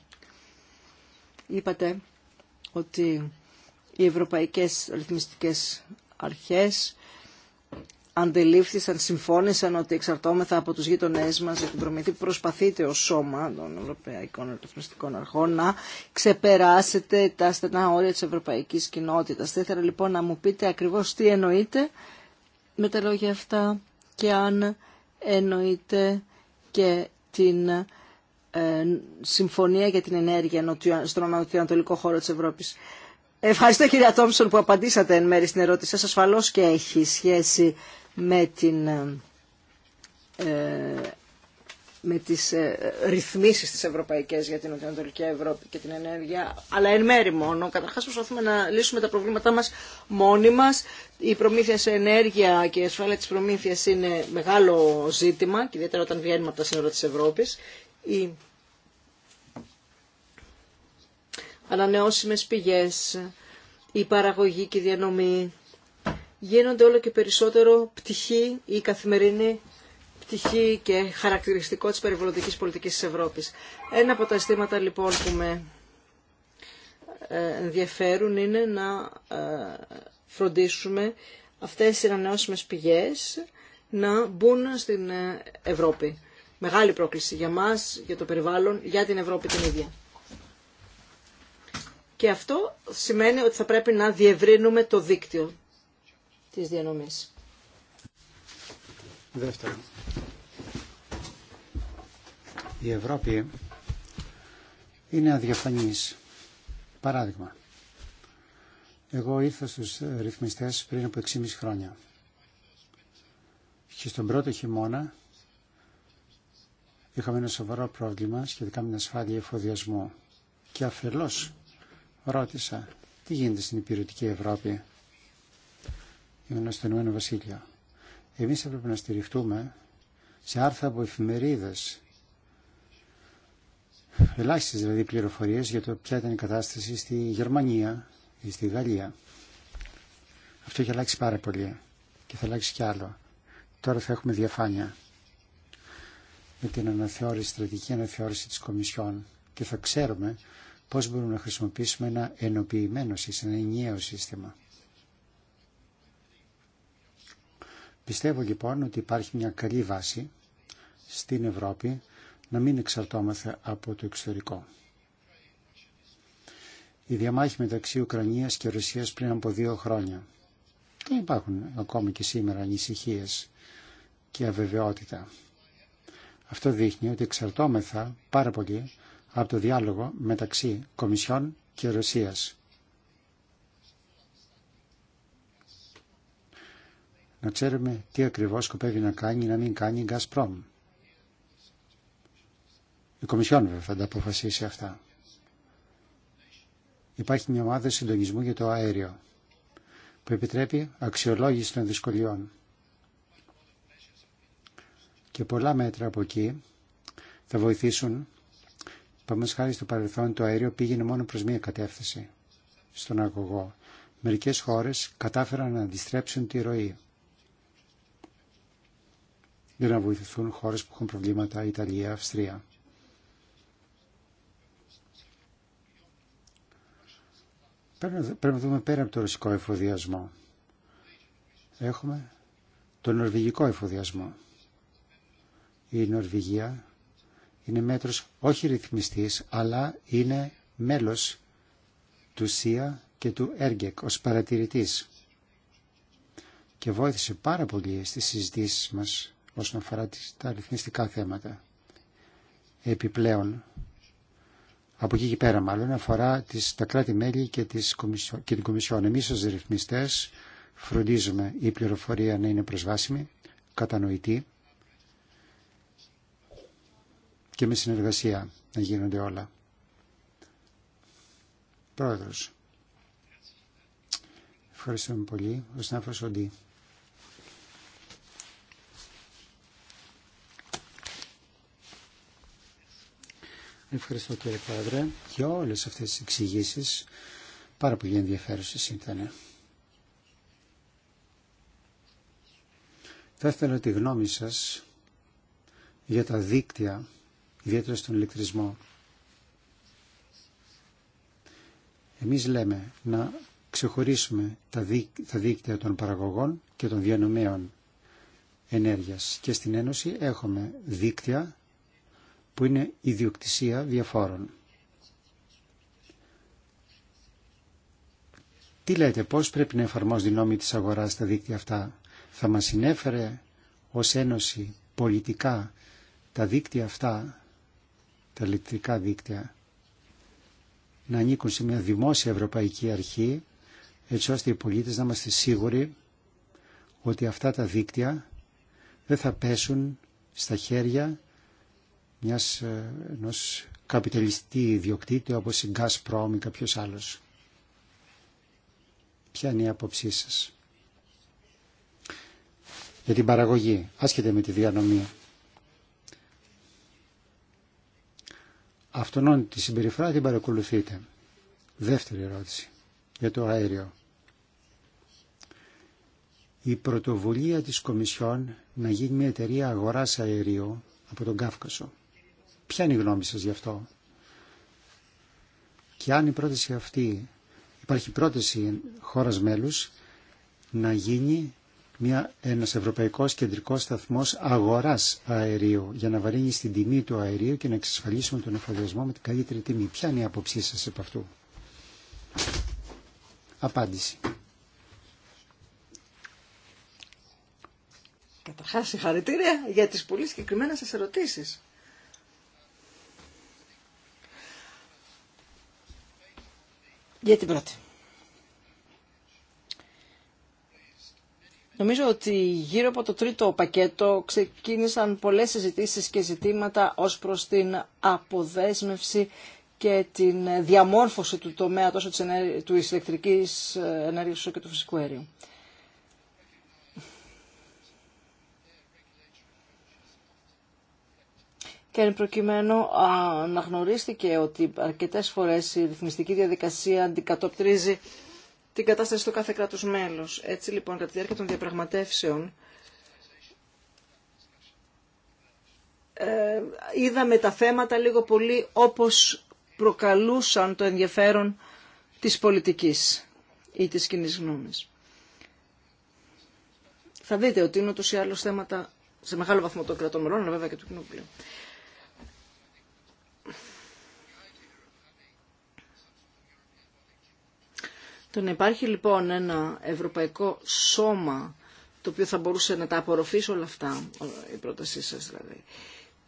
Είπατε ότι οι ευρωπαϊκές ρυθμιστικές αρχές αντελήφθησαν, συμφώνησαν ότι εξαρτώμεθα από τους γείτονές μας για την προμηθή που προσπαθείτε ως σώμα των Ευρωπαϊκών Ρυθμιστικών Αρχών να ξεπεράσετε τα στενά όρια της Ευρωπαϊκής Κοινότητας. Θα ήθελα λοιπόν να μου πείτε ακριβώς τι εννοείτε με τα λόγια αυτά και αν εννοείτε και την ε, συμφωνία για την ενέργεια στον ανατολικό χώρο της Ευρώπης. Ευχαριστώ κυρία Τόμψον που απαντήσατε εν μέρη στην ερώτησή σας. Ασφαλώς και έχει σχέση με, την, ε, ε, με τις ε, ρυθμίσεις της Ευρωπαϊκής για την Νοτιοανατολική Ευρώπη και την ενέργεια, αλλά εν μέρη μόνο. Καταρχάς προσπαθούμε να λύσουμε τα προβλήματά μας μόνοι μας. Η προμήθεια σε ενέργεια και η ασφάλεια της προμήθειας είναι μεγάλο ζήτημα, και ιδιαίτερα όταν βγαίνουμε από τα σύνορα της Ευρώπης. Η ανανεώσιμες πηγές, η παραγωγή και η διανομή γίνονται όλο και περισσότερο πτυχή ή καθημερινή πτυχή και χαρακτηριστικό της περιβαλλοντικής πολιτικής της Ευρώπης. Ένα από τα αισθήματα λοιπόν που με ε, ενδιαφέρουν είναι να ε, φροντίσουμε αυτές οι ανανεώσιμες πηγές να μπουν στην ε, Ευρώπη. Μεγάλη πρόκληση για μας, για το περιβάλλον, για την Ευρώπη την ίδια. Και αυτό σημαίνει ότι θα πρέπει να διευρύνουμε το δίκτυο της διανομής. Δεύτερον, η Ευρώπη είναι αδιαφανής. Παράδειγμα, εγώ ήρθα στους ρυθμιστές πριν από 6,5 χρόνια και στον πρώτο χειμώνα είχαμε ένα σοβαρό πρόβλημα σχετικά με την ασφάλεια εφοδιασμού και αφελώς ρώτησα τι γίνεται στην υπηρετική Ευρώπη για στο Ηνωμένο Βασίλειο. Εμείς έπρεπε να στηριχτούμε σε άρθρα από εφημερίδες, ελάχιστες δηλαδή πληροφορίες για το ποια ήταν η κατάσταση στη Γερμανία ή στη Γαλλία. Αυτό έχει αλλάξει πάρα πολύ και θα αλλάξει κι άλλο. Τώρα θα έχουμε διαφάνεια με την αναθεώρηση, στρατηγική αναθεώρηση της Κομισιόν και θα ξέρουμε πώς μπορούμε να χρησιμοποιήσουμε ένα ενοποιημένο σύστημα, ένα ενιαίο σύστημα. Πιστεύω λοιπόν ότι υπάρχει μια καλή βάση στην Ευρώπη να μην εξαρτώμεθα από το εξωτερικό. Η διαμάχη μεταξύ Ουκρανίας και Ρωσίας πριν από δύο χρόνια. Δεν υπάρχουν ακόμη και σήμερα ανησυχίε και αβεβαιότητα. Αυτό δείχνει ότι εξαρτώμεθα πάρα πολύ από το διάλογο μεταξύ Κομισιόν και Ρωσίας να ξέρουμε τι ακριβώς σκοπεύει να κάνει ή να μην κάνει η ΓΚΑΣΠΡΟΜ. Η Κομισιόν βέβαια θα τα αποφασίσει αυτά. Υπάρχει μια ομάδα συντονισμού για το αέριο που επιτρέπει αξιολόγηση των δυσκολιών. Και πολλά μέτρα από εκεί θα βοηθήσουν. Πάμε χάρη στο παρελθόν το αέριο πήγαινε μόνο προς μία κατεύθυνση στον αγωγό. Μερικές χώρες κατάφεραν να αντιστρέψουν τη ροή για να βοηθηθούν χώρες που έχουν προβλήματα, Ιταλία, Αυστρία. Πρέπει να δούμε πέρα από το ρωσικό εφοδιασμό. Έχουμε το νορβηγικό εφοδιασμό. Η Νορβηγία είναι μέτρος όχι ρυθμιστής, αλλά είναι μέλος του ΣΥΑ και του ΕΡΓΕΚ ως παρατηρητής και βόηθησε πάρα πολύ στις συζητήσεις μας όσον αφορά τα αριθμιστικά θέματα. Επιπλέον, από εκεί και πέρα μάλλον, αφορά τις, τα κράτη-μέλη και, και την Κομισιόν. Εμείς ως ρυθμιστές φροντίζουμε η πληροφορία να είναι προσβάσιμη, κατανοητή και με συνεργασία να γίνονται όλα. Πρόεδρος. Ευχαριστούμε πολύ. Ο Σνάφος Οντή. Ευχαριστώ κύριε Πρόεδρε για όλες αυτές τις εξηγήσει Πάρα πολύ ενδιαφέρουσε ήταν. Θα ήθελα τη γνώμη σας για τα δίκτυα, ιδιαίτερα στον ηλεκτρισμό. Εμείς λέμε να ξεχωρίσουμε τα δίκτυα των παραγωγών και των διανομέων ενέργειας. Και στην Ένωση έχουμε δίκτυα που είναι ιδιοκτησία διαφόρων. Τι λέτε, πώς πρέπει να εφαρμόζει η νόμοι της αγοράς στα δίκτυα αυτά. Θα μας συνέφερε ως Ένωση πολιτικά τα δίκτυα αυτά, τα ηλεκτρικά δίκτυα, να ανήκουν σε μια δημόσια ευρωπαϊκή αρχή, έτσι ώστε οι πολίτες να είμαστε σίγουροι ότι αυτά τα δίκτυα δεν θα πέσουν στα χέρια μιας, ε, ενός καπιταλιστή ιδιοκτήτη όπως η Gazprom ή κάποιος άλλος. Ποια είναι η άποψή σας για την παραγωγή, άσχετα με τη διανομή. Αυτόν τη συμπεριφορά την παρακολουθείτε. Δεύτερη ερώτηση για το αέριο. Η πρωτοβουλία της Κομισιόν να γίνει μια εταιρεία αγοράς αερίου από τον Κάφκασο. Ποια είναι η γνώμη σας γι' αυτό. Και αν η πρόταση αυτή, υπάρχει πρόταση χώρας μέλους να γίνει μια, ένας ευρωπαϊκός κεντρικός σταθμός αγοράς αερίου για να βαρύνει στην τιμή του αερίου και να εξασφαλίσουμε τον εφοδιασμό με την καλύτερη τιμή. Ποια είναι η άποψή σας επ' αυτού. Απάντηση. Καταρχάς συγχαρητήρια για τις πολύ συγκεκριμένες σας ερωτήσεις. για την πρώτη. Νομίζω ότι γύρω από το τρίτο πακέτο ξεκίνησαν πολλές συζητήσεις και ζητήματα ως προς την αποδέσμευση και την διαμόρφωση του τομέα τόσο της ηλεκτρικής ε, ενέργειας και του φυσικού αερίου. και εν προκειμένου αναγνωρίστηκε ότι αρκετές φορές η ρυθμιστική διαδικασία αντικατοπτρίζει την κατάσταση του κάθε κράτους μέλους. Έτσι λοιπόν κατά τη διάρκεια των διαπραγματεύσεων ε, είδαμε τα θέματα λίγο πολύ όπως προκαλούσαν το ενδιαφέρον της πολιτικής ή της κοινή γνώμη. Θα δείτε ότι είναι ούτως ή άλλως θέματα σε μεγάλο βαθμό των κρατών μελών, αλλά βέβαια και του Κοινοβουλίου. Το να υπάρχει λοιπόν ένα ευρωπαϊκό σώμα το οποίο θα μπορούσε να τα απορροφήσει όλα αυτά, η πρότασή σας δηλαδή,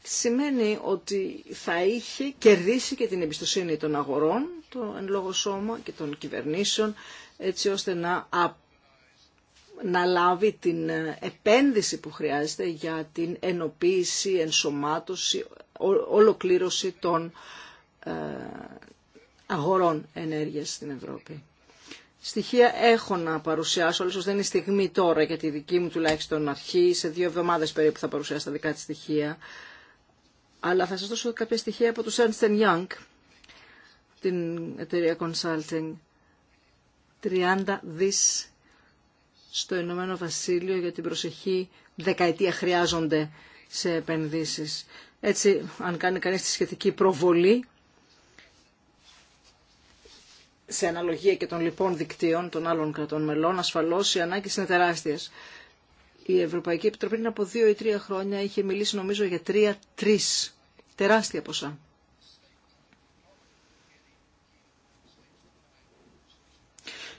σημαίνει ότι θα είχε κερδίσει και την εμπιστοσύνη των αγορών, το εν λόγω σώμα και των κυβερνήσεων, έτσι ώστε να, να λάβει την ε, επένδυση που χρειάζεται για την ενοποίηση, ενσωμάτωση, ολοκλήρωση των ε, αγορών ενέργειας στην Ευρώπη στοιχεία έχω να παρουσιάσω, όλες δεν είναι η στιγμή τώρα για τη δική μου τουλάχιστον αρχή, σε δύο εβδομάδες περίπου θα παρουσιάσω τα δικά της στοιχεία. Αλλά θα σας δώσω κάποια στοιχεία από τους Ernst Young, την εταιρεία consulting. 30 δις στο Ηνωμένο Βασίλειο για την προσεχή δεκαετία χρειάζονται σε επενδύσεις. Έτσι, αν κάνει κανείς τη σχετική προβολή, σε αναλογία και των λοιπών δικτύων των άλλων κρατών μελών, είναι τεράστια. οι ανάγκε είναι τεράστιε. Η Ευρωπαϊκή Επιτροπή πριν από δύο ή τρία χρόνια είχε μιλήσει νομίζω για τρία-τρει. Τεράστια ποσά.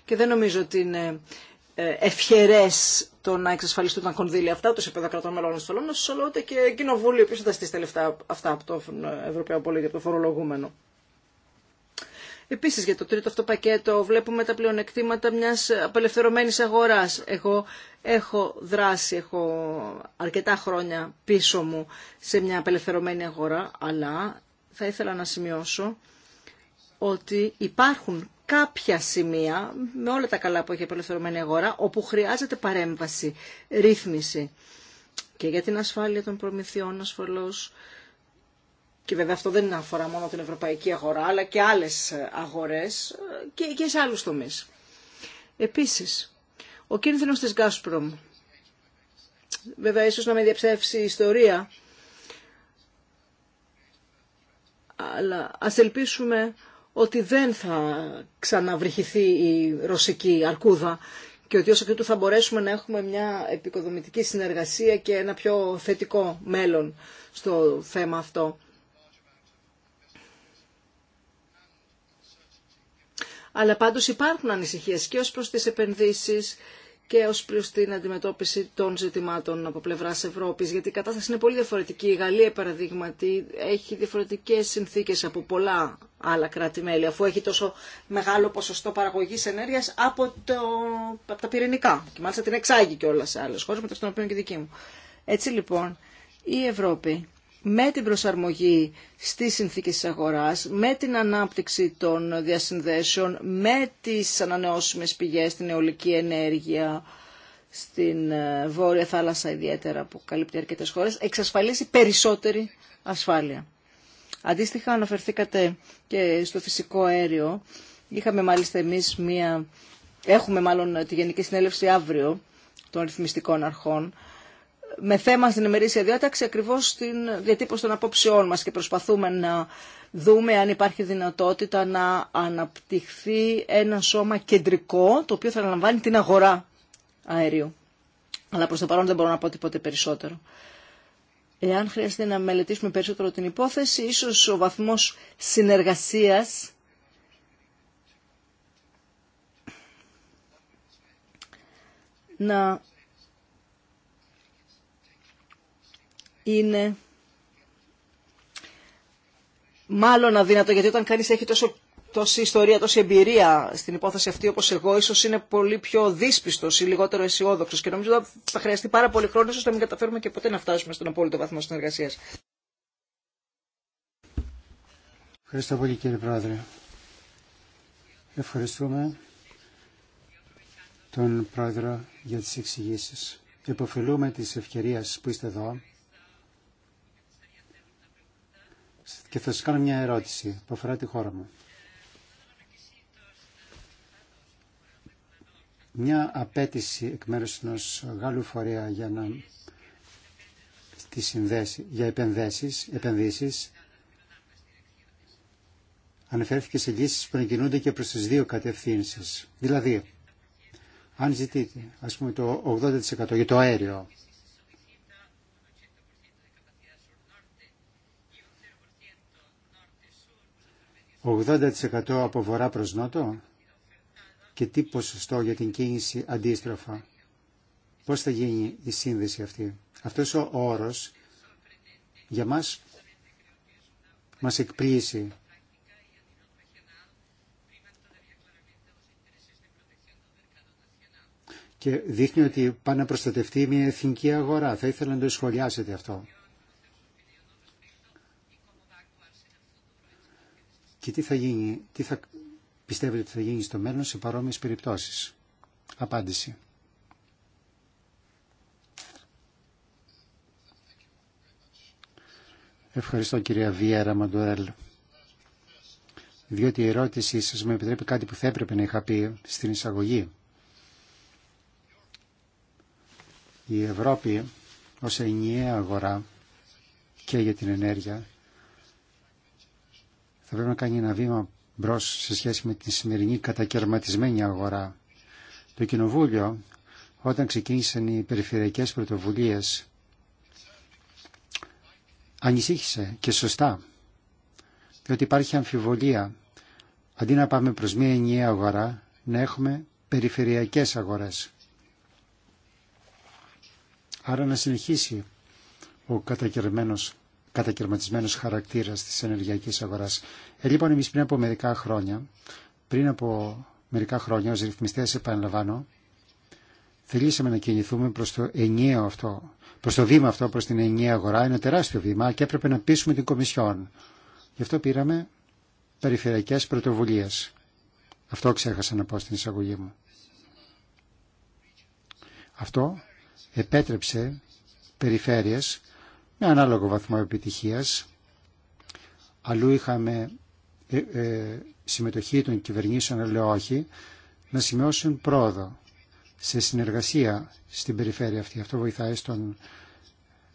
Και δεν νομίζω ότι είναι ε, ευχερέ το να εξασφαλιστούν τα κονδύλια αυτά, ούτε σε κρατών μελών ασφαλών, αλλά ούτε και κοινοβούλιο πίσω τα στήσει λεφτά αυτά από τον Ευρωπαίο πολίτη, από το φορολογούμενο. Επίσης για το τρίτο αυτό πακέτο βλέπουμε τα πλεονεκτήματα μιας απελευθερωμένης αγοράς. Εγώ έχω δράσει, έχω αρκετά χρόνια πίσω μου σε μια απελευθερωμένη αγορά, αλλά θα ήθελα να σημειώσω ότι υπάρχουν κάποια σημεία, με όλα τα καλά που έχει η απελευθερωμένη αγορά, όπου χρειάζεται παρέμβαση, ρύθμιση και για την ασφάλεια των προμηθειών ασφαλώς και βέβαια αυτό δεν αφορά μόνο την ευρωπαϊκή αγορά, αλλά και άλλες αγορές ε, και, και σε άλλους τομείς. Επίσης, ο κίνδυνος της Gazprom, βέβαια ίσως να με διαψεύσει η ιστορία, αλλά ας ελπίσουμε ότι δεν θα ξαναβρυχηθεί η ρωσική αρκούδα και ότι ως εκ θα μπορέσουμε να έχουμε μια επικοδομητική συνεργασία και ένα πιο θετικό μέλλον στο θέμα αυτό. αλλά πάντως υπάρχουν ανησυχίες και ως προς τις επενδύσεις και ως προς την αντιμετώπιση των ζητημάτων από πλευράς Ευρώπης, γιατί η κατάσταση είναι πολύ διαφορετική. Η Γαλλία, παραδείγματι, έχει διαφορετικές συνθήκες από πολλά άλλα κράτη-μέλη, αφού έχει τόσο μεγάλο ποσοστό παραγωγής ενέργειας από, το, τα πυρηνικά. Και μάλιστα την εξάγει και όλα σε άλλες χώρες, μεταξύ των οποίων και δική μου. Έτσι λοιπόν, η Ευρώπη με την προσαρμογή στις συνθήκες της αγοράς, με την ανάπτυξη των διασυνδέσεων, με τις ανανεώσιμες πηγές, την αιωλική ενέργεια, στην ε, Βόρεια Θάλασσα ιδιαίτερα που καλύπτει αρκετές χώρες, εξασφαλίσει περισσότερη ασφάλεια. Αντίστοιχα αναφερθήκατε και στο φυσικό αέριο. Είχαμε μάλιστα εμείς μία... Έχουμε μάλλον τη Γενική Συνέλευση αύριο των ρυθμιστικών αρχών με θέμα στην ημερήσια διάταξη ακριβώς στην διατύπωση των απόψεών μας και προσπαθούμε να δούμε αν υπάρχει δυνατότητα να αναπτυχθεί ένα σώμα κεντρικό το οποίο θα αναλαμβάνει την αγορά αερίου. Αλλά προς το παρόν δεν μπορώ να πω τίποτε περισσότερο. Εάν χρειαστεί να μελετήσουμε περισσότερο την υπόθεση, ίσως ο βαθμός συνεργασίας να είναι μάλλον αδύνατο, γιατί όταν κανείς έχει τόσο τόση ιστορία, τόση εμπειρία στην υπόθεση αυτή όπως εγώ, ίσως είναι πολύ πιο δύσπιστος ή λιγότερο αισιόδοξο. Και νομίζω ότι θα χρειαστεί πάρα πολύ χρόνο, ώστε να μην καταφέρουμε και ποτέ να φτάσουμε στον απόλυτο βαθμό συνεργασίας. Ευχαριστώ πολύ κύριε Πρόεδρε. Ευχαριστούμε τον Πρόεδρο για τις εξηγήσεις και υποφελούμε της ευκαιρίας που είστε εδώ και θα σα κάνω μια ερώτηση που αφορά τη χώρα μου. Μια απέτηση εκ μέρους ενός Γάλλου φορέα για να τη συνδέσει για επενδύσεις, επενδύσεις αναφέρθηκε σε λύσεις που ανακοινούνται και προς τις δύο κατευθύνσεις. Δηλαδή, αν ζητείτε, ας πούμε, το 80% για το αέριο, 80% από βορρά προς νότο και τι ποσοστό για την κίνηση αντίστροφα. Πώς θα γίνει η σύνδεση αυτή. Αυτός ο όρος για μας μας εκπλήσει. Και δείχνει ότι πάνε να προστατευτεί μια εθνική αγορά. Θα ήθελα να το σχολιάσετε αυτό. και τι θα γίνει, τι θα πιστεύετε ότι θα γίνει στο μέλλον σε παρόμοιες περιπτώσεις. Απάντηση. Ευχαριστώ κυρία Βιέρα Μαντουρέλ. Διότι η ερώτησή σας με επιτρέπει κάτι που θα έπρεπε να είχα πει στην εισαγωγή. Η Ευρώπη ως ενιαία αγορά και για την ενέργεια θα πρέπει να κάνει ένα βήμα μπρο σε σχέση με τη σημερινή κατακαιρματισμένη αγορά. Το Κοινοβούλιο, όταν ξεκίνησαν οι περιφερειακέ πρωτοβουλίε. ανησύχησε και σωστά, διότι υπάρχει αμφιβολία. Αντί να πάμε προς μία ενιαία αγορά, να έχουμε περιφερειακές αγορές. Άρα να συνεχίσει ο κατακαιρμένος κατακαιρματισμένος χαρακτήρας της ενεργειακής αγοράς. Ε, λοιπόν, εμείς πριν από μερικά χρόνια, πριν από μερικά χρόνια, ως ρυθμιστές επαναλαμβάνω, θελήσαμε να κινηθούμε προς το ενιαίο αυτό, προς το βήμα αυτό, προς την ενιαία αγορά, είναι τεράστιο βήμα και έπρεπε να πείσουμε την Κομισιόν. Γι' αυτό πήραμε περιφερειακές πρωτοβουλίες. Αυτό ξέχασα να πω στην εισαγωγή μου. Αυτό επέτρεψε περιφέρειες με ανάλογο βαθμό επιτυχίας. Αλλού είχαμε ε, ε, συμμετοχή των κυβερνήσεων, αλλά όχι, να σημειώσουν πρόοδο σε συνεργασία στην περιφέρεια αυτή. Αυτό βοηθάει στον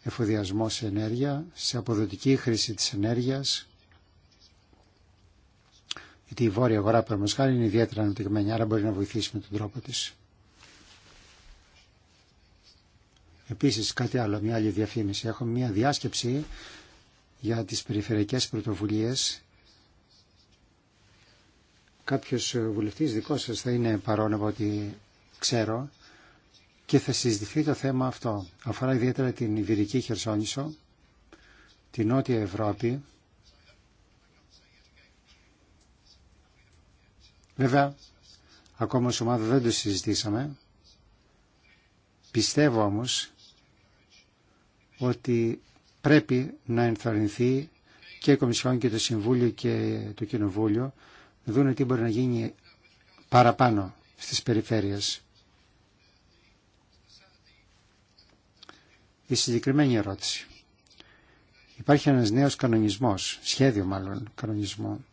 εφοδιασμό σε ενέργεια, σε αποδοτική χρήση της ενέργειας, γιατί η βόρεια αγορά, χάρη, είναι ιδιαίτερα αναπτυγμένη, άρα μπορεί να βοηθήσει με τον τρόπο της. Επίσης κάτι άλλο, μια άλλη διαφήμιση. Έχουμε μια διάσκεψη για τις περιφερειακές πρωτοβουλίες. Κάποιος βουλευτής δικός σας θα είναι παρόν από ό,τι ξέρω και θα συζητηθεί το θέμα αυτό. Αφορά ιδιαίτερα την Ιβυρική Χερσόνησο, την Νότια Ευρώπη. Βέβαια, ακόμα ως ομάδα δεν το συζητήσαμε. Πιστεύω όμως ότι πρέπει να ενθαρρυνθεί και η Κομισιόν και το Συμβούλιο και το Κοινοβούλιο να δουν τι μπορεί να γίνει παραπάνω στις περιφέρειες. Η συγκεκριμένη ερώτηση. Υπάρχει ένας νέος κανονισμός, σχέδιο μάλλον κανονισμό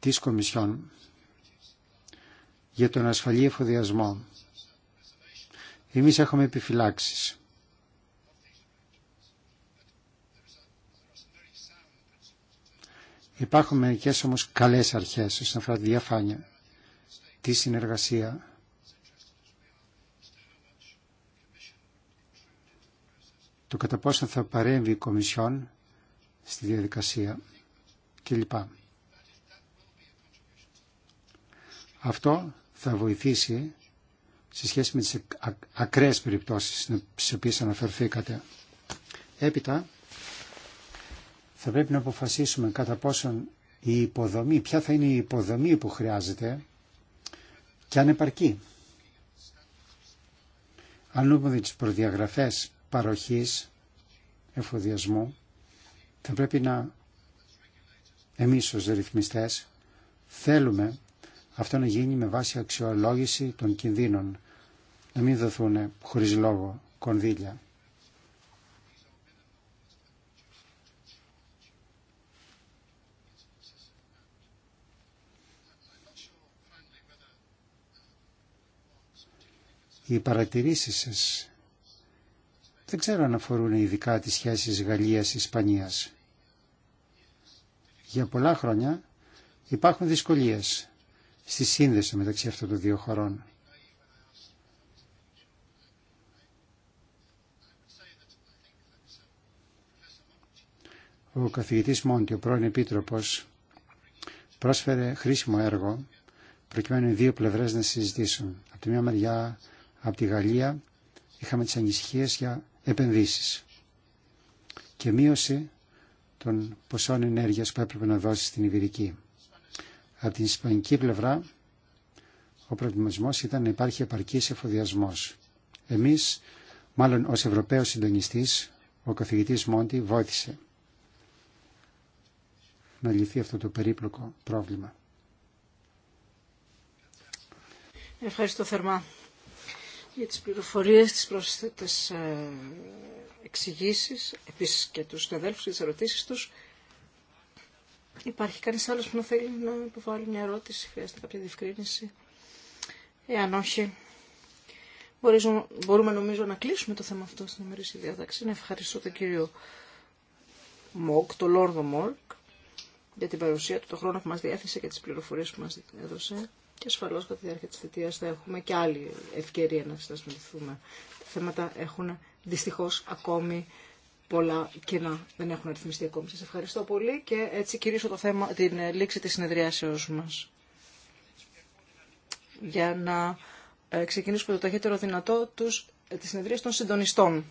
της Κομισιόν για τον ασφαλή εφοδιασμό εμείς έχουμε επιφυλάξεις. Υπάρχουν μερικές όμως καλές αρχές όσον αφορά τη διαφάνεια, τη συνεργασία. Το κατά πόσο θα παρέμβει η Κομισιόν στη διαδικασία κλπ. Αυτό θα βοηθήσει σε σχέση με τις ακραίες περιπτώσεις στις οποίες αναφερθήκατε. Έπειτα θα πρέπει να αποφασίσουμε κατά πόσον η υποδομή, ποια θα είναι η υποδομή που χρειάζεται και αν επαρκεί. Αν δούμε τις προδιαγραφές παροχής εφοδιασμού, θα πρέπει να εμείς ως ρυθμιστές θέλουμε αυτό να γίνει με βάση αξιολόγηση των κινδύνων. Να μην δοθούν χωρίς λόγο κονδύλια. Οι παρατηρήσεις σας δεν ξέρω αν αφορούν ειδικά τις σχέσεις Γαλλίας-Ισπανίας. Για πολλά χρόνια υπάρχουν δυσκολίες στη σύνδεση μεταξύ αυτών των δύο χωρών. Ο καθηγητής Μόντι, ο πρώην Επίτροπος, πρόσφερε χρήσιμο έργο προκειμένου οι δύο πλευρές να συζητήσουν. Από τη μία μεριά, από τη Γαλλία, είχαμε τις ανησυχίες για επενδύσεις και μείωση των ποσών ενέργειας που έπρεπε να δώσει στην Ιβηρική. Από την ισπανική πλευρά ο προβληματισμός ήταν να υπάρχει επαρκής εφοδιασμός. Εμείς, μάλλον ως Ευρωπαίος συντονιστής, ο καθηγητής Μόντι βόηθησε να λυθεί αυτό το περίπλοκο πρόβλημα. Ευχαριστώ θερμά για τις πληροφορίες, τις προσθέτες ε, εξηγήσεις, επίσης και τους συναδέλφους και τις ερωτήσεις τους. Υπάρχει κανείς άλλος που να θέλει να υποβάλει μια ερώτηση, χρειάζεται κάποια διευκρίνηση. Εάν όχι, μπορούμε νομίζω να κλείσουμε το θέμα αυτό στην ημερήσια διάταξη. Να ευχαριστώ τον κύριο Μόκ, τον Λόρδο Μόρκ, για την παρουσία του, τον χρόνο που μας διέθεσε και τις πληροφορίες που μας έδωσε. Και ασφαλώς κατά τη διάρκεια της θητείας θα έχουμε και άλλη ευκαιρία να συνασμιλθούμε. Τα θέματα έχουν δυστυχώς ακόμη πολλά κοινά δεν έχουν αριθμιστεί ακόμη. Σας ευχαριστώ πολύ και έτσι κηρύσω το θέμα, την ε, λήξη της συνεδριάσεως μας. Για να ε, ξεκινήσουμε το ταχύτερο δυνατό τους, ε, τη συνεδρία των συντονιστών.